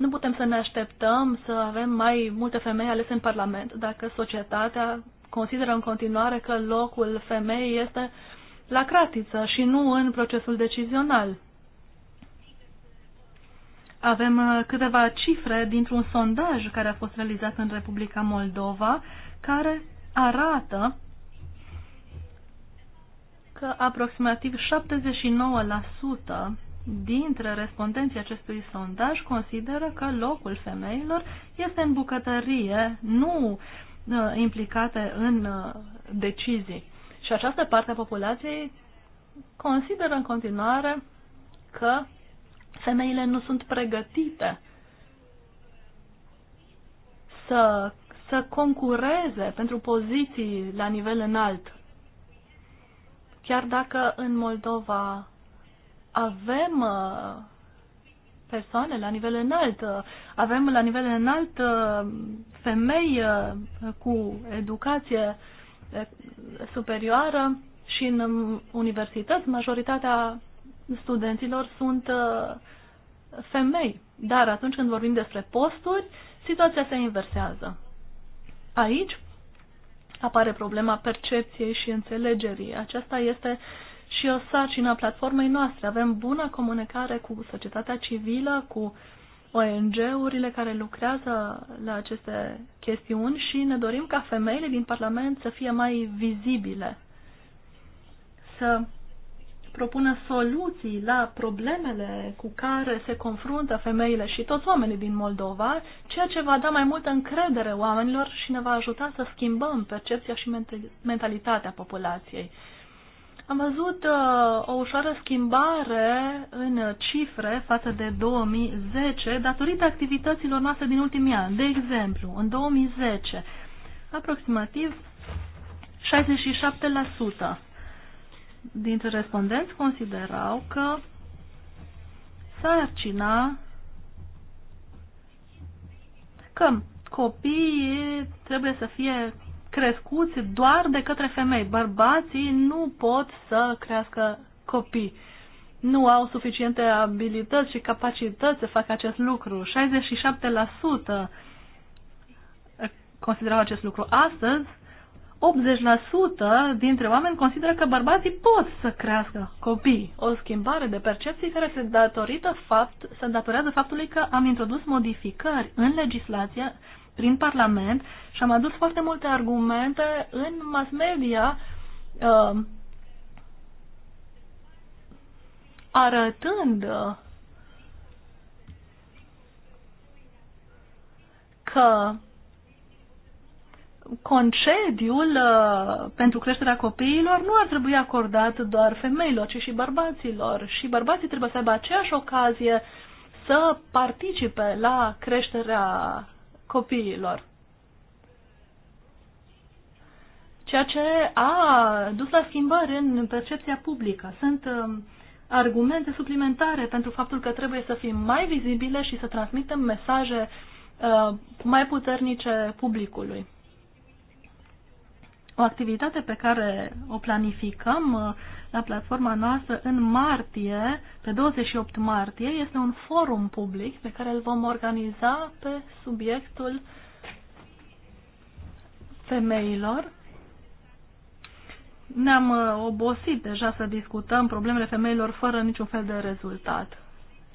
nu putem să ne așteptăm să avem mai multe femei alese în Parlament dacă societatea consideră în continuare că locul femeii este la cratiță și nu în procesul decizional. Avem uh, câteva cifre dintr-un sondaj care a fost realizat în Republica Moldova, care arată că aproximativ 79% dintre respondenții acestui sondaj consideră că locul femeilor este în bucătărie, nu uh, implicate în uh, decizii. Și această parte a populației consideră în continuare că femeile nu sunt pregătite să, să concureze pentru poziții la nivel înalt. Chiar dacă în Moldova avem uh, persoane la nivel înalt, uh, avem la nivel înalt uh, femei cu educație superioară și în um, universități majoritatea studenților sunt femei. Dar atunci când vorbim despre posturi, situația se inversează. Aici apare problema percepției și înțelegerii. Aceasta este uh, și o sarcină a platformei noastre. Avem bună comunicare cu societatea civilă, cu ONG-urile care lucrează la aceste chestiuni și ne dorim ca femeile din Parlament să fie mai vizibile, să propună soluții la problemele cu care se confruntă femeile și toți oamenii din Moldova, ceea ce va da mai multă încredere oamenilor și ne va ajuta să schimbăm percepția și mentalitatea populației. Am văzut uh, o ușoară schimbare în cifre față de 2010 datorită activităților noastre din ultimii ani. De exemplu, în 2010, aproximativ 67% dintre respondenți considerau că sarcina că copiii trebuie să fie crescuți doar de către femei. Bărbații nu pot să crească copii. Nu au suficiente abilități și capacități să facă acest lucru. 67% considerau acest lucru. Astăzi, 80% dintre oameni consideră că bărbații pot să crească copii. O schimbare de percepții care se, datorită fapt, se datorează faptului că am introdus modificări în legislație prin Parlament și am adus foarte multe argumente în mass media uh, arătând uh, că concediul uh, pentru creșterea copiilor nu ar trebui acordat doar femeilor, ci și bărbaților. Și bărbații trebuie să aibă aceeași ocazie să participe la creșterea copiilor. Ceea ce a dus la schimbări în percepția publică. Sunt um, argumente suplimentare pentru faptul că trebuie să fim mai vizibile și să transmitem mesaje uh, mai puternice publicului o activitate pe care o planificăm uh, la platforma noastră în martie, pe 28 martie, este un forum public pe care îl vom organiza pe subiectul femeilor. Ne-am uh, obosit deja să discutăm problemele femeilor fără niciun fel de rezultat.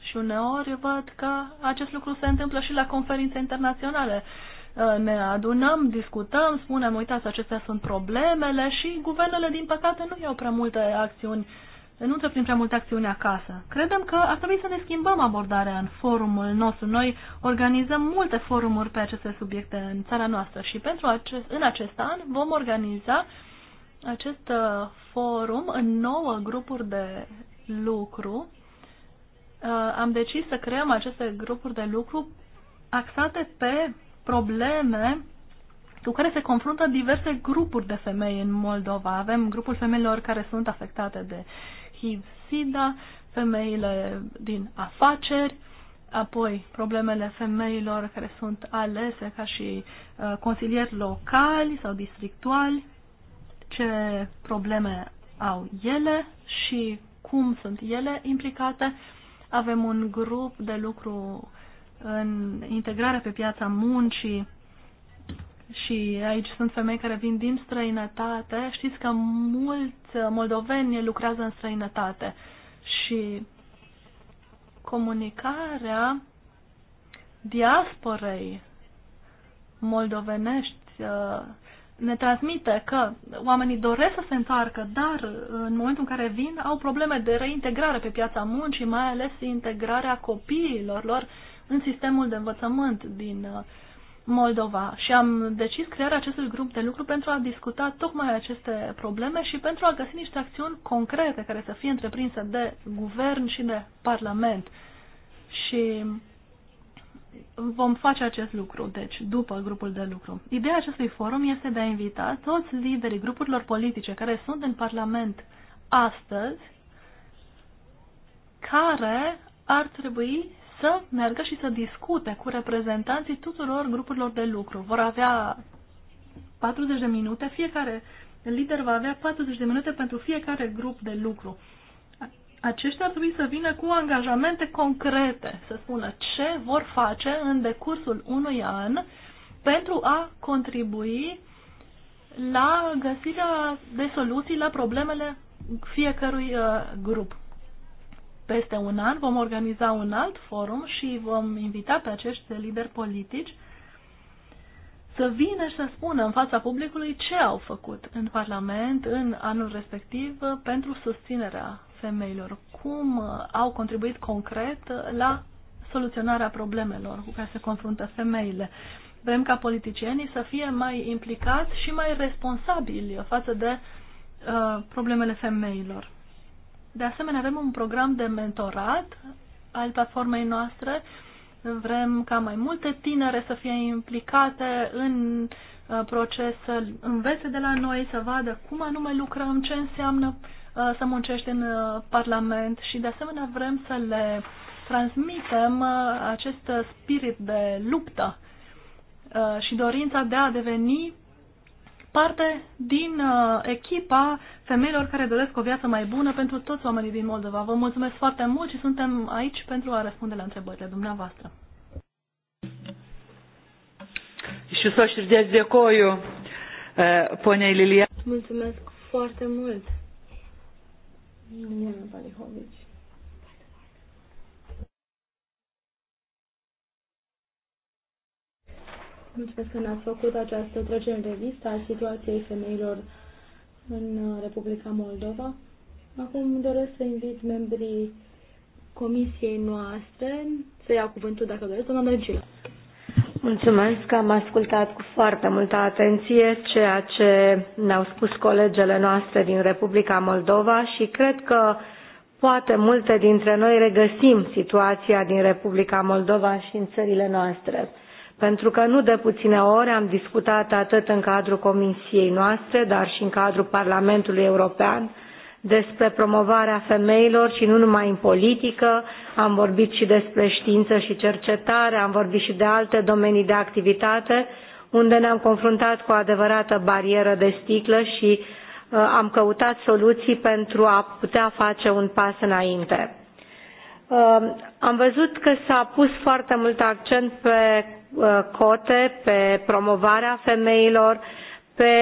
Și uneori văd că acest lucru se întâmplă și la conferințe internaționale Uh, ne adunăm, discutăm, spunem, uitați, acestea sunt problemele și guvernele, din păcate, nu iau prea multe acțiuni, nu întreprind prea multe acțiuni acasă. Credem că ar trebui să ne schimbăm abordarea în forumul nostru. Noi organizăm multe forumuri pe aceste subiecte în țara noastră și pentru acest, în acest an vom organiza acest uh, forum în nouă grupuri de lucru. Uh, am decis să creăm aceste grupuri de lucru axate pe probleme cu care se confruntă diverse grupuri de femei în Moldova. Avem grupul femeilor care sunt afectate de HIV-SIDA, femeile din afaceri, apoi problemele femeilor care sunt alese ca și uh, consilieri locali sau districtuali, ce probleme au ele și cum sunt ele implicate. Avem un grup de lucru în integrarea pe piața muncii și aici sunt femei care vin din străinătate. Știți că mulți moldoveni lucrează în străinătate și comunicarea diasporei moldovenești uh, ne transmite că oamenii doresc să se întoarcă, dar în momentul în care vin au probleme de reintegrare pe piața muncii, mai ales integrarea copiilor lor în sistemul de învățământ din uh, Moldova și am decis crearea acestui grup de lucru pentru a discuta tocmai aceste probleme și pentru a găsi niște acțiuni concrete care să fie întreprinse de guvern și de parlament. Și vom face acest lucru, deci, după grupul de lucru. Ideea acestui forum este de a invita toți liderii grupurilor politice care sunt în Parlament astăzi, care ar trebui să meargă și să discute cu reprezentanții tuturor grupurilor de lucru. Vor avea 40 de minute, fiecare lider va avea 40 de minute pentru fiecare grup de lucru. Aceștia ar trebui să vină cu angajamente concrete, să spună ce vor face în decursul unui an pentru a contribui la găsirea de soluții la problemele fiecărui uh, grup. Peste un an vom organiza un alt forum și vom invita pe acești lideri politici să vină și să spună în fața publicului ce au făcut în Parlament în anul respectiv pentru susținerea femeilor, cum au contribuit concret la soluționarea problemelor cu care se confruntă femeile. Vrem ca politicienii să fie mai implicați și mai responsabili față de uh, problemele femeilor. De asemenea, avem un program de mentorat al platformei noastre. Vrem ca mai multe tinere să fie implicate în uh, proces, să învețe de la noi, să vadă cum anume lucrăm, ce înseamnă uh, să muncești în uh, Parlament și de asemenea vrem să le transmitem acest spirit de luptă și dorința de a deveni parte din uh, echipa femeilor care doresc o viață mai bună pentru toți oamenii din Moldova. Vă mulțumesc foarte mult și suntem aici pentru a răspunde la întrebările dumneavoastră. să știți de Coiu, poniai Lilia. Mulțumesc foarte mult. Liliana Valihovici. Mulțumesc că ne-ați făcut această trecere în revistă a situației femeilor în uh, Republica Moldova. Acum doresc să invit membrii comisiei noastre să ia cuvântul dacă doresc. Doamna Mergila. Mulțumesc că am ascultat cu foarte multă atenție ceea ce ne-au spus colegele noastre din Republica Moldova și cred că poate multe dintre noi regăsim situația din Republica Moldova și în țările noastre pentru că nu de puține ori am discutat atât în cadrul comisiei noastre, dar și în cadrul Parlamentului European despre promovarea femeilor și nu numai în politică, am vorbit și despre știință și cercetare, am vorbit și de alte domenii de activitate, unde ne-am confruntat cu o adevărată barieră de sticlă și uh, am căutat soluții pentru a putea face un pas înainte. Uh, am văzut că s-a pus foarte mult accent pe Uh, cote, pe promovarea femeilor, pe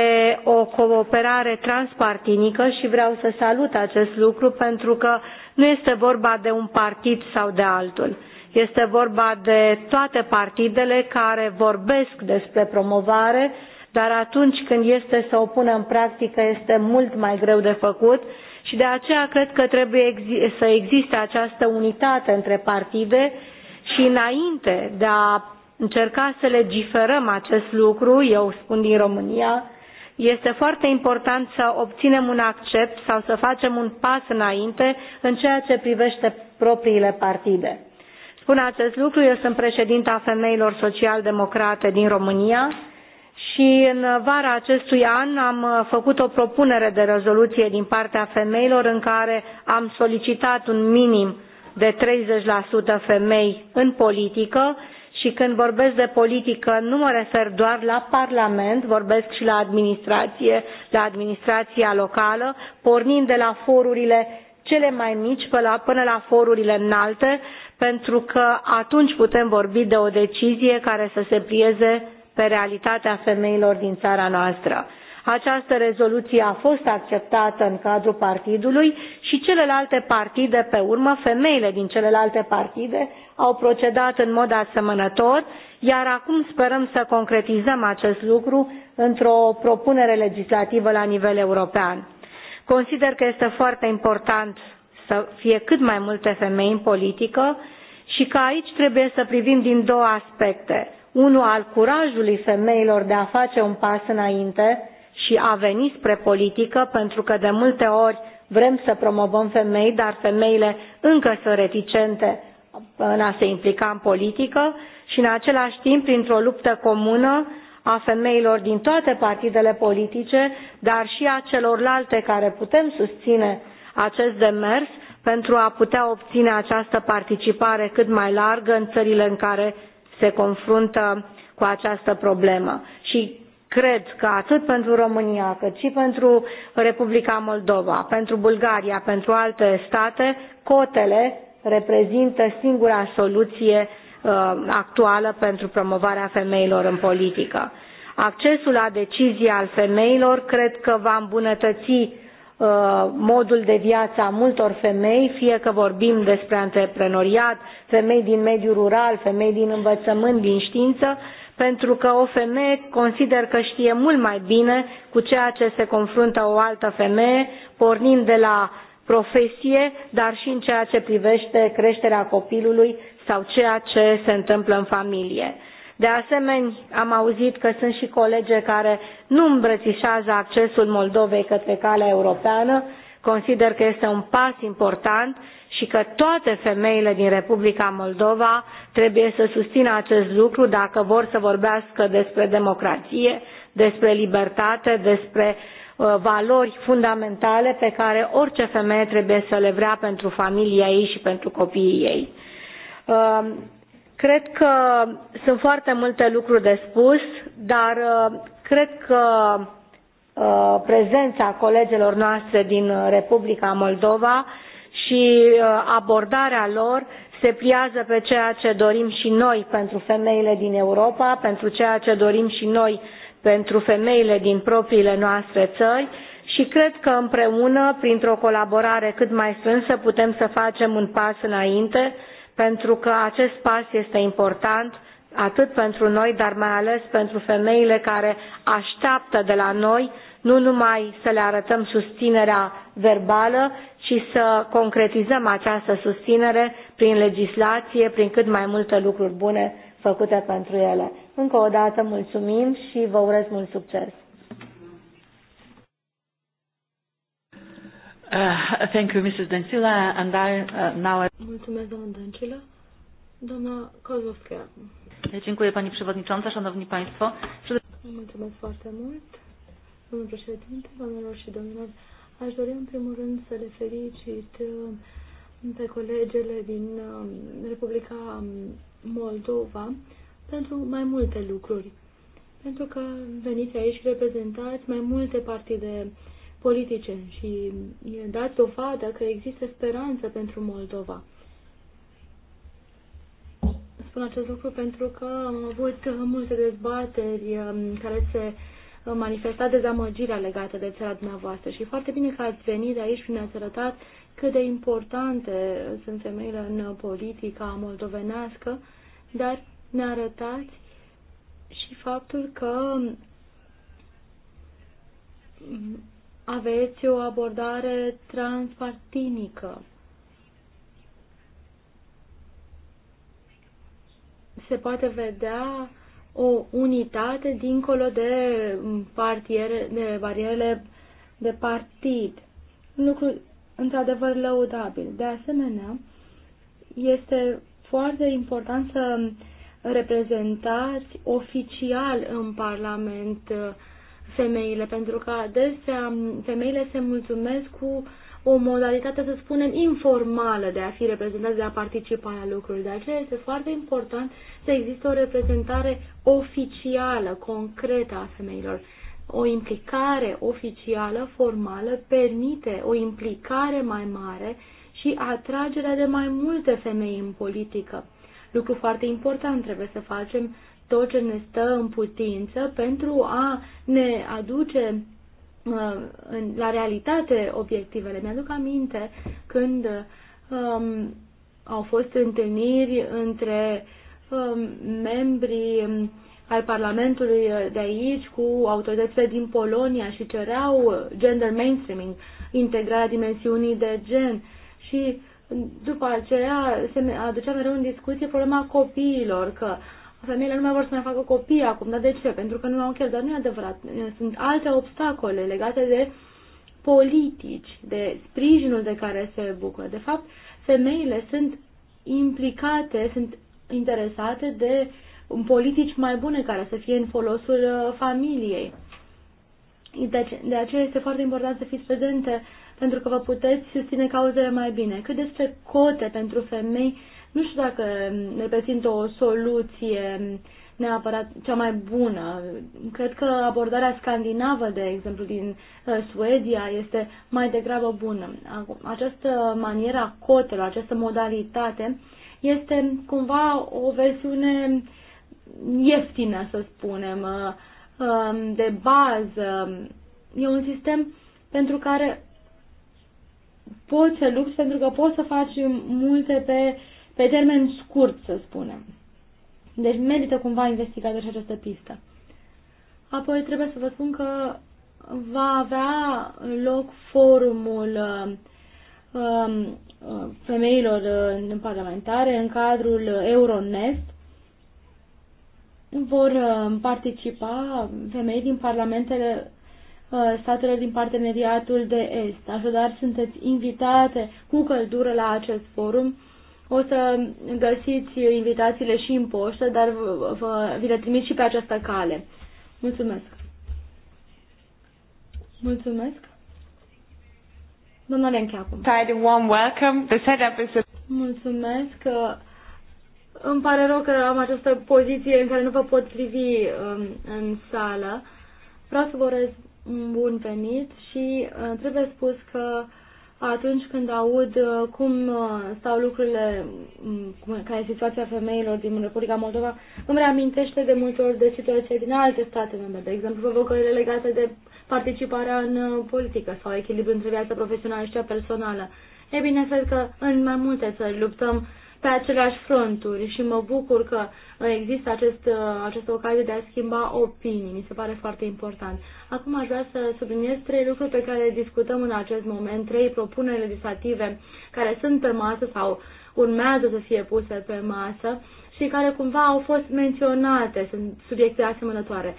o cooperare transpartinică și vreau să salut acest lucru pentru că nu este vorba de un partid sau de altul. Este vorba de toate partidele care vorbesc despre promovare, dar atunci când este să o pună în practică este mult mai greu de făcut și de aceea cred că trebuie să existe această unitate între partide și înainte de a încerca să legiferăm acest lucru, eu spun din România, este foarte important să obținem un accept sau să facem un pas înainte în ceea ce privește propriile partide. Spun acest lucru, eu sunt președinta femeilor social-democrate din România și în vara acestui an am făcut o propunere de rezoluție din partea femeilor în care am solicitat un minim de 30% femei în politică și când vorbesc de politică nu mă refer doar la Parlament, vorbesc și la administrație, la administrația locală, pornind de la forurile cele mai mici până la forurile înalte, pentru că atunci putem vorbi de o decizie care să se plieze pe realitatea femeilor din țara noastră. Această rezoluție a fost acceptată în cadrul partidului și celelalte partide, pe urmă, femeile din celelalte partide, au procedat în mod asemănător, iar acum sperăm să concretizăm acest lucru într-o propunere legislativă la nivel european. Consider că este foarte important să fie cât mai multe femei în politică și că aici trebuie să privim din două aspecte. Unul al curajului femeilor de a face un pas înainte și a veni spre politică, pentru că de multe ori vrem să promovăm femei, dar femeile încă sunt reticente în a se implica în politică și în același timp, printr-o luptă comună a femeilor din toate partidele politice, dar și a celorlalte care putem susține acest demers pentru a putea obține această participare cât mai largă în țările în care se confruntă cu această problemă. Și cred că atât pentru România cât și pentru Republica Moldova, pentru Bulgaria, pentru alte state, cotele reprezintă singura soluție uh, actuală pentru promovarea femeilor în politică. Accesul la decizii al femeilor cred că va îmbunătăți uh, modul de viață a multor femei, fie că vorbim despre antreprenoriat, femei din mediul rural, femei din învățământ, din știință, pentru că o femeie consider că știe mult mai bine cu ceea ce se confruntă o altă femeie, pornind de la profesie, dar și în ceea ce privește creșterea copilului sau ceea ce se întâmplă în familie. De asemenea, am auzit că sunt și colege care nu îmbrățișează accesul Moldovei către calea europeană. Consider că este un pas important și că toate femeile din Republica Moldova trebuie să susțină acest lucru dacă vor să vorbească despre democrație, despre libertate, despre uh, valori fundamentale pe care orice femeie trebuie să le vrea pentru familia ei și pentru copiii ei. Uh, cred că sunt foarte multe lucruri de spus, dar uh, cred că prezența colegelor noastre din Republica Moldova și uh, abordarea lor se pliază pe ceea ce dorim și noi pentru femeile din Europa, pentru ceea ce dorim și noi pentru femeile din propriile noastre țări și cred că împreună, printr-o colaborare cât mai strânsă, putem să facem un pas înainte, pentru că acest pas este important atât pentru noi, dar mai ales pentru femeile care așteaptă de la noi nu numai să le arătăm susținerea verbală, ci să concretizăm această susținere prin legislație, prin cât mai multe lucruri bune făcute pentru ele. Încă o dată mulțumim și vă urez mult succes! Uh, thank you, Mrs. Dancila, and I uh, now. Mulțumesc, doamnă Dancila. Doamna Kozłowska. Dziękuję Pani Przewodnicząca, Szanowni Państwo. Mulțumesc foarte mult domnul președinte, domnilor și domnilor. Aș dori în primul rând să le felicit um, pe colegele din um, Republica um, Moldova pentru mai multe lucruri. Pentru că veniți aici și reprezentați mai multe partide politice și dați dovadă că există speranță pentru Moldova. Spun acest lucru pentru că am avut uh, multe dezbateri care se manifestat dezamăgirea legată de țara dumneavoastră și foarte bine că ați venit aici și ne-ați arătat cât de importante sunt femeile în politica moldovenească, dar ne arătați și faptul că aveți o abordare transpartinică. Se poate vedea o unitate dincolo de, partiere, de barierele de partid. Un lucru într-adevăr lăudabil. De asemenea, este foarte important să reprezentați oficial în Parlament uh, femeile, pentru că adesea mm, femeile se mulțumesc cu o modalitate, să spunem, informală de a fi reprezentat, de a participa la lucruri. De aceea este foarte important să existe o reprezentare oficială, concretă a femeilor. O implicare oficială, formală, permite o implicare mai mare și atragerea de mai multe femei în politică. Lucru foarte important, trebuie să facem tot ce ne stă în putință pentru a ne aduce la realitate obiectivele. Mi-aduc aminte când um, au fost întâlniri între um, membrii um, al Parlamentului de aici cu autoritățile din Polonia și cereau gender mainstreaming, integrarea dimensiunii de gen și după aceea se aducea mereu în discuție problema copiilor, că uh, femeile nu mai vor să ne facă copii acum, dar de ce? Pentru că nu au chiar, dar nu e adevărat. Sunt alte obstacole legate de politici, de sprijinul de care se bucură. De fapt, femeile sunt implicate, sunt interesate de politici mai bune care să fie în folosul uh, familiei. Deci, de aceea este foarte important să fiți prezente pentru că vă puteți susține cauzele mai bine. Cât despre cote pentru femei, nu știu dacă reprezintă o soluție neapărat cea mai bună. Cred că abordarea scandinavă, de exemplu, din uh, Suedia este mai degrabă bună. Această manieră a cotelor, această modalitate, este cumva o versiune ieftină, să spunem, uh, um, de bază. E un sistem pentru care poți să lupți, pentru că poți să faci multe pe pe termen scurt, să spunem. Deci merită cumva investigată și această pistă. Apoi trebuie să vă spun că va avea loc forumul um, um, femeilor în parlamentare în cadrul Euronest. Vor um, participa femei din parlamentele uh, statelor din parteneriatul de est. Așadar, sunteți invitate cu căldură la acest forum o să găsiți invitațiile și în poștă, dar vă, vi le trimit și pe această cale. Mulțumesc! Mulțumesc! Doamna Lenche acum. warm welcome. The setup is a... Mulțumesc! Îmi pare rău că am această poziție în care nu vă pot privi um, în sală. Vreau să vă urez un bun venit și uh, trebuie spus că atunci când aud uh, cum uh, stau lucrurile, mm, care e situația femeilor din Republica Moldova, îmi reamintește de multe ori de situații din alte state membre, de exemplu provocările legate de participarea în uh, politică sau echilibru între viața profesională și cea personală. E bine, cred că în mai multe țări luptăm pe aceleași fronturi și mă bucur că există acest, uh, această ocazie de a schimba opinii. Mi se pare foarte important. Acum aș vrea să subliniez trei lucruri pe care le discutăm în acest moment, trei propuneri legislative care sunt pe masă sau urmează să fie puse pe masă și care cumva au fost menționate, sunt subiecte asemănătoare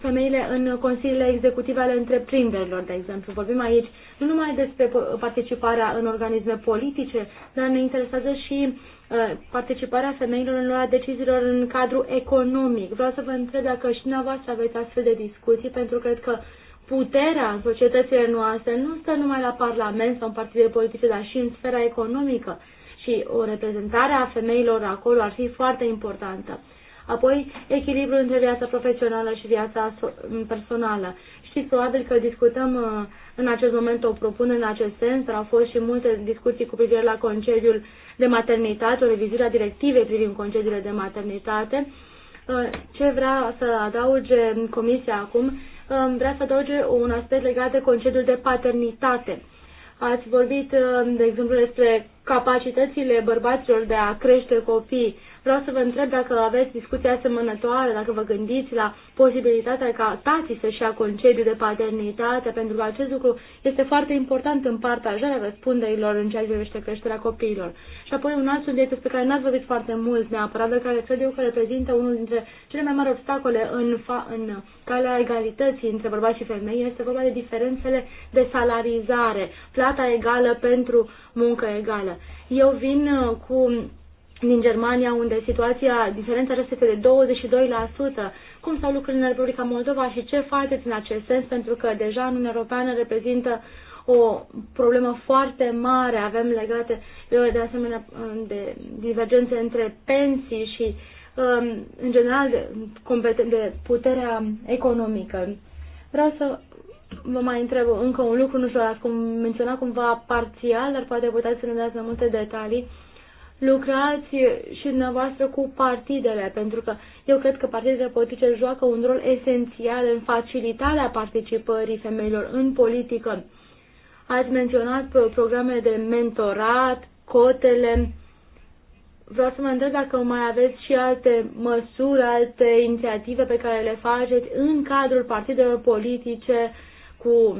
femeile în consiliile executive ale întreprinderilor, de exemplu. Vorbim aici nu numai despre participarea în organisme politice, dar ne interesează și uh, participarea femeilor în luarea deciziilor în cadrul economic. Vreau să vă întreb dacă și dumneavoastră aveți astfel de discuții, pentru că cred că puterea în societățile noastre nu stă numai la Parlament sau în partidele politice, dar și în sfera economică. Și o reprezentare a femeilor acolo ar fi foarte importantă. Apoi, echilibru între viața profesională și viața personală. Știți probabil că discutăm uh, în acest moment o propunere în acest sens, dar au fost și multe discuții cu privire la concediul de maternitate, o revizuire a directivei privind concediile de maternitate. Uh, ce vrea să adauge Comisia acum? Uh, vrea să adauge un aspect legat de concediul de paternitate. Ați vorbit, de exemplu, despre capacitățile bărbaților de a crește copii Vreau să vă întreb dacă aveți discuții asemănătoare, dacă vă gândiți la posibilitatea ca tații să-și ia concediu de paternitate, pentru că acest lucru este foarte important în partajarea răspunderilor în ceea ce privește creșterea copiilor. Și apoi un alt subiect despre care n-ați vorbit foarte mult neapărat, dar care cred eu că reprezintă unul dintre cele mai mari obstacole în, fa- în calea egalității între bărbați și femei, este vorba de diferențele de salarizare, plata egală pentru muncă egală. Eu vin uh, cu din Germania, unde situația, diferența aceasta este de 22%. Cum stau lucrurile în Republica Moldova și ce faceți în acest sens? Pentru că deja în Uniunea Europeană reprezintă o problemă foarte mare. Avem legate uh, de asemenea uh, de divergențe între pensii și um, în general de, puterea economică. Vreau să vă mai întreb încă un lucru, nu știu, ați menționat cumva parțial, dar poate puteți să ne dați mai multe detalii lucrați și dumneavoastră cu partidele, pentru că eu cred că partidele politice joacă un rol esențial în facilitarea participării femeilor în politică. Ați menționat programele de mentorat, cotele. Vreau să mă întreb dacă mai aveți și alte măsuri, alte inițiative pe care le faceți în cadrul partidelor politice cu,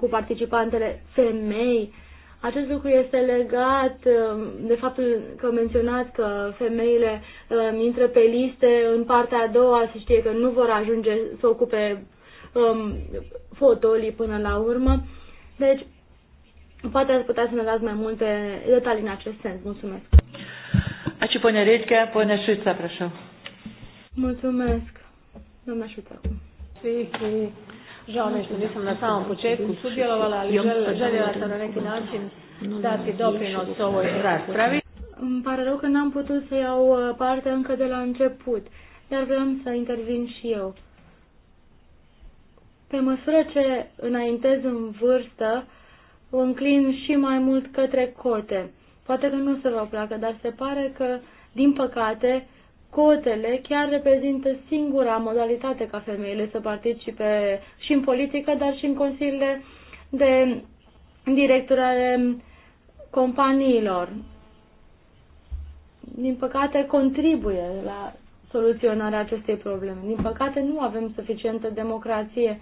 cu participantele femei acest lucru este legat um, de faptul că menționați că femeile um, intră pe liste în partea a doua, se știe că nu vor ajunge să ocupe um, fotolii până la urmă. Deci, poate ați putea să ne dați mai multe detalii în acest sens. Mulțumesc. Aci pune Ritke, pune Șuța, prășu. Mulțumesc, doamna Șuița. Žao mi što nisam na samom početku sudjelovala, ali željela sam na neki način dati doprinos ovoj raspravi. Îmi pare rău că n-am putut să iau uh, parte încă de la început, dar vreau să intervin și eu. Pe măsură ce înaintez în vârstă, o înclin și mai mult către cote. Poate că nu se vă placă, dar se pare că, din păcate, cotele chiar reprezintă singura modalitate ca femeile să participe și în politică, dar și în consiliile de director ale companiilor. Din păcate, contribuie la soluționarea acestei probleme. Din păcate, nu avem suficientă democrație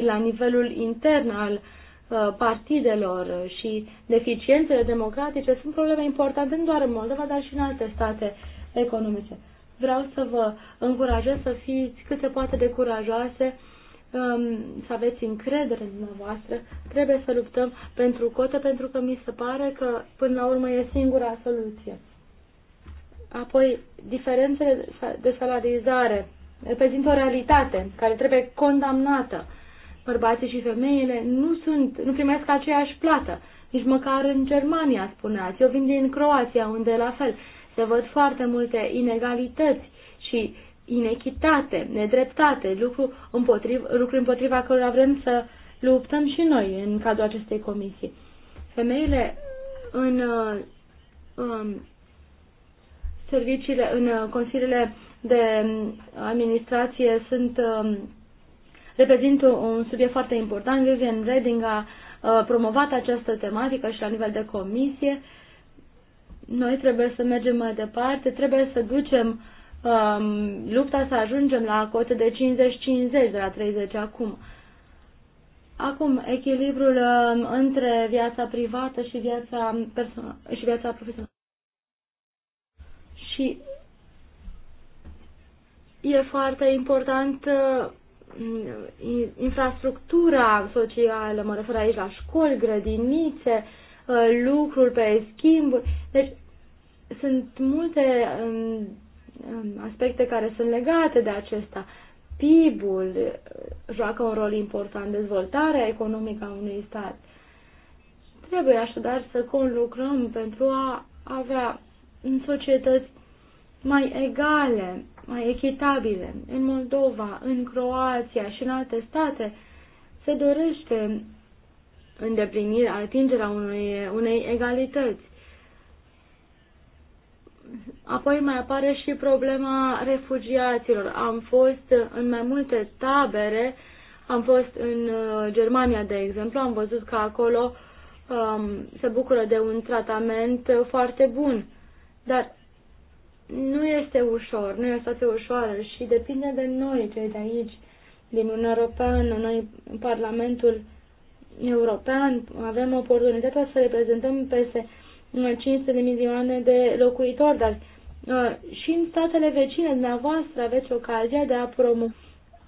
la nivelul intern al uh, partidelor și deficiențele democratice sunt probleme importante nu doar în Moldova, dar și în alte state economice. Vreau să vă încurajez să fiți cât se poate de curajoase, um, să aveți încredere în dumneavoastră. Trebuie să luptăm pentru cote, pentru că mi se pare că până la urmă e singura soluție. Apoi, diferențele de salarizare reprezintă o realitate care trebuie condamnată. Bărbații și femeile nu, sunt, nu primesc aceeași plată, nici măcar în Germania, spuneați. Eu vin din Croația, unde la fel se văd foarte multe inegalități și inechitate, nedreptate, lucru împotriv, lucru împotriva cărora vrem să luptăm și noi în cadrul acestei comisii. Femeile în în uh, um, serviciile, în consiliile de administrație sunt um, reprezintă un subiect foarte important. Vivian Reding a uh, promovat această tematică și la nivel de comisie noi trebuie să mergem mai departe, trebuie să ducem um, lupta să ajungem la cote de 50-50 de la 30 acum. Acum, echilibrul um, între viața privată și viața, și viața profesională. Și e foarte important uh, infrastructura socială, mă refer aici la școli, grădinițe, uh, Uh, lucrul, pe schimburi. Deci sunt multe um, um, aspecte care sunt legate de acesta. PIB-ul uh, joacă un rol important, dezvoltarea economică a unui stat. Trebuie așadar să conlucrăm pentru a avea în societăți mai egale, mai echitabile. În Moldova, în Croația și în alte state se dorește îndeplinirea, atingerea unei, unei egalități. Apoi mai apare și problema refugiaților. Am fost în mai multe tabere, am fost în uh, Germania, de exemplu, am văzut că acolo um, se bucură de un tratament uh, foarte bun. Dar nu este ușor, nu este foarte ușoară și depinde de noi, cei de aici, din Uniunea Europeană, noi, Parlamentul european avem oportunitatea să reprezentăm peste 500 uh, de milioane de locuitori, dar uh, și în statele vecine dumneavoastră aveți ocazia de a promova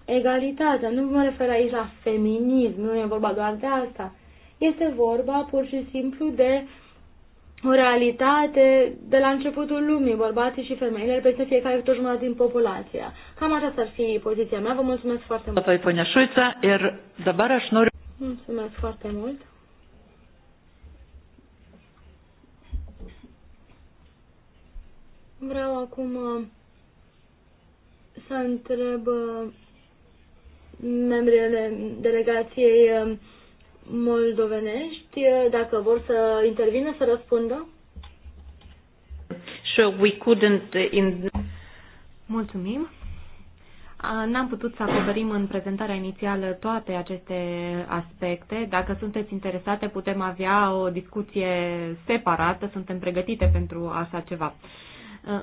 egalitatea. Nu mă refer aici la feminism, nu e vorba doar de asta. Este vorba pur și simplu de o realitate de la începutul lumii, bărbații și femeile reprezintă fiecare câte jumătate din populația. Cam aceasta ar fi poziția mea. Vă mulțumesc foarte mult. Păi, Șuița, iar dabar aș nori... Mulțumesc foarte mult. Vreau acum uh, să întreb uh, membrii delegației uh, moldovenești dacă vor să intervină, să răspundă. Sure, we couldn't in... Mulțumim. N-am putut să acoperim în prezentarea inițială toate aceste aspecte. Dacă sunteți interesate, putem avea o discuție separată, suntem pregătite pentru așa ceva.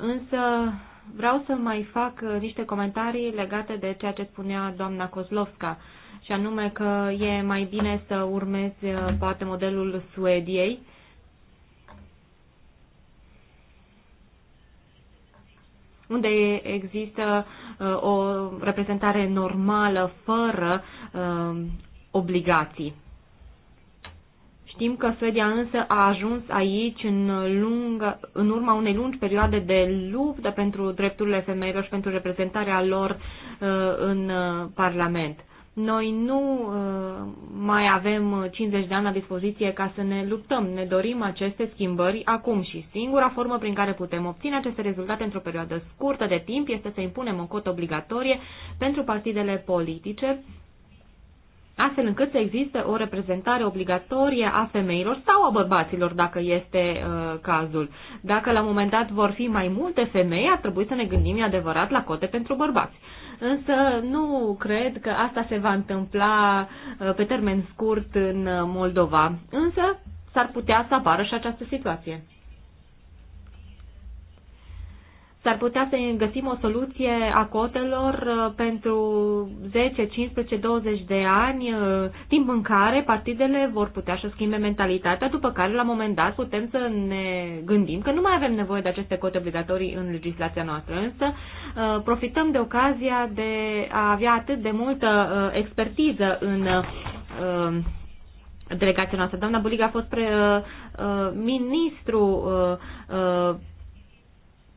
Însă vreau să mai fac uh, niște comentarii legate de ceea ce spunea doamna Kozlovska, și anume că e mai bine să urmezi uh, poate modelul Suediei, unde există uh, o reprezentare normală, fără uh, obligații. Știm că Suedia însă a ajuns aici în, lungă, în urma unei lungi perioade de luptă pentru drepturile femeilor și pentru reprezentarea lor uh, în Parlament. Noi nu uh, mai avem 50 uh, de ani la dispoziție ca să ne luptăm. Ne dorim aceste schimbări acum și singura formă prin care putem obține aceste rezultate într-o perioadă scurtă de timp este să impunem o cotă obligatorie pentru partidele politice astfel încât să existe o reprezentare obligatorie a femeilor sau a bărbaților, dacă este uh, cazul. Dacă la un moment dat vor fi mai multe femei, ar trebui să ne gândim adevărat la cote pentru bărbați. Uh, însă nu cred că asta se va întâmpla uh, pe termen scurt în uh, Moldova. Însă s-ar putea să apară și această situație s-ar putea să găsim o soluție a cotelor uh, pentru 10, 15, 20 de ani, uh, timp în care partidele vor putea să schimbe mentalitatea, după care la un moment dat putem să ne gândim că nu mai avem nevoie de aceste cote obligatorii în legislația noastră, însă uh, profităm de ocazia de a avea atât de multă expertiză în delegația noastră. Doamna Buliga a fost pre, uh, ministru uh, uh,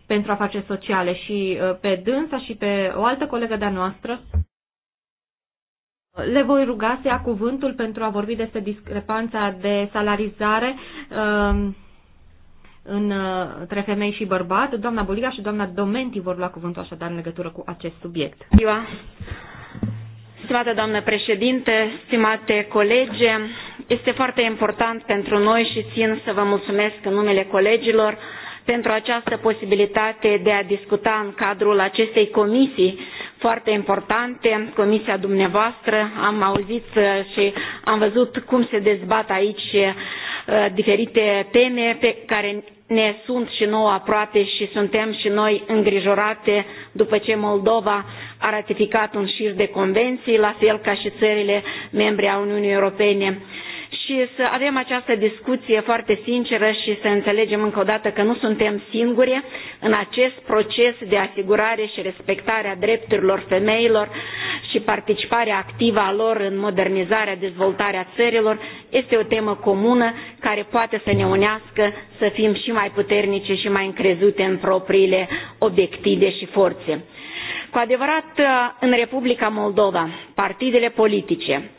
pentru afaceri sociale și uh, pe dânsa și pe o altă colegă de-a noastră. Uh, le voi ruga să ia cuvântul pentru a vorbi despre discrepanța de salarizare um, între femei și bărbat. Doamna Boliga și doamna Domenti vor lua cuvântul așadar în legătură cu acest subiect. Ioa. Stimată doamnă președinte, stimate colege, este foarte important pentru noi și țin să vă mulțumesc în numele colegilor pentru această posibilitate de a discuta în cadrul acestei comisii foarte importante, comisia dumneavoastră. Am auzit uh, și am văzut cum se dezbat aici uh, diferite teme pe care ne sunt și nouă aproape și suntem și noi îngrijorate după ce Moldova a ratificat un șir de convenții, la fel ca și țările membre a Uniunii Europene și să avem această discuție foarte sinceră și să înțelegem încă o dată că nu suntem singure în acest proces de asigurare și respectarea drepturilor femeilor și participarea activă a lor în modernizarea, dezvoltarea țărilor este o temă comună care poate să ne unească să fim și mai puternice și mai încrezute în propriile obiective și forțe. Cu adevărat, în Republica Moldova, partidele politice,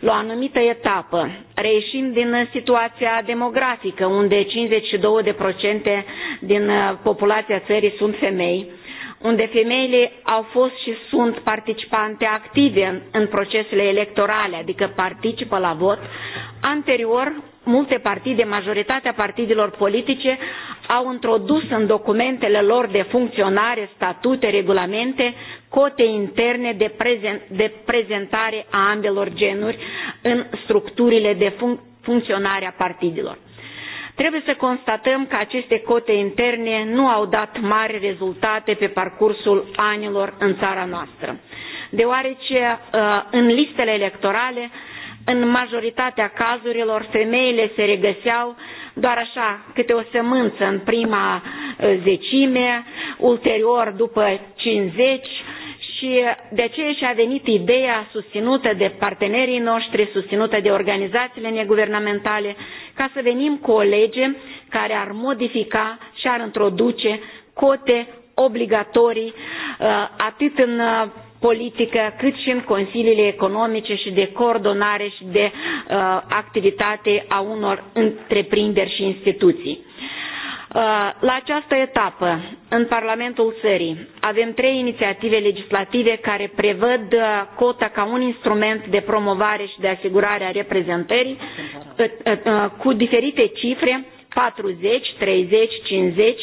la o anumită etapă reieșim din uh, situația demografică, unde 52% din uh, populația țării sunt femei, unde femeile au fost și sunt participante active în procesele electorale, adică participă la vot, anterior multe partide, majoritatea partidelor politice au introdus în documentele lor de funcționare, statute, regulamente, cote interne de, prezen de prezentare a ambelor genuri în structurile de func funcționare a partidelor. Trebuie să constatăm că aceste cote interne nu au dat mari rezultate pe parcursul anilor în țara noastră, deoarece uh, în listele electorale în majoritatea cazurilor femeile se regăseau doar așa, câte o sămânță în prima zecime, ulterior după 50 și de aceea și-a venit ideea susținută de partenerii noștri, susținută de organizațiile neguvernamentale, ca să venim cu o lege care ar modifica și ar introduce cote obligatorii atât în politică, cât și în consiliile economice și de coordonare și de uh, activitate a unor întreprinderi și instituții. Uh, la această etapă, în Parlamentul țării, avem trei inițiative legislative care prevăd uh, cota ca un instrument de promovare și de asigurare a reprezentării uh, cu diferite cifre, 40, 30, 50,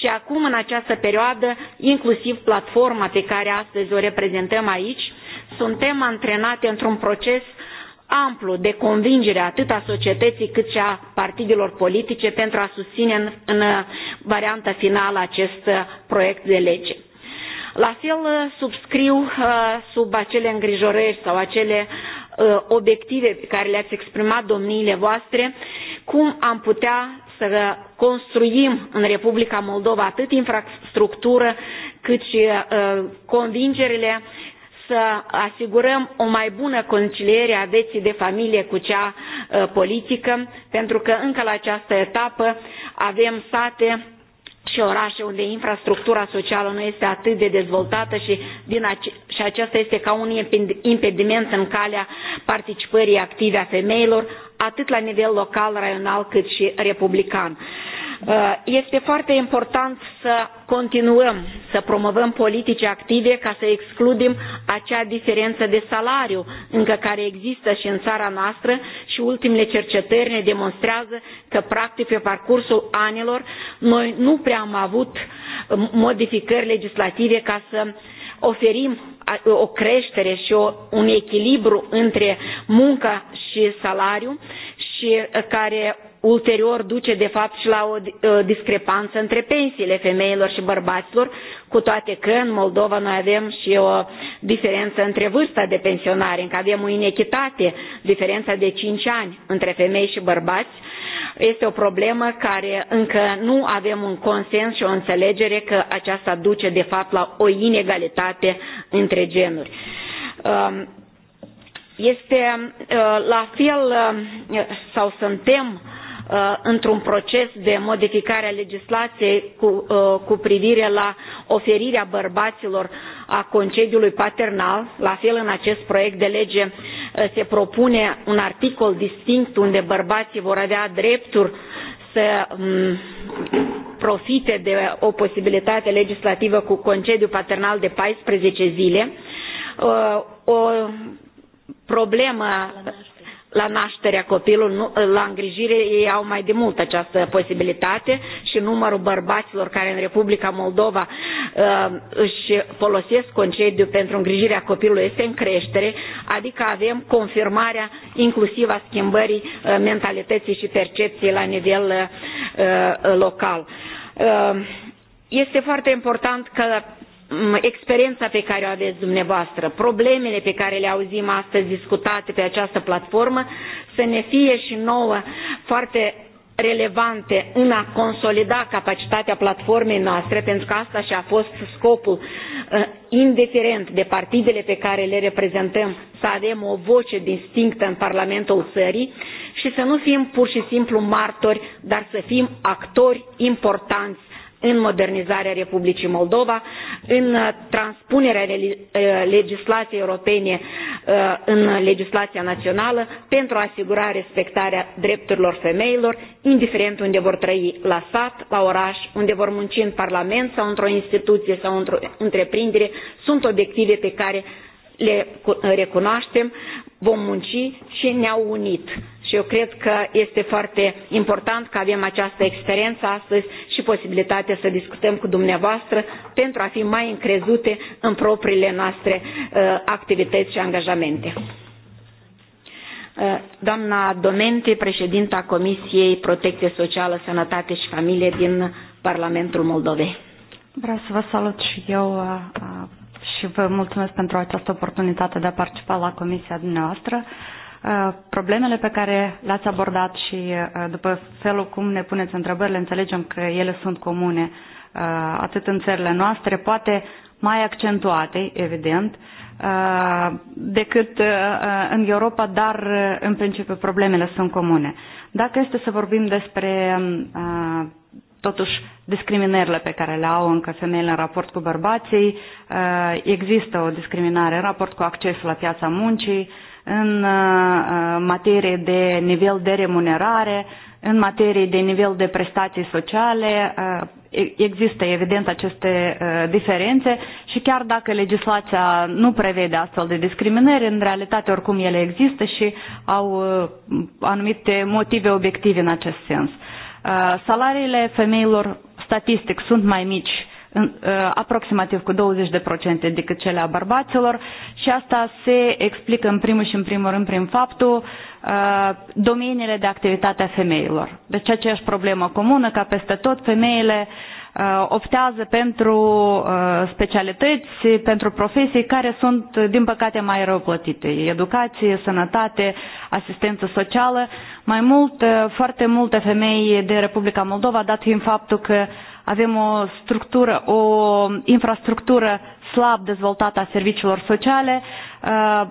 și acum în această perioadă, inclusiv platforma pe care astăzi o reprezentăm aici, suntem antrenate într-un proces amplu de convingere atât a societății cât și a partidelor politice pentru a susține în, în varianta finală acest proiect de lege. La fel subscriu uh, sub acele îngrijorări sau acele uh, obiective pe care le-ați exprimat domniile voastre, cum am putea să construim în Republica Moldova atât infrastructură cât și uh, convingerile să asigurăm o mai bună conciliere a vieții de familie cu cea uh, politică, pentru că încă la această etapă avem sate și orașe unde infrastructura socială nu este atât de dezvoltată și, din ace- și aceasta este ca un impediment în calea participării active a femeilor, atât la nivel local, raional, cât și republican. Uh, este foarte important să continuăm să promovăm politici active ca să excludem acea diferență de salariu încă care există și în țara noastră și ultimele cercetări ne demonstrează că practic pe parcursul anilor noi nu prea am avut modificări legislative ca să uh, oferim o creștere și o, un echilibru între muncă și salariu și uh, care ulterior duce de fapt și la o uh, discrepanță între pensiile femeilor și bărbaților, cu toate că în Moldova noi avem și o diferență între vârsta de pensionare, încă avem o inechitate, diferența de 5 ani între femei și bărbați, este o problemă care încă nu avem un consens și o înțelegere că aceasta duce de fapt la o inegalitate între genuri. Um, este uh, la fel uh, sau suntem uh, într-un proces de modificare a legislației cu, cu privire la oferirea bărbaților a concediului paternal. La fel, în acest proiect de lege Eh, se propune un articol distinct unde bărbații vor avea drepturi să mm, profite de o posibilitate legislativă cu concediu paternal de 14 zile. Eh, o problemă la nașterea copilului, la îngrijire ei au mai de mult această posibilitate și numărul bărbaților care în Republica Moldova uh, își folosesc concediu pentru îngrijirea copilului este în creștere, adică avem confirmarea inclusiv a schimbării uh, mentalității și percepției la nivel uh, local. Este foarte important că experiența pe care o aveți dumneavoastră, problemele pe care le auzim astăzi discutate pe această platformă, să ne fie și nouă foarte relevante în a consolida capacitatea platformei noastre, pentru că asta și a fost scopul, uh, indiferent de partidele pe care le reprezentăm, să avem o voce distinctă în Parlamentul țării și să nu fim pur și simplu martori, dar să fim actori importanți în modernizarea Republicii Moldova, în uh, transpunerea uh, legislației europene uh, în legislația națională pentru a asigura respectarea drepturilor femeilor, indiferent unde vor trăi, la sat, la oraș, unde vor munci în Parlament sau într-o instituție sau într-o întreprindere, sunt obiective pe care le recunoaștem, vom munci și ne-au unit și eu cred că este foarte important că avem această experiență astăzi și posibilitatea să discutăm cu dumneavoastră pentru a fi mai încrezute în propriile noastre uh, activități și angajamente. Uh, doamna Domente, președinta Comisiei Protecție Socială, Sănătate și Familie din Parlamentul Moldovei. Vreau să vă salut și eu uh, uh, și vă mulțumesc pentru această oportunitate de a participa la comisia dumneavoastră. Uh, problemele pe care le-ați abordat și uh, după felul cum ne puneți întrebările, înțelegem că ele sunt comune uh, atât în țările noastre, poate mai accentuate, evident, decât în Europa, dar în principiu problemele sunt comune. Dacă este să vorbim despre totuși discriminările pe care le au încă femeile în raport cu bărbații, există o discriminare în raport cu accesul la piața muncii, în uh, uh, materie de nivel de remunerare, în materie de nivel de prestații sociale, uh, există evident aceste diferențe și chiar dacă legislația nu prevede astfel de discriminări, în realitate oricum ele există și au anumite motive obiective în acest sens. Salariile femeilor statistic sunt mai mici Uh, aproximativ cu 20% decât cele a bărbaților și asta se explică în primul și în primul rând prin faptul uh, domeniile de activitate a femeilor. Deci aceeași problemă comună ca peste tot femeile uh, optează pentru specialități, pentru profesii care sunt, din păcate, mai rău plătite. Educație, sănătate, asistență socială. Mai mult, foarte multe femei de Republica Moldova, dat fiind faptul că avem o structură, o infrastructură slab dezvoltată a serviciilor sociale, uh,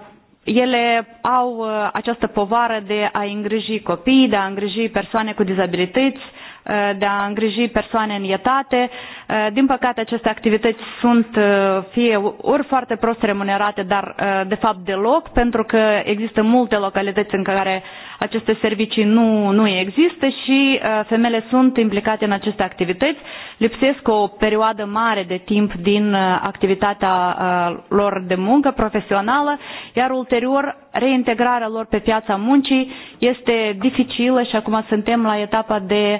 ele au uh, această povară de a îngriji copii, de a îngriji persoane cu dizabilități, Eh, de a îngriji persoane în ietate. Eh, din păcate, aceste activități sunt eh, fie ori foarte prost remunerate, dar de fapt deloc, pentru că există multe localități în care aceste servicii nu, nu există și femeile sunt implicate în aceste activități. Lipsesc o perioadă mare de timp din activitatea lor de muncă profesională, iar ulterior reintegrarea lor pe piața muncii este dificilă și acum suntem la etapa de uh,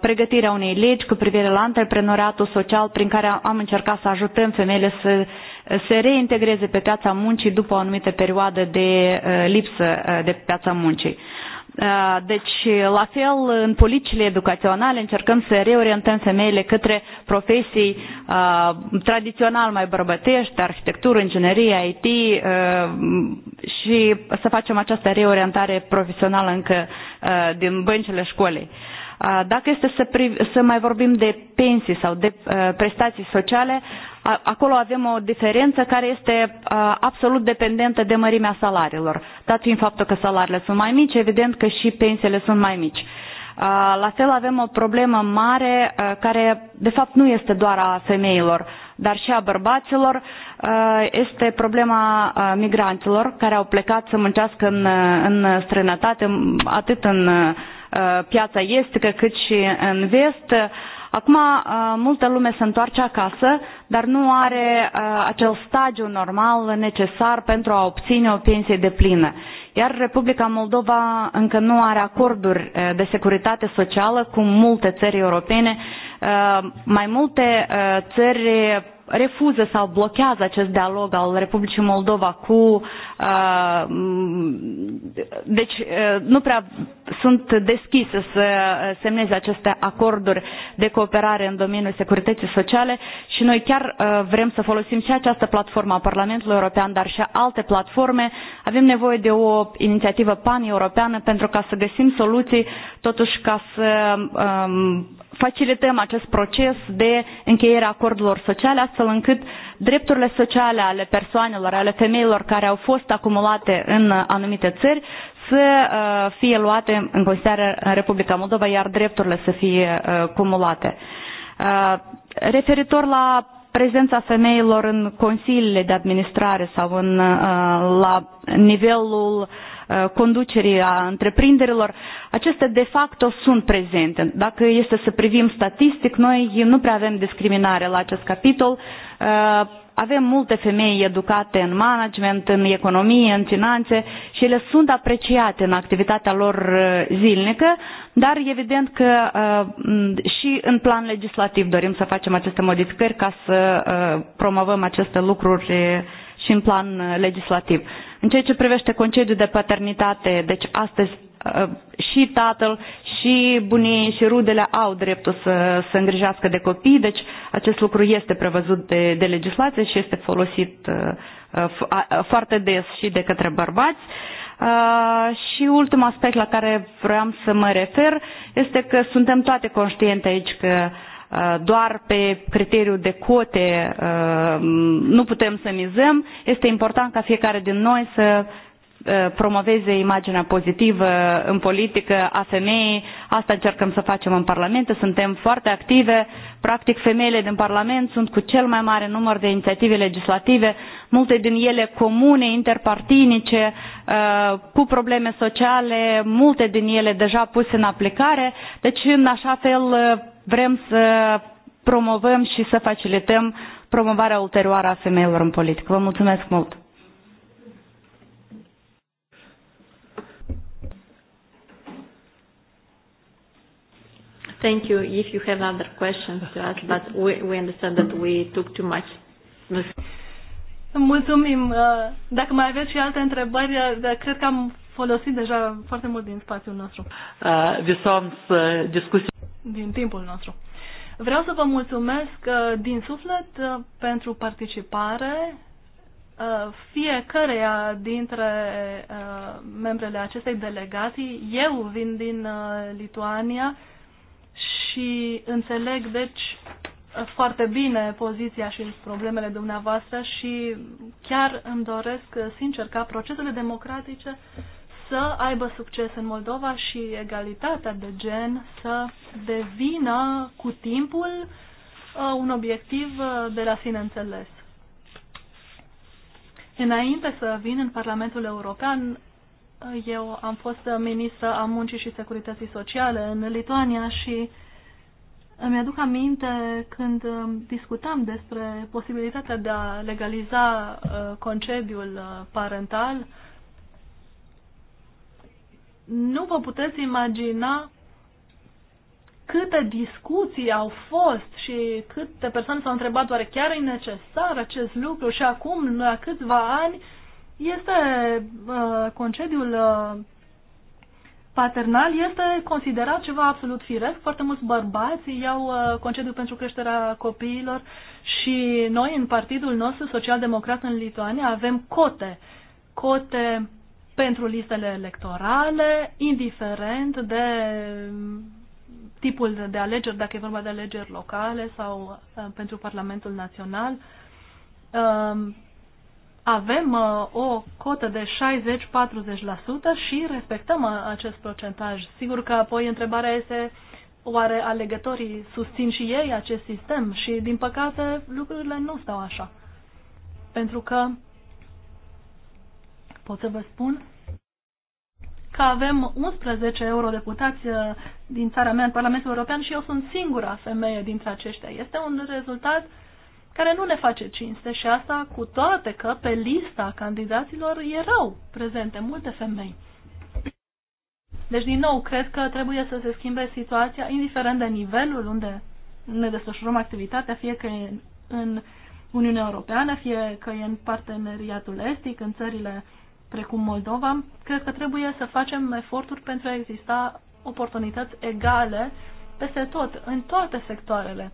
pregătirea unei legi cu privire la antreprenoriatul social prin care am încercat să ajutăm femeile să se reintegreze pe piața muncii după o anumită perioadă de lipsă de piața muncii. Deci, la fel, în politicile educaționale încercăm să reorientăm femeile către profesii uh, tradițional mai bărbătești, arhitectură, inginerie, IT uh, și să facem această reorientare profesională încă uh, din băncile școlii. Uh, dacă este să, priv, să mai vorbim de pensii sau de prestații sociale, acolo avem o diferență care este absolut dependentă de mărimea salariilor. Dat fiind faptul că salariile sunt mai mici, evident că și pensiile sunt mai mici. La fel avem o problemă mare care de fapt nu este doar a femeilor, dar și a bărbaților. Este problema migranților care au plecat să muncească în, în străinătate, atât în Uh, piața estică, cât și în vest. Acum uh, multă lume se întoarce acasă, dar nu are uh, acel stagiu normal necesar pentru a obține o pensie de plină. Iar Republica Moldova încă nu are acorduri de securitate socială cu multe țări europene. Mai multe țări refuză sau blochează acest dialog al Republicii Moldova cu Ah, mm, deci eh, nu prea sunt deschisă să eh, semneze aceste acorduri de cooperare în domeniul securității sociale și noi chiar eh, vrem să folosim și această platformă a Parlamentului European, dar și alte platforme. Avem nevoie de o inițiativă pan-europeană pentru ca să găsim soluții, totuși ca să um, facilităm acest proces de încheiere a acordurilor sociale, astfel încât drepturile sociale ale persoanelor, ale femeilor care au fost acumulate în uh, anumite țări să uh, fie luate în considerare în Republica Moldova, iar drepturile să fie uh, cumulate. Referitor la prezența femeilor în consiliile de administrare sau în, la nivelul uh, Uh, conducerii a întreprinderilor, acestea de facto sunt prezente. Dacă este să privim statistic, noi nu prea avem discriminare la acest capitol. Uh, avem multe femei educate în management, în economie, în finanțe și ele sunt apreciate în activitatea lor uh, zilnică, dar evident că și în plan legislativ dorim să facem aceste modificări ca să promovăm aceste lucruri și în plan legislativ. În ceea ce privește concediul de paternitate, deci astăzi ă, și tatăl și bunii și rudele au dreptul să, se îngrijească de copii, deci acest lucru este prevăzut de, de legislație și este folosit ă, ă, foarte des și de către bărbați. Și ultimul aspect la care vreau să mă refer este că suntem toate conștiente aici că uh, Eh, doar pe criteriul de cote eh, nu putem să mizăm. Este important ca fiecare din noi să eh, promoveze imaginea pozitivă în politică a femeii. Asta încercăm să facem în Parlament. suntem foarte active. Practic, femeile din Parlament sunt cu cel mai mare număr de inițiative legislative, multe din ele comune, interpartinice, cu probleme sociale, multe din ele deja puse în aplicare. Deci, în așa fel, vrem să promovăm și să facilităm promovarea ulterioară a femeilor în politică. Vă mulțumesc mult! Thank you. If you have other questions to ask, but we, we understand that we took too much. Mulțumim. Dacă mai aveți și alte întrebări, cred că am folosit deja foarte mult din spațiul nostru. Uh, să discutăm Din timpul nostru. Vreau să vă mulțumesc uh, din suflet uh, pentru participare fiecăreia dintre membrele acestei delegații. Eu vin din Lituania și înțeleg, deci, foarte bine poziția și problemele dumneavoastră și chiar îmi doresc sincer ca procesele democratice să aibă succes în Moldova și egalitatea de gen să devină cu timpul uh, un obiectiv uh, de la sine înțeles. Înainte să vin în Parlamentul European, uh, eu am fost ministră a muncii și securității sociale în Lituania și îmi aduc aminte când discutam despre posibilitatea de a legaliza concediul parental nu vă puteți imagina câte discuții au fost și câte persoane s-au întrebat oare chiar e necesar acest lucru și acum, la câțiva ani, este uh, concediul uh, paternal este considerat ceva absolut firesc. Foarte mulți bărbați iau uh, concediu pentru creșterea copiilor și noi în partidul nostru social-democrat în Lituania avem cote, cote pentru listele electorale, indiferent de tipul de alegeri, dacă e vorba de alegeri locale sau uh, pentru Parlamentul Național. Um, avem uh, o cotă de 60-40% și respectăm uh, acest procentaj. Sigur că apoi întrebarea este oare alegătorii susțin și ei acest sistem și din păcate lucrurile nu stau așa. Pentru că pot să vă spun că avem 11 eurodeputați uh, din țara mea în Parlamentul European și eu sunt singura femeie dintre aceștia. Este un rezultat care nu ne face cinste și asta cu toate că pe lista candidaților erau prezente multe femei. Deci, din nou, cred că trebuie să se schimbe situația, indiferent de nivelul unde ne desfășurăm activitatea, fie că e în Uniunea Europeană, fie că e în parteneriatul estic, în țările precum Moldova, cred că trebuie să facem eforturi pentru a exista oportunități egale peste tot, în toate sectoarele.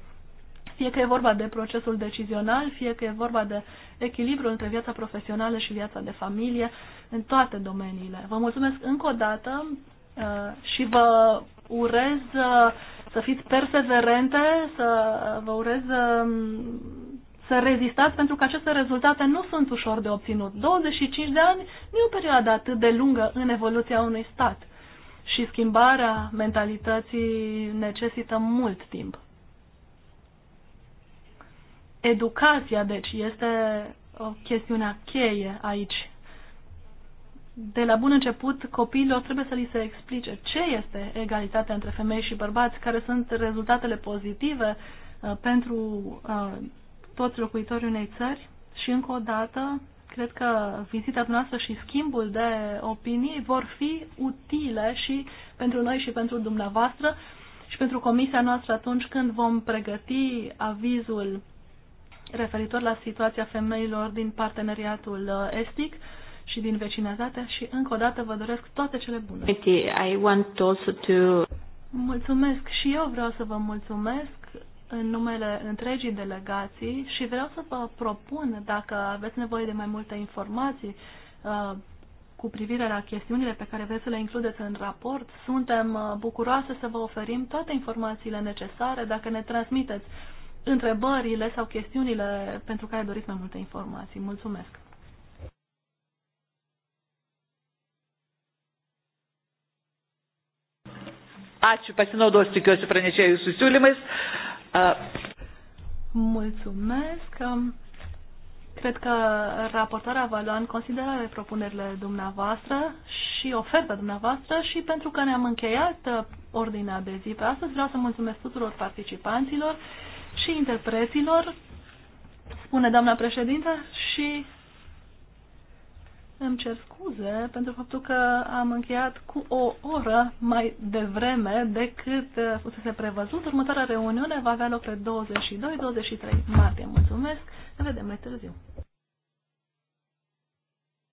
Fie că e vorba de procesul decizional, fie că e vorba de echilibru între viața profesională și viața de familie, în toate domeniile. Vă mulțumesc încă o dată uh, și vă urez uh, să fiți perseverente, să vă urez um, să rezistați pentru că aceste rezultate nu sunt ușor de obținut. 25 de ani nu e o perioadă atât de lungă în evoluția unui stat și schimbarea mentalității necesită mult timp. Educația, deci, este o chestiune cheie aici. De la bun început, copiilor trebuie să li se explice ce este egalitatea între femei și bărbați, care sunt rezultatele pozitive uh, pentru uh, toți locuitorii unei țări și încă o dată cred că vizita noastră și schimbul de opinii vor fi utile și pentru noi și pentru dumneavoastră și pentru comisia noastră atunci când vom pregăti avizul referitor la situația femeilor din parteneriatul uh, estic și din vecinătate și încă o dată vă doresc toate cele bune. I want also to... Mulțumesc și eu vreau să vă mulțumesc în numele întregii delegații și vreau să vă propun, dacă aveți nevoie de mai multe informații uh, cu privire la chestiunile pe care vreți să le includeți în raport, suntem uh, bucuroase să vă oferim toate informațiile necesare dacă ne transmiteți întrebările sau chestiunile pentru care doriți mai multe informații. Mulțumesc! Ačiū, pasinaudosiu tikiuosi pranešėjų susiūlymais. Mulțumesc. Cred că raportarea va lua în considerare propunerile dumneavoastră și oferta dumneavoastră și pentru că ne-am încheiat uh, ordinea de zi pe astăzi, vreau să mulțumesc tuturor participanților și interpreților, spune doamna președintă, și îmi cer scuze pentru faptul că am încheiat cu o oră mai devreme decât fusese prevăzut. Următoarea reuniune va avea loc pe 22-23 martie. Mulțumesc! Ne vedem mai târziu!